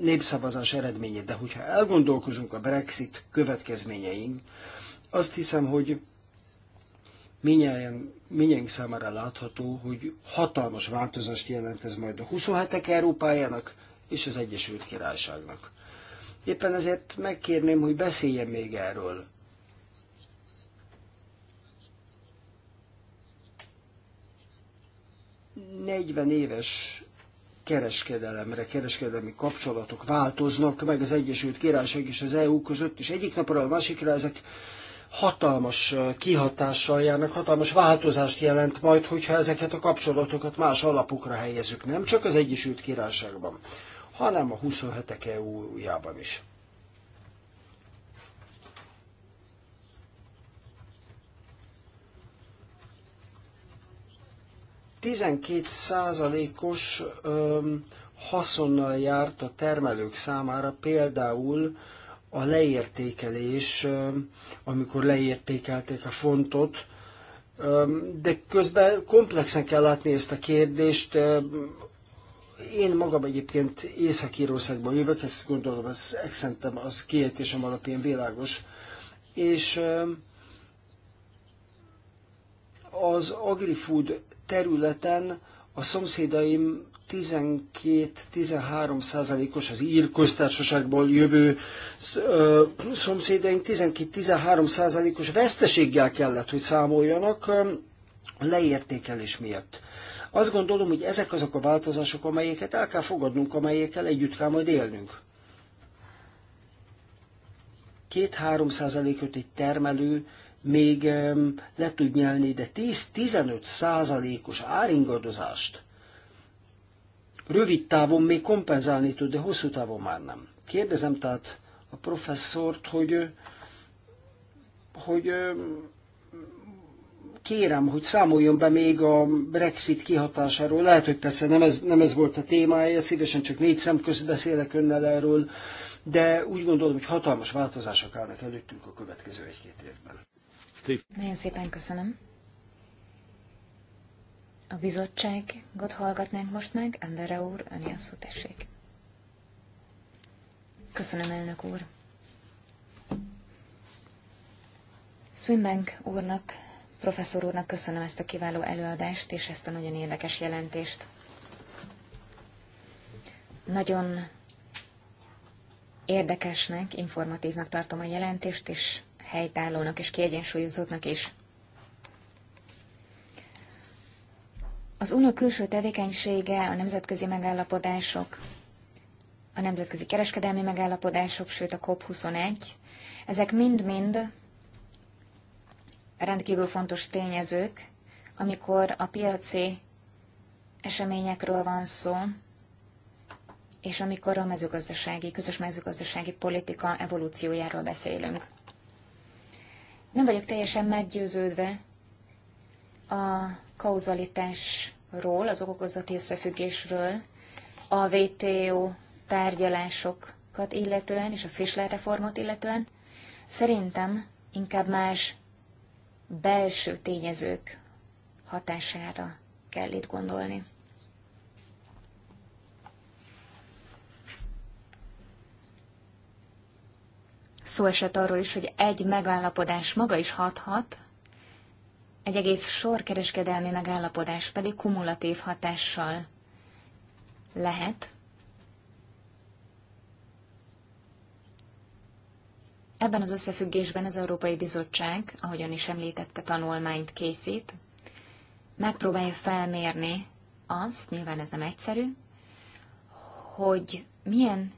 népszavazás eredményét, de hogyha elgondolkozunk a Brexit következményeink, azt hiszem, hogy minnyáján, minnyáink számára látható, hogy hatalmas változást jelent ez majd a 27-ek Európájának és az Egyesült Királyságnak. Éppen ezért megkérném, hogy beszéljen még erről 40 éves kereskedelemre, kereskedelmi kapcsolatok változnak meg az Egyesült Királyság és az EU között, és egyik napra a másikra ezek hatalmas eh, kihatással járnak, hatalmas változást jelent majd, hogyha ezeket a kapcsolatokat más alapokra helyezzük, nem csak az Egyesült Királyságban, hanem a 27-ek EU-jában is. 12%-os haszonnal járt a termelők számára, például a leértékelés, amikor leértékelték a fontot, de közben komplexen kell látni ezt a kérdést. Én magam egyébként Észak-Írországban jövök, ezt gondolom az accentem, az kiejtésem alapján világos, és az agrifood területen a szomszédaim 12-13 százalékos az ír köztársaságból jövő szomszédaink 12-13 százalékos veszteséggel kellett, hogy számoljanak a leértékelés miatt. Azt gondolom, hogy ezek azok a változások, amelyeket el kell fogadnunk, amelyekkel együtt kell majd élnünk. 2-3 százalékot egy termelő még le tud nyelni, de 10-15 százalékos áringadozást rövid távon még kompenzálni tud, de hosszú távon már nem. Kérdezem tehát a professzort, hogy, hogy kérem, hogy számoljon be még a Brexit kihatásáról. Lehet, hogy persze nem ez, nem ez volt a témája, szívesen csak négy szem között beszélek önnel erről, de úgy gondolom, hogy hatalmas változások állnak előttünk a következő egy-két évben. Nagyon szépen köszönöm. A bizottságot hallgatnánk most meg. Andere úr, ön a szó, tessék. Köszönöm, elnök úr. Swinbank úrnak, professzor úrnak köszönöm ezt a kiváló előadást és ezt a nagyon érdekes jelentést. Nagyon érdekesnek, informatívnak tartom a jelentést, és helytállónak és kiegyensúlyozottnak is. Az UNO külső tevékenysége, a nemzetközi megállapodások, a nemzetközi kereskedelmi megállapodások, sőt a COP21, ezek mind-mind rendkívül fontos tényezők, amikor a piaci eseményekről van szó, és amikor a mezőgazdasági, közös mezőgazdasági politika evolúciójáról beszélünk. Nem vagyok teljesen meggyőződve a kauzalitásról, az okozati összefüggésről, a WTO tárgyalásokat illetően és a Fischler reformot illetően. Szerintem inkább más belső tényezők hatására kell itt gondolni. Szó esett arról is, hogy egy megállapodás maga is hathat, egy egész sor kereskedelmi megállapodás pedig kumulatív hatással lehet. Ebben az összefüggésben az Európai Bizottság, ahogyan is említette, tanulmányt készít, megpróbálja felmérni azt, nyilván ez nem egyszerű, hogy milyen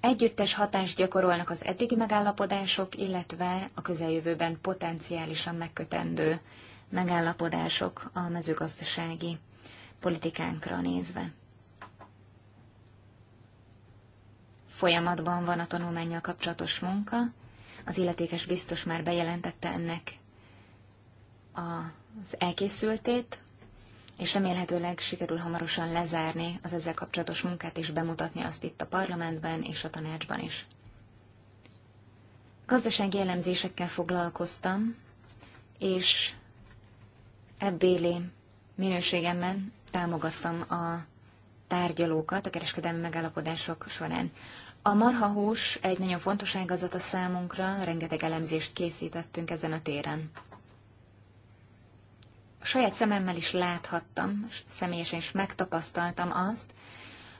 együttes hatást gyakorolnak az eddigi megállapodások, illetve a közeljövőben potenciálisan megkötendő megállapodások a mezőgazdasági politikánkra nézve. Folyamatban van a tanulmányjal kapcsolatos munka, az illetékes biztos már bejelentette ennek az elkészültét, és remélhetőleg sikerül hamarosan lezárni az ezzel kapcsolatos munkát és bemutatni azt itt a parlamentben és a tanácsban is. Gazdasági elemzésekkel foglalkoztam, és ebbéli minőségemben támogattam a tárgyalókat a kereskedelmi megállapodások során. A marhahús egy nagyon fontos ágazat a számunkra, rengeteg elemzést készítettünk ezen a téren saját szememmel is láthattam, személyesen is megtapasztaltam azt,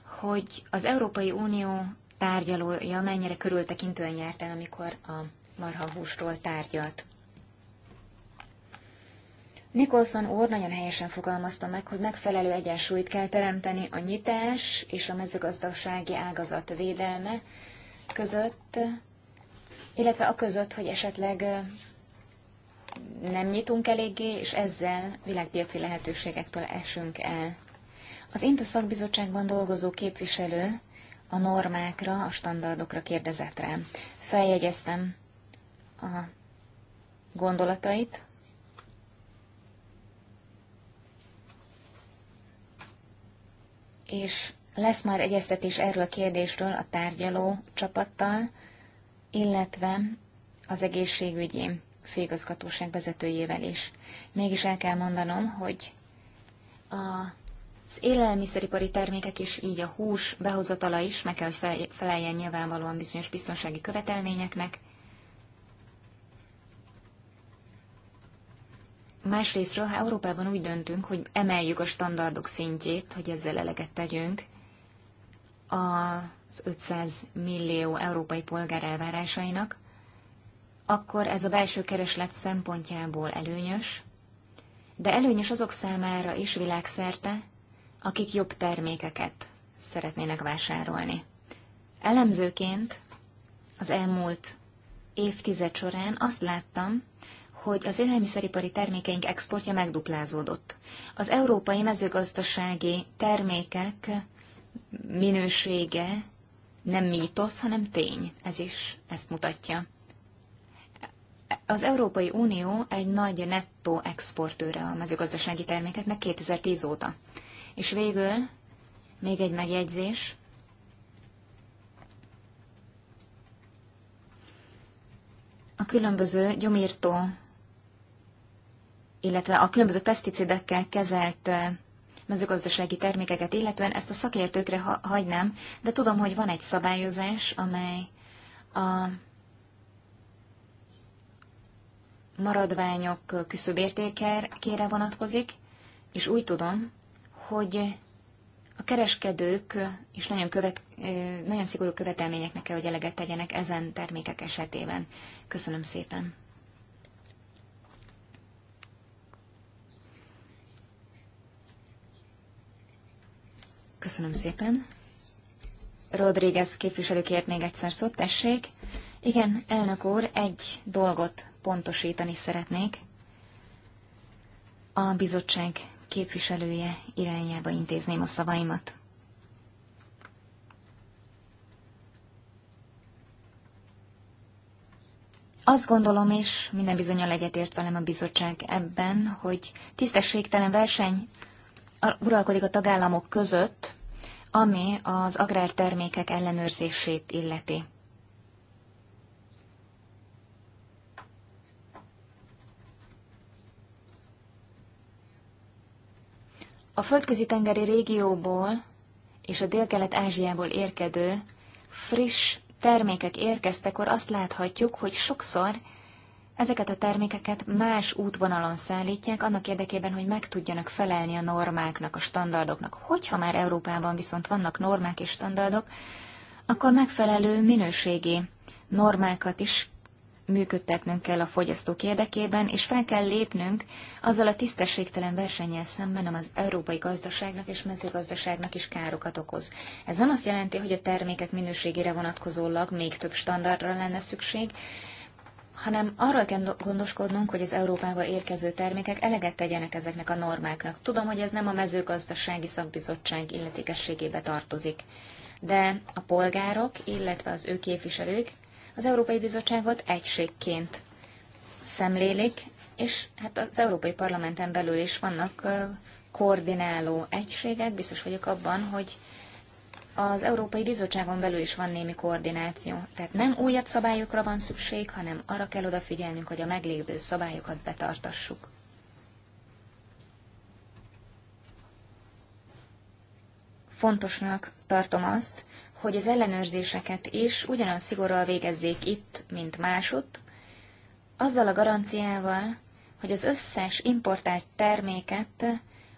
hogy az Európai Unió tárgyalója mennyire körültekintően járt el, amikor a marhahústól tárgyalt. Nicholson úr nagyon helyesen fogalmazta meg, hogy megfelelő egyensúlyt kell teremteni a nyitás és a mezőgazdasági ágazat védelme között, illetve a között, hogy esetleg nem nyitunk eléggé, és ezzel világpiaci lehetőségektől esünk el. Az INTA szakbizottságban dolgozó képviselő a normákra, a standardokra kérdezett rá. Feljegyeztem a gondolatait, és lesz már egyeztetés erről a kérdésről a tárgyaló csapattal, illetve az egészségügyi főigazgatóság vezetőjével is. Mégis el kell mondanom, hogy az élelmiszeripari termékek és így a hús behozatala is meg kell, hogy feleljen nyilvánvalóan bizonyos biztonsági követelményeknek. Másrésztről, ha Európában úgy döntünk, hogy emeljük a standardok szintjét, hogy ezzel eleget tegyünk, az 500 millió európai polgár elvárásainak, akkor ez a belső kereslet szempontjából előnyös, de előnyös azok számára is világszerte, akik jobb termékeket szeretnének vásárolni. Elemzőként az elmúlt évtized során azt láttam, hogy az élelmiszeripari termékeink exportja megduplázódott. Az európai mezőgazdasági termékek minősége nem mítosz, hanem tény. Ez is ezt mutatja. Az Európai Unió egy nagy nettó exportőre a mezőgazdasági termékeknek 2010 óta. És végül még egy megjegyzés. A különböző gyomírtó, illetve a különböző peszticidekkel kezelt mezőgazdasági termékeket, illetően ezt a szakértőkre hagynám, de tudom, hogy van egy szabályozás, amely a maradványok küszöbértékére vonatkozik, és úgy tudom, hogy a kereskedők is nagyon, követ, nagyon szigorú követelményeknek kell, hogy eleget tegyenek ezen termékek esetében. Köszönöm szépen. Köszönöm szépen. Rodríguez képviselő kért még egyszer szót, tessék. Igen, elnök úr, egy dolgot pontosítani szeretnék a bizottság képviselője irányába intézném a szavaimat. Azt gondolom, és minden bizonyal egyetért velem a bizottság ebben, hogy tisztességtelen verseny uralkodik a tagállamok között, ami az agrártermékek ellenőrzését illeti. A földközi-tengeri régióból és a délkelet-ázsiából érkedő friss termékek érkeztekor azt láthatjuk, hogy sokszor ezeket a termékeket más útvonalon szállítják, annak érdekében, hogy meg tudjanak felelni a normáknak, a standardoknak. Hogyha már Európában viszont vannak normák és standardok, akkor megfelelő minőségi normákat is működtetnünk kell a fogyasztók érdekében, és fel kell lépnünk azzal a tisztességtelen versennyel szemben, amely az európai gazdaságnak és mezőgazdaságnak is károkat okoz. Ez nem azt jelenti, hogy a termékek minőségére vonatkozólag még több standardra lenne szükség, hanem arról kell gondoskodnunk, hogy az Európába érkező termékek eleget tegyenek ezeknek a normáknak. Tudom, hogy ez nem a mezőgazdasági szakbizottság illetékességébe tartozik, de a polgárok, illetve az ő képviselők az Európai Bizottságot egységként szemlélik, és hát az Európai Parlamenten belül is vannak koordináló egységek, biztos vagyok abban, hogy az Európai Bizottságon belül is van némi koordináció. Tehát nem újabb szabályokra van szükség, hanem arra kell odafigyelnünk, hogy a meglévő szabályokat betartassuk. Fontosnak tartom azt, hogy az ellenőrzéseket is ugyanaz szigorral végezzék itt, mint másutt, azzal a garanciával, hogy az összes importált terméket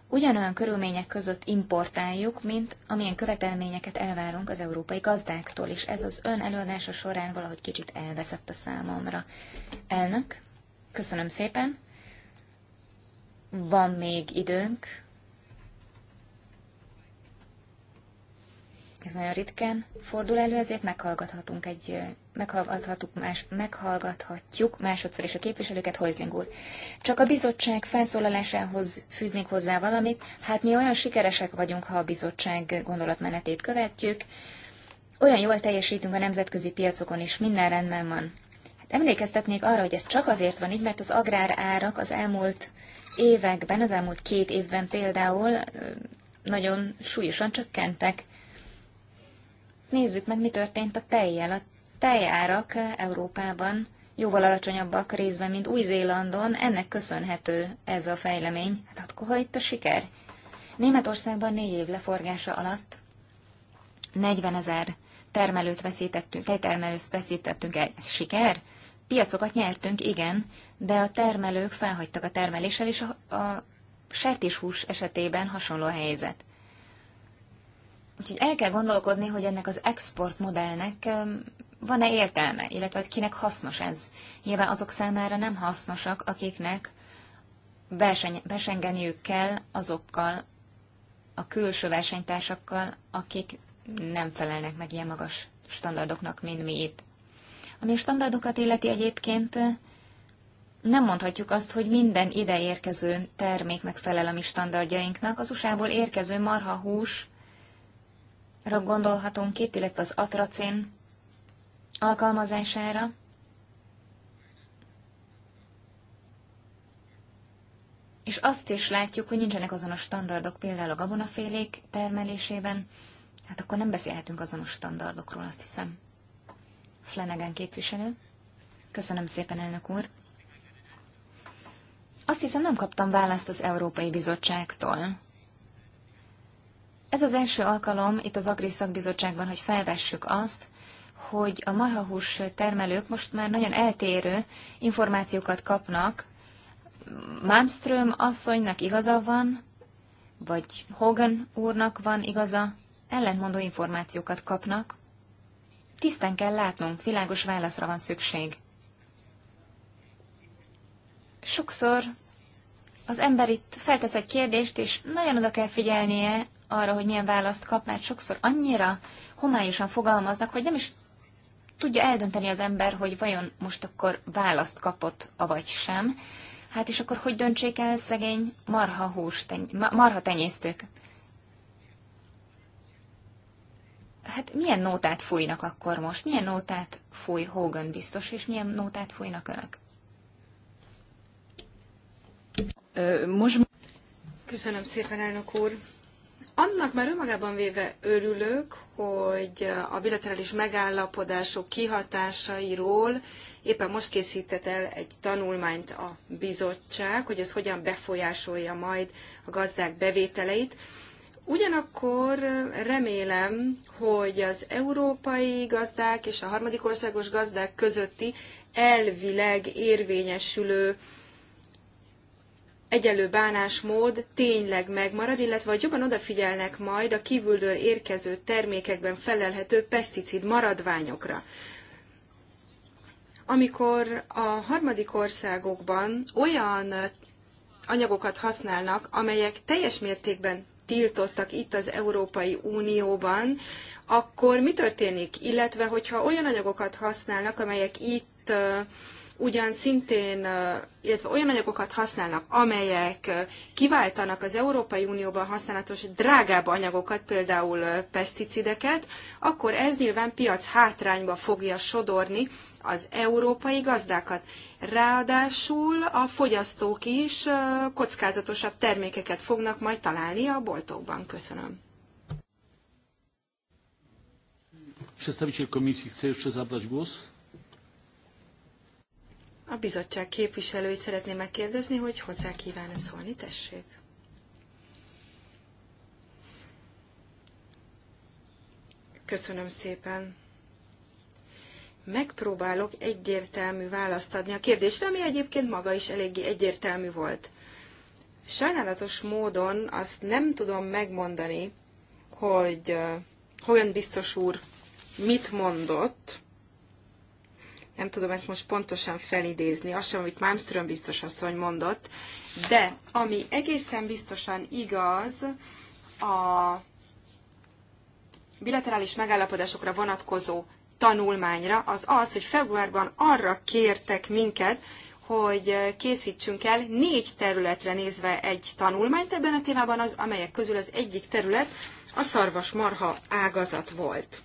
ugyanolyan körülmények között importáljuk, mint amilyen követelményeket elvárunk az európai gazdáktól, és ez az ön előadása során valahogy kicsit elveszett a számomra. Elnök, köszönöm szépen. Van még időnk ez nagyon ritkán fordul elő, ezért meghallgathatunk egy, meghallgathatjuk, más, meghallgathatjuk másodszor is a képviselőket, Hojzling úr. Csak a bizottság felszólalásához fűznék hozzá valamit, hát mi olyan sikeresek vagyunk, ha a bizottság gondolatmenetét követjük, olyan jól teljesítünk a nemzetközi piacokon is, minden rendben van. Hát emlékeztetnék arra, hogy ez csak azért van így, mert az agrár árak az elmúlt években, az elmúlt két évben például nagyon súlyosan csökkentek. Nézzük meg, mi történt a tejjel. A tejárak Európában jóval alacsonyabbak részben, mint Új-Zélandon, ennek köszönhető ez a fejlemény. Hát akkor itt a siker. Németországban négy év leforgása alatt 40 ezer termelőt veszítettünk, tejtermelőt veszítettünk el. Ez siker? Piacokat nyertünk, igen, de a termelők felhagytak a termeléssel, és a, a sertéshús esetében hasonló a helyzet. Úgyhogy el kell gondolkodni, hogy ennek az export modellnek van-e értelme, illetve hogy kinek hasznos ez. Nyilván azok számára nem hasznosak, akiknek verseny, versengeniük kell azokkal a külső versenytársakkal, akik nem felelnek meg ilyen magas standardoknak, mint mi itt. Ami a standardokat illeti egyébként, nem mondhatjuk azt, hogy minden ide érkező termék megfelel a mi standardjainknak. Az usa érkező érkező marhahús gondolhatunk itt, illetve az atracén alkalmazására. És azt is látjuk, hogy nincsenek azonos standardok például a gabonafélék termelésében, hát akkor nem beszélhetünk azonos standardokról, azt hiszem. Flanagan képviselő. Köszönöm szépen, elnök úr. Azt hiszem, nem kaptam választ az Európai Bizottságtól ez az első alkalom itt az Agri Szakbizottságban, hogy felvessük azt, hogy a marhahús termelők most már nagyon eltérő információkat kapnak. Malmström asszonynak igaza van, vagy Hogan úrnak van igaza, ellentmondó információkat kapnak. Tisztán kell látnunk, világos válaszra van szükség. Sokszor az ember itt feltesz egy kérdést, és nagyon oda kell figyelnie arra, hogy milyen választ kap, mert sokszor annyira homályosan fogalmaznak, hogy nem is tudja eldönteni az ember, hogy vajon most akkor választ kapott, avagy sem. Hát és akkor hogy döntsék el szegény marha, hús, teny- marha tenyésztők? Hát milyen nótát fújnak akkor most? Milyen nótát fúj Hogan biztos, és milyen nótát fújnak önök? Köszönöm szépen, elnök úr! Annak már önmagában véve örülök, hogy a bilaterális megállapodások kihatásairól éppen most készített el egy tanulmányt a bizottság, hogy ez hogyan befolyásolja majd a gazdák bevételeit. Ugyanakkor remélem, hogy az európai gazdák és a harmadik országos gazdák közötti elvileg érvényesülő egyenlő bánásmód tényleg megmarad, illetve hogy jobban odafigyelnek majd a kívülről érkező termékekben felelhető peszticid maradványokra. Amikor a harmadik országokban olyan anyagokat használnak, amelyek teljes mértékben tiltottak itt az Európai Unióban, akkor mi történik? Illetve, hogyha olyan anyagokat használnak, amelyek itt ugyan szintén, illetve olyan anyagokat használnak, amelyek kiváltanak az Európai Unióban használatos drágább anyagokat, például peszticideket, akkor ez nyilván piac hátrányba fogja sodorni az európai gazdákat. Ráadásul a fogyasztók is kockázatosabb termékeket fognak majd találni a boltokban. Köszönöm. Przedstawiciel komisji chce jeszcze zabrać głos? A bizottság képviselőit szeretném megkérdezni, hogy hozzá kíván-e szólni, tessék. Köszönöm szépen. Megpróbálok egyértelmű választ adni a kérdésre, ami egyébként maga is eléggé egyértelmű volt. Sajnálatos módon azt nem tudom megmondani, hogy eh, Hogan biztos úr mit mondott, nem tudom ezt most pontosan felidézni, azt sem, amit Malmström biztos asszony mondott, de ami egészen biztosan igaz, a bilaterális megállapodásokra vonatkozó tanulmányra, az az, hogy februárban arra kértek minket, hogy készítsünk el négy területre nézve egy tanulmányt ebben a témában, az, amelyek közül az egyik terület a szarvasmarha ágazat volt.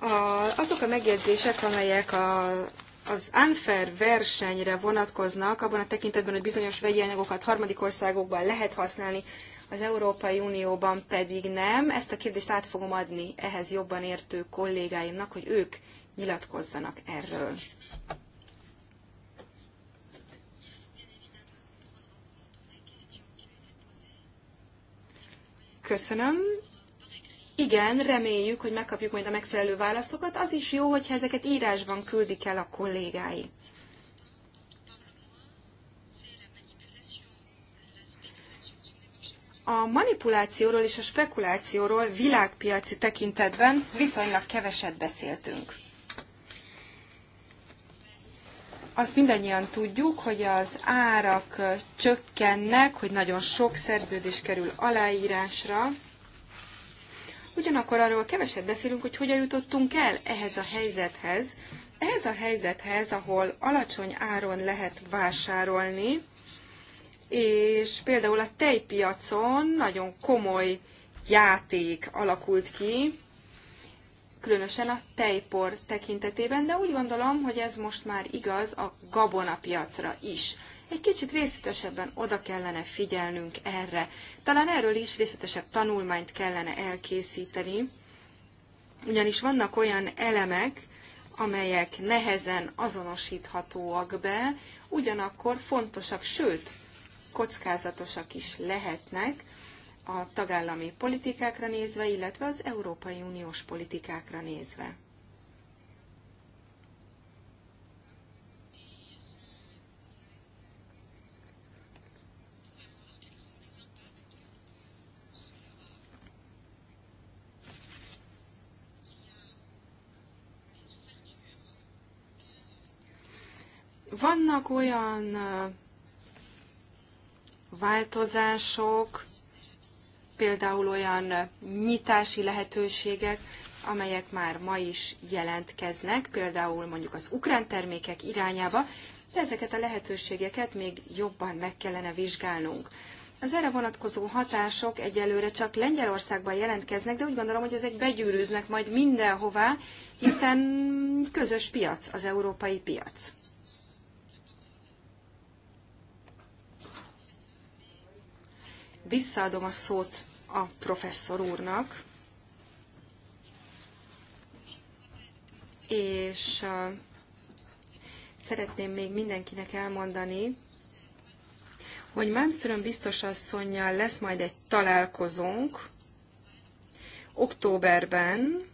A, azok a megjegyzések, amelyek a, az unfair versenyre vonatkoznak, abban a tekintetben, hogy bizonyos vegyi anyagokat harmadik országokban lehet használni, az Európai Unióban pedig nem. Ezt a kérdést át fogom adni ehhez jobban értő kollégáimnak, hogy ők nyilatkozzanak erről. Köszönöm igen, reméljük, hogy megkapjuk majd a megfelelő válaszokat. Az is jó, hogyha ezeket írásban küldik el a kollégái. A manipulációról és a spekulációról világpiaci tekintetben viszonylag keveset beszéltünk. Azt mindannyian tudjuk, hogy az árak csökkennek, hogy nagyon sok szerződés kerül aláírásra, ugyanakkor arról keveset beszélünk, hogy hogyan jutottunk el ehhez a helyzethez, ehhez a helyzethez, ahol alacsony áron lehet vásárolni, és például a tejpiacon nagyon komoly játék alakult ki, különösen a tejpor tekintetében, de úgy gondolom, hogy ez most már igaz a gabonapiacra is egy kicsit részletesebben oda kellene figyelnünk erre. Talán erről is részletesebb tanulmányt kellene elkészíteni, ugyanis vannak olyan elemek, amelyek nehezen azonosíthatóak be, ugyanakkor fontosak, sőt, kockázatosak is lehetnek a tagállami politikákra nézve, illetve az Európai Uniós politikákra nézve. Vannak olyan változások, például olyan nyitási lehetőségek, amelyek már ma is jelentkeznek, például mondjuk az ukrán termékek irányába, de ezeket a lehetőségeket még jobban meg kellene vizsgálnunk. Az erre vonatkozó hatások egyelőre csak Lengyelországban jelentkeznek, de úgy gondolom, hogy ezek begyűrűznek majd mindenhová, hiszen közös piac az európai piac. Visszaadom a szót a professzor úrnak, és szeretném még mindenkinek elmondani, hogy Malmström biztos asszonynal lesz majd egy találkozónk októberben,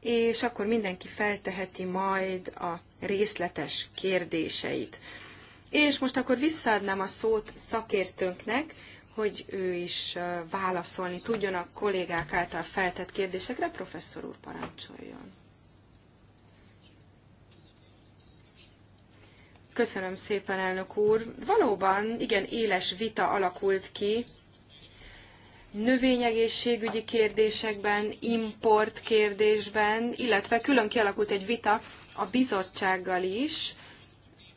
és akkor mindenki felteheti majd a részletes kérdéseit. És most akkor visszaadnám a szót szakértőnknek, hogy ő is válaszolni tudjon a kollégák által feltett kérdésekre. Professzor úr, parancsoljon! Köszönöm szépen, elnök úr. Valóban igen éles vita alakult ki növényegészségügyi kérdésekben, import kérdésben, illetve külön kialakult egy vita a bizottsággal is,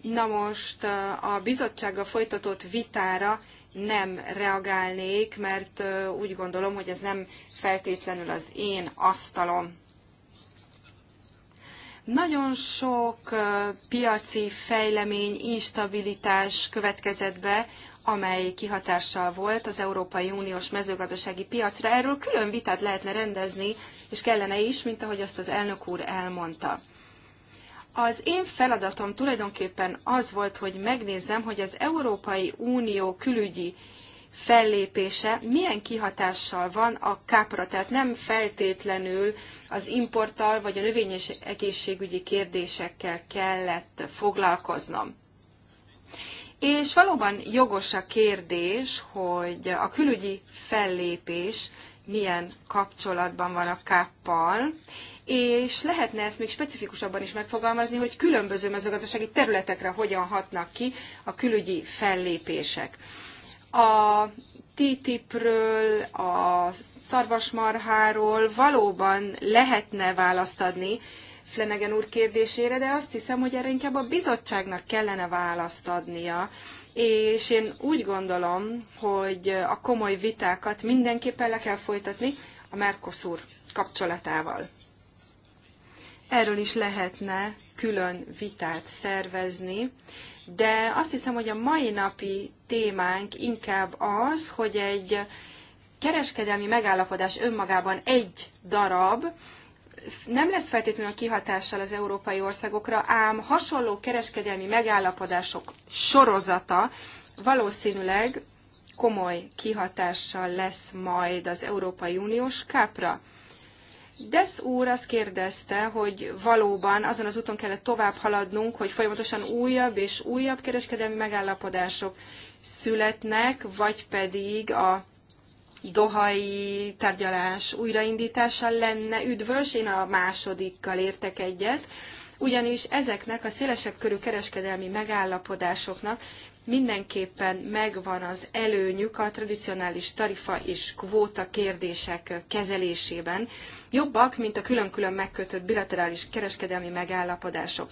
Na most a bizottsággal folytatott vitára nem reagálnék, mert úgy gondolom, hogy ez nem feltétlenül az én asztalom. Nagyon sok piaci fejlemény, instabilitás következett be, amely kihatással volt az Európai Uniós mezőgazdasági piacra. Erről külön vitát lehetne rendezni, és kellene is, mint ahogy azt az elnök úr elmondta. Az én feladatom tulajdonképpen az volt, hogy megnézzem, hogy az Európai Unió külügyi fellépése milyen kihatással van a kápra, tehát nem feltétlenül az importtal vagy a növény és egészségügyi kérdésekkel kellett foglalkoznom. És valóban jogos a kérdés, hogy a külügyi fellépés milyen kapcsolatban van a káppal, és lehetne ezt még specifikusabban is megfogalmazni, hogy különböző mezőgazdasági területekre hogyan hatnak ki a külügyi fellépések. A TTIP-ről, a szarvasmarháról valóban lehetne választ adni, Flanagan úr kérdésére, de azt hiszem, hogy erre inkább a bizottságnak kellene választ adnia, és én úgy gondolom, hogy a komoly vitákat mindenképpen le kell folytatni a Mercosur kapcsolatával. Erről is lehetne külön vitát szervezni, de azt hiszem, hogy a mai napi témánk inkább az, hogy egy kereskedelmi megállapodás önmagában egy darab, nem lesz feltétlenül a kihatással az európai országokra, ám hasonló kereskedelmi megállapodások sorozata valószínűleg komoly kihatással lesz majd az Európai Uniós kápra. Desz úr azt kérdezte, hogy valóban azon az úton kellett tovább haladnunk, hogy folyamatosan újabb és újabb kereskedelmi megállapodások születnek, vagy pedig a dohai tárgyalás újraindítása lenne üdvös, én a másodikkal értek egyet, ugyanis ezeknek a szélesebb körű kereskedelmi megállapodásoknak mindenképpen megvan az előnyük a tradicionális tarifa és kvóta kérdések kezelésében, jobbak, mint a külön-külön megkötött bilaterális kereskedelmi megállapodások.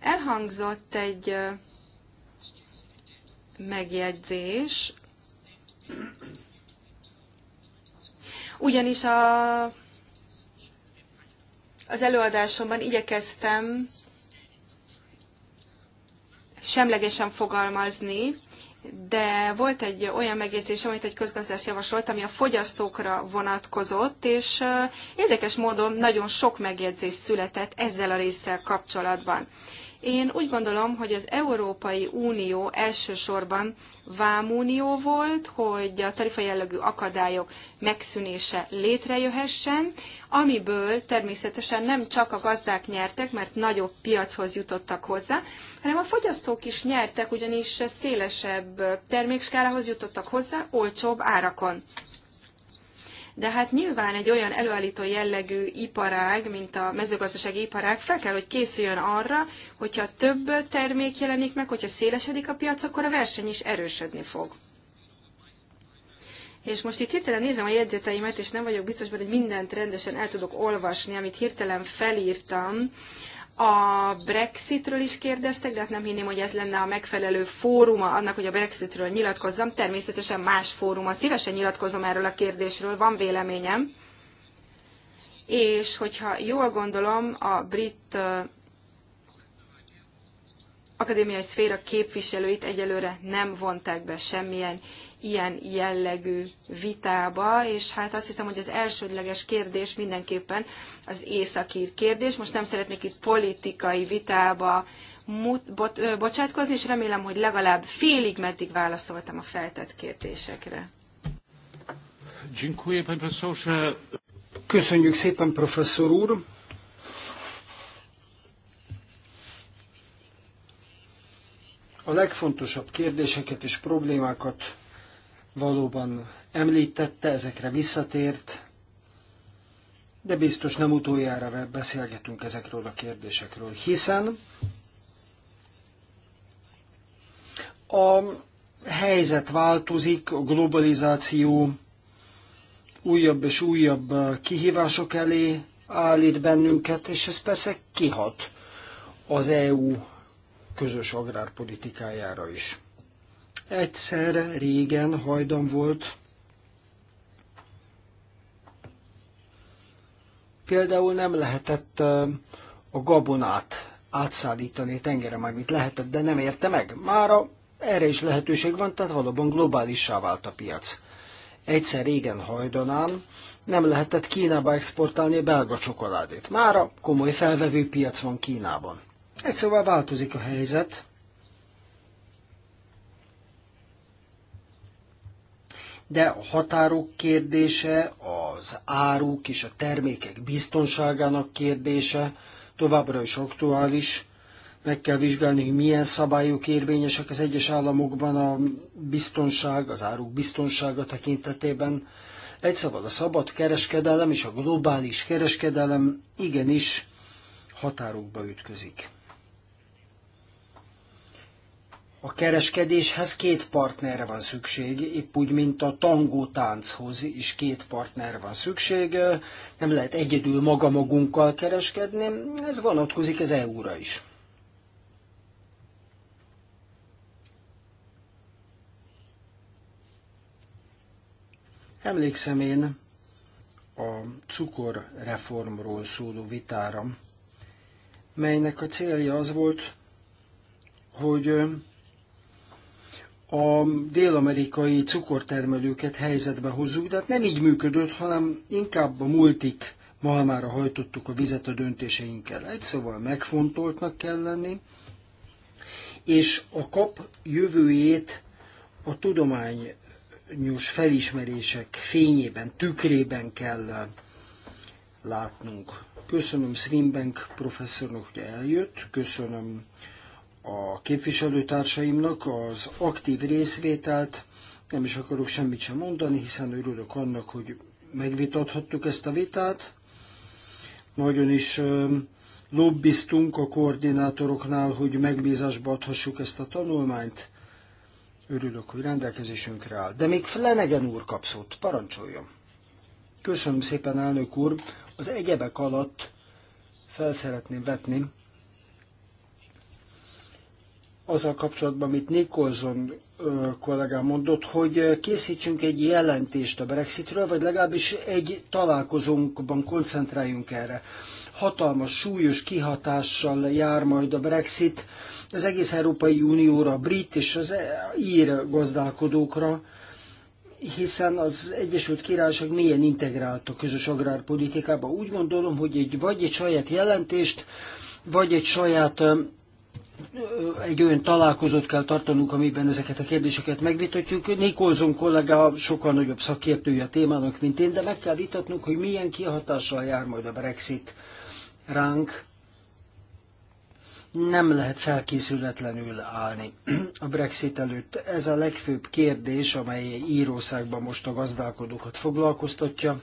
Elhangzott egy megjegyzés, ugyanis a, az előadásomban igyekeztem semlegesen fogalmazni, de volt egy olyan megjegyzés, amit egy közgazdász javasolt, ami a fogyasztókra vonatkozott, és érdekes módon nagyon sok megjegyzés született ezzel a résszel kapcsolatban. Én úgy gondolom, hogy az Európai Unió elsősorban vámunió volt, hogy a tarifa jellegű akadályok megszűnése létrejöhessen, amiből természetesen nem csak a gazdák nyertek, mert nagyobb piachoz jutottak hozzá, hanem a fogyasztók is nyertek, ugyanis szélesebb termékskálához jutottak hozzá olcsóbb árakon de hát nyilván egy olyan előállító jellegű iparág, mint a mezőgazdasági iparág, fel kell, hogy készüljön arra, hogyha több termék jelenik meg, hogyha szélesedik a piac, akkor a verseny is erősödni fog. És most itt hirtelen nézem a jegyzeteimet, és nem vagyok biztos, hogy mindent rendesen el tudok olvasni, amit hirtelen felírtam a Brexitről is kérdeztek, de hát nem hinném, hogy ez lenne a megfelelő fóruma annak, hogy a Brexitről nyilatkozzam. Természetesen más fóruma. Szívesen nyilatkozom erről a kérdésről, van véleményem. És hogyha jól gondolom, a brit akadémiai szféra képviselőit egyelőre nem vonták be semmilyen ilyen jellegű vitába, és hát azt hiszem, hogy az elsődleges kérdés mindenképpen az északír kérdés. Most nem szeretnék itt politikai vitába mut, bot, bocsátkozni, és remélem, hogy legalább félig meddig válaszoltam a feltett kérdésekre. Köszönjük szépen, professzor úr! A legfontosabb kérdéseket és problémákat valóban említette, ezekre visszatért, de biztos nem utoljára beszélgetünk ezekről a kérdésekről, hiszen a helyzet változik, a globalizáció újabb és újabb kihívások elé állít bennünket, és ez persze kihat az EU közös agrárpolitikájára is. Egyszer régen hajdan volt, például nem lehetett a gabonát átszállítani a tengeren, mármint lehetett, de nem érte meg. Mára erre is lehetőség van, tehát valóban globálissá vált a piac. Egyszer régen hajdanán nem lehetett Kínába exportálni a belga csokoládét. Mára komoly felvevő piac van Kínában. Egyszerűen szóval változik a helyzet, de a határok kérdése, az áruk és a termékek biztonságának kérdése továbbra is aktuális. Meg kell vizsgálni, hogy milyen szabályok érvényesek az egyes államokban a biztonság, az áruk biztonsága tekintetében. Egy szabad a szabad kereskedelem és a globális kereskedelem igenis határokba ütközik. A kereskedéshez két partnerre van szükség, épp úgy, mint a tangó tánchoz is két partnerre van szükség. Nem lehet egyedül maga magunkkal kereskedni, ez vonatkozik az EU-ra is. Emlékszem én a cukorreformról szóló vitára, melynek a célja az volt, hogy a dél-amerikai cukortermelőket helyzetbe hozzuk, de hát nem így működött, hanem inkább a multik malmára hajtottuk a vizet a döntéseinkkel. Egy szóval megfontoltnak kell lenni, és a kap jövőjét a tudományos felismerések fényében, tükrében kell látnunk. Köszönöm Swinbank professzornak, hogy eljött, köszönöm a képviselőtársaimnak az aktív részvételt, nem is akarok semmit sem mondani, hiszen örülök annak, hogy megvitathattuk ezt a vitát. Nagyon is lobbiztunk a koordinátoroknál, hogy megbízásba adhassuk ezt a tanulmányt. Örülök, hogy rendelkezésünkre áll. De még Flanagan úr kapszott, parancsoljon. Köszönöm szépen, elnök úr. Az egyebek alatt felszeretném vetni, azzal kapcsolatban, amit Nikolson kollégám mondott, hogy készítsünk egy jelentést a Brexitről, vagy legalábbis egy találkozónkban koncentráljunk erre. Hatalmas, súlyos kihatással jár majd a Brexit az egész Európai Unióra, a brit és az e- ír gazdálkodókra, hiszen az Egyesült Királyság milyen integrált a közös agrárpolitikába. Úgy gondolom, hogy egy, vagy egy saját jelentést, vagy egy saját egy olyan találkozót kell tartanunk, amiben ezeket a kérdéseket megvitatjuk. Nikolson kollega sokkal nagyobb szakértője a témának, mint én, de meg kell vitatnunk, hogy milyen kihatással jár majd a Brexit ránk. Nem lehet felkészületlenül állni a Brexit előtt. Ez a legfőbb kérdés, amely írószágban most a gazdálkodókat foglalkoztatja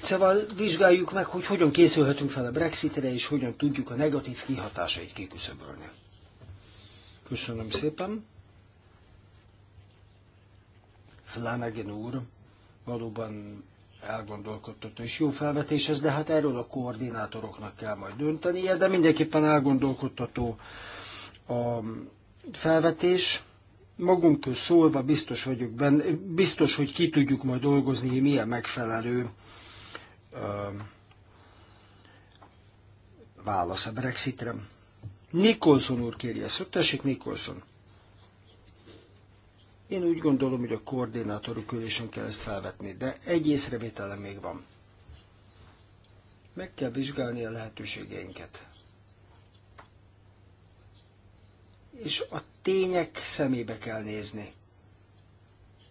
Szóval vizsgáljuk meg, hogy hogyan készülhetünk fel a Brexitre, és hogyan tudjuk a negatív kihatásait kiküszöbölni. Köszönöm szépen. Flanagan úr valóban elgondolkodtott, és jó felvetés ez, de hát erről a koordinátoroknak kell majd döntenie, de mindenképpen elgondolkodtató a felvetés. Magunktól szólva biztos vagyok benne, biztos, hogy ki tudjuk majd dolgozni, milyen megfelelő válasz a Brexitre. Nicholson úr kéri ezt. Tessék, Nicholson. Én úgy gondolom, hogy a koordinátorok ülésen kell ezt felvetni, de egy észrevételem még van. Meg kell vizsgálni a lehetőségeinket. És a tények szemébe kell nézni.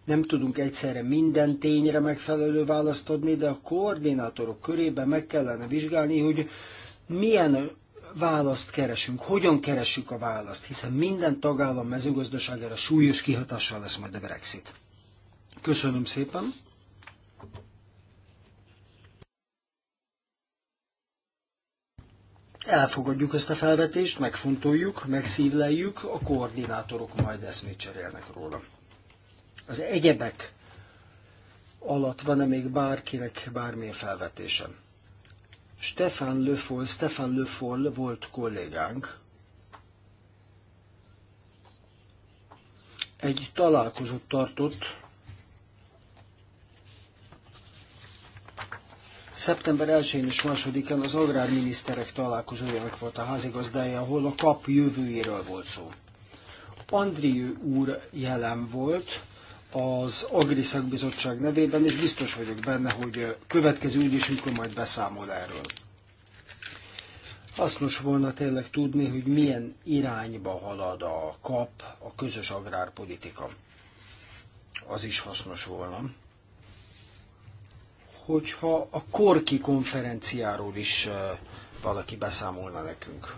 Nem tudunk egyszerre minden tényre megfelelő választ adni, de a koordinátorok körében meg kellene vizsgálni, hogy milyen választ keresünk, hogyan keresünk a választ, hiszen minden tagállam mezőgazdaságára súlyos kihatással lesz majd a Brexit. Köszönöm szépen! Elfogadjuk ezt a felvetést, megfontoljuk, megszívleljük, a koordinátorok majd eszmét cserélnek róla az egyebek alatt van-e még bárkinek bármilyen felvetésem? Stefan Löfol, Stefan Löfol volt kollégánk. Egy találkozót tartott Szeptember 1-én és 2-án az agrárminiszterek találkozójának volt a házigazdája, ahol a kap jövőjéről volt szó. Andriő úr jelen volt, az Agri Szakbizottság nevében, és biztos vagyok benne, hogy következő ülésünkön majd beszámol erről. Hasznos volna tényleg tudni, hogy milyen irányba halad a kap, a közös agrárpolitika. Az is hasznos volna. Hogyha a Korki konferenciáról is valaki beszámolna nekünk.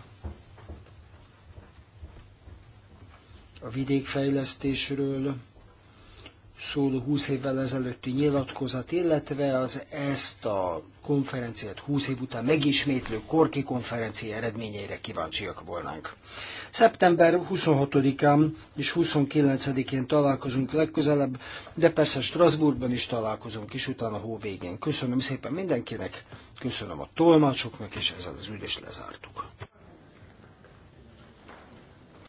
A vidékfejlesztésről, szóló 20 évvel ezelőtti nyilatkozat, illetve az ezt a konferenciát 20 év után megismétlő Korki konferencia eredményeire kíváncsiak volnánk. Szeptember 26-án és 29-én találkozunk legközelebb, de persze Strasbourgban is találkozunk, és utána hó végén. Köszönöm szépen mindenkinek, köszönöm a tolmácsoknak, és ezzel az ülést lezártuk.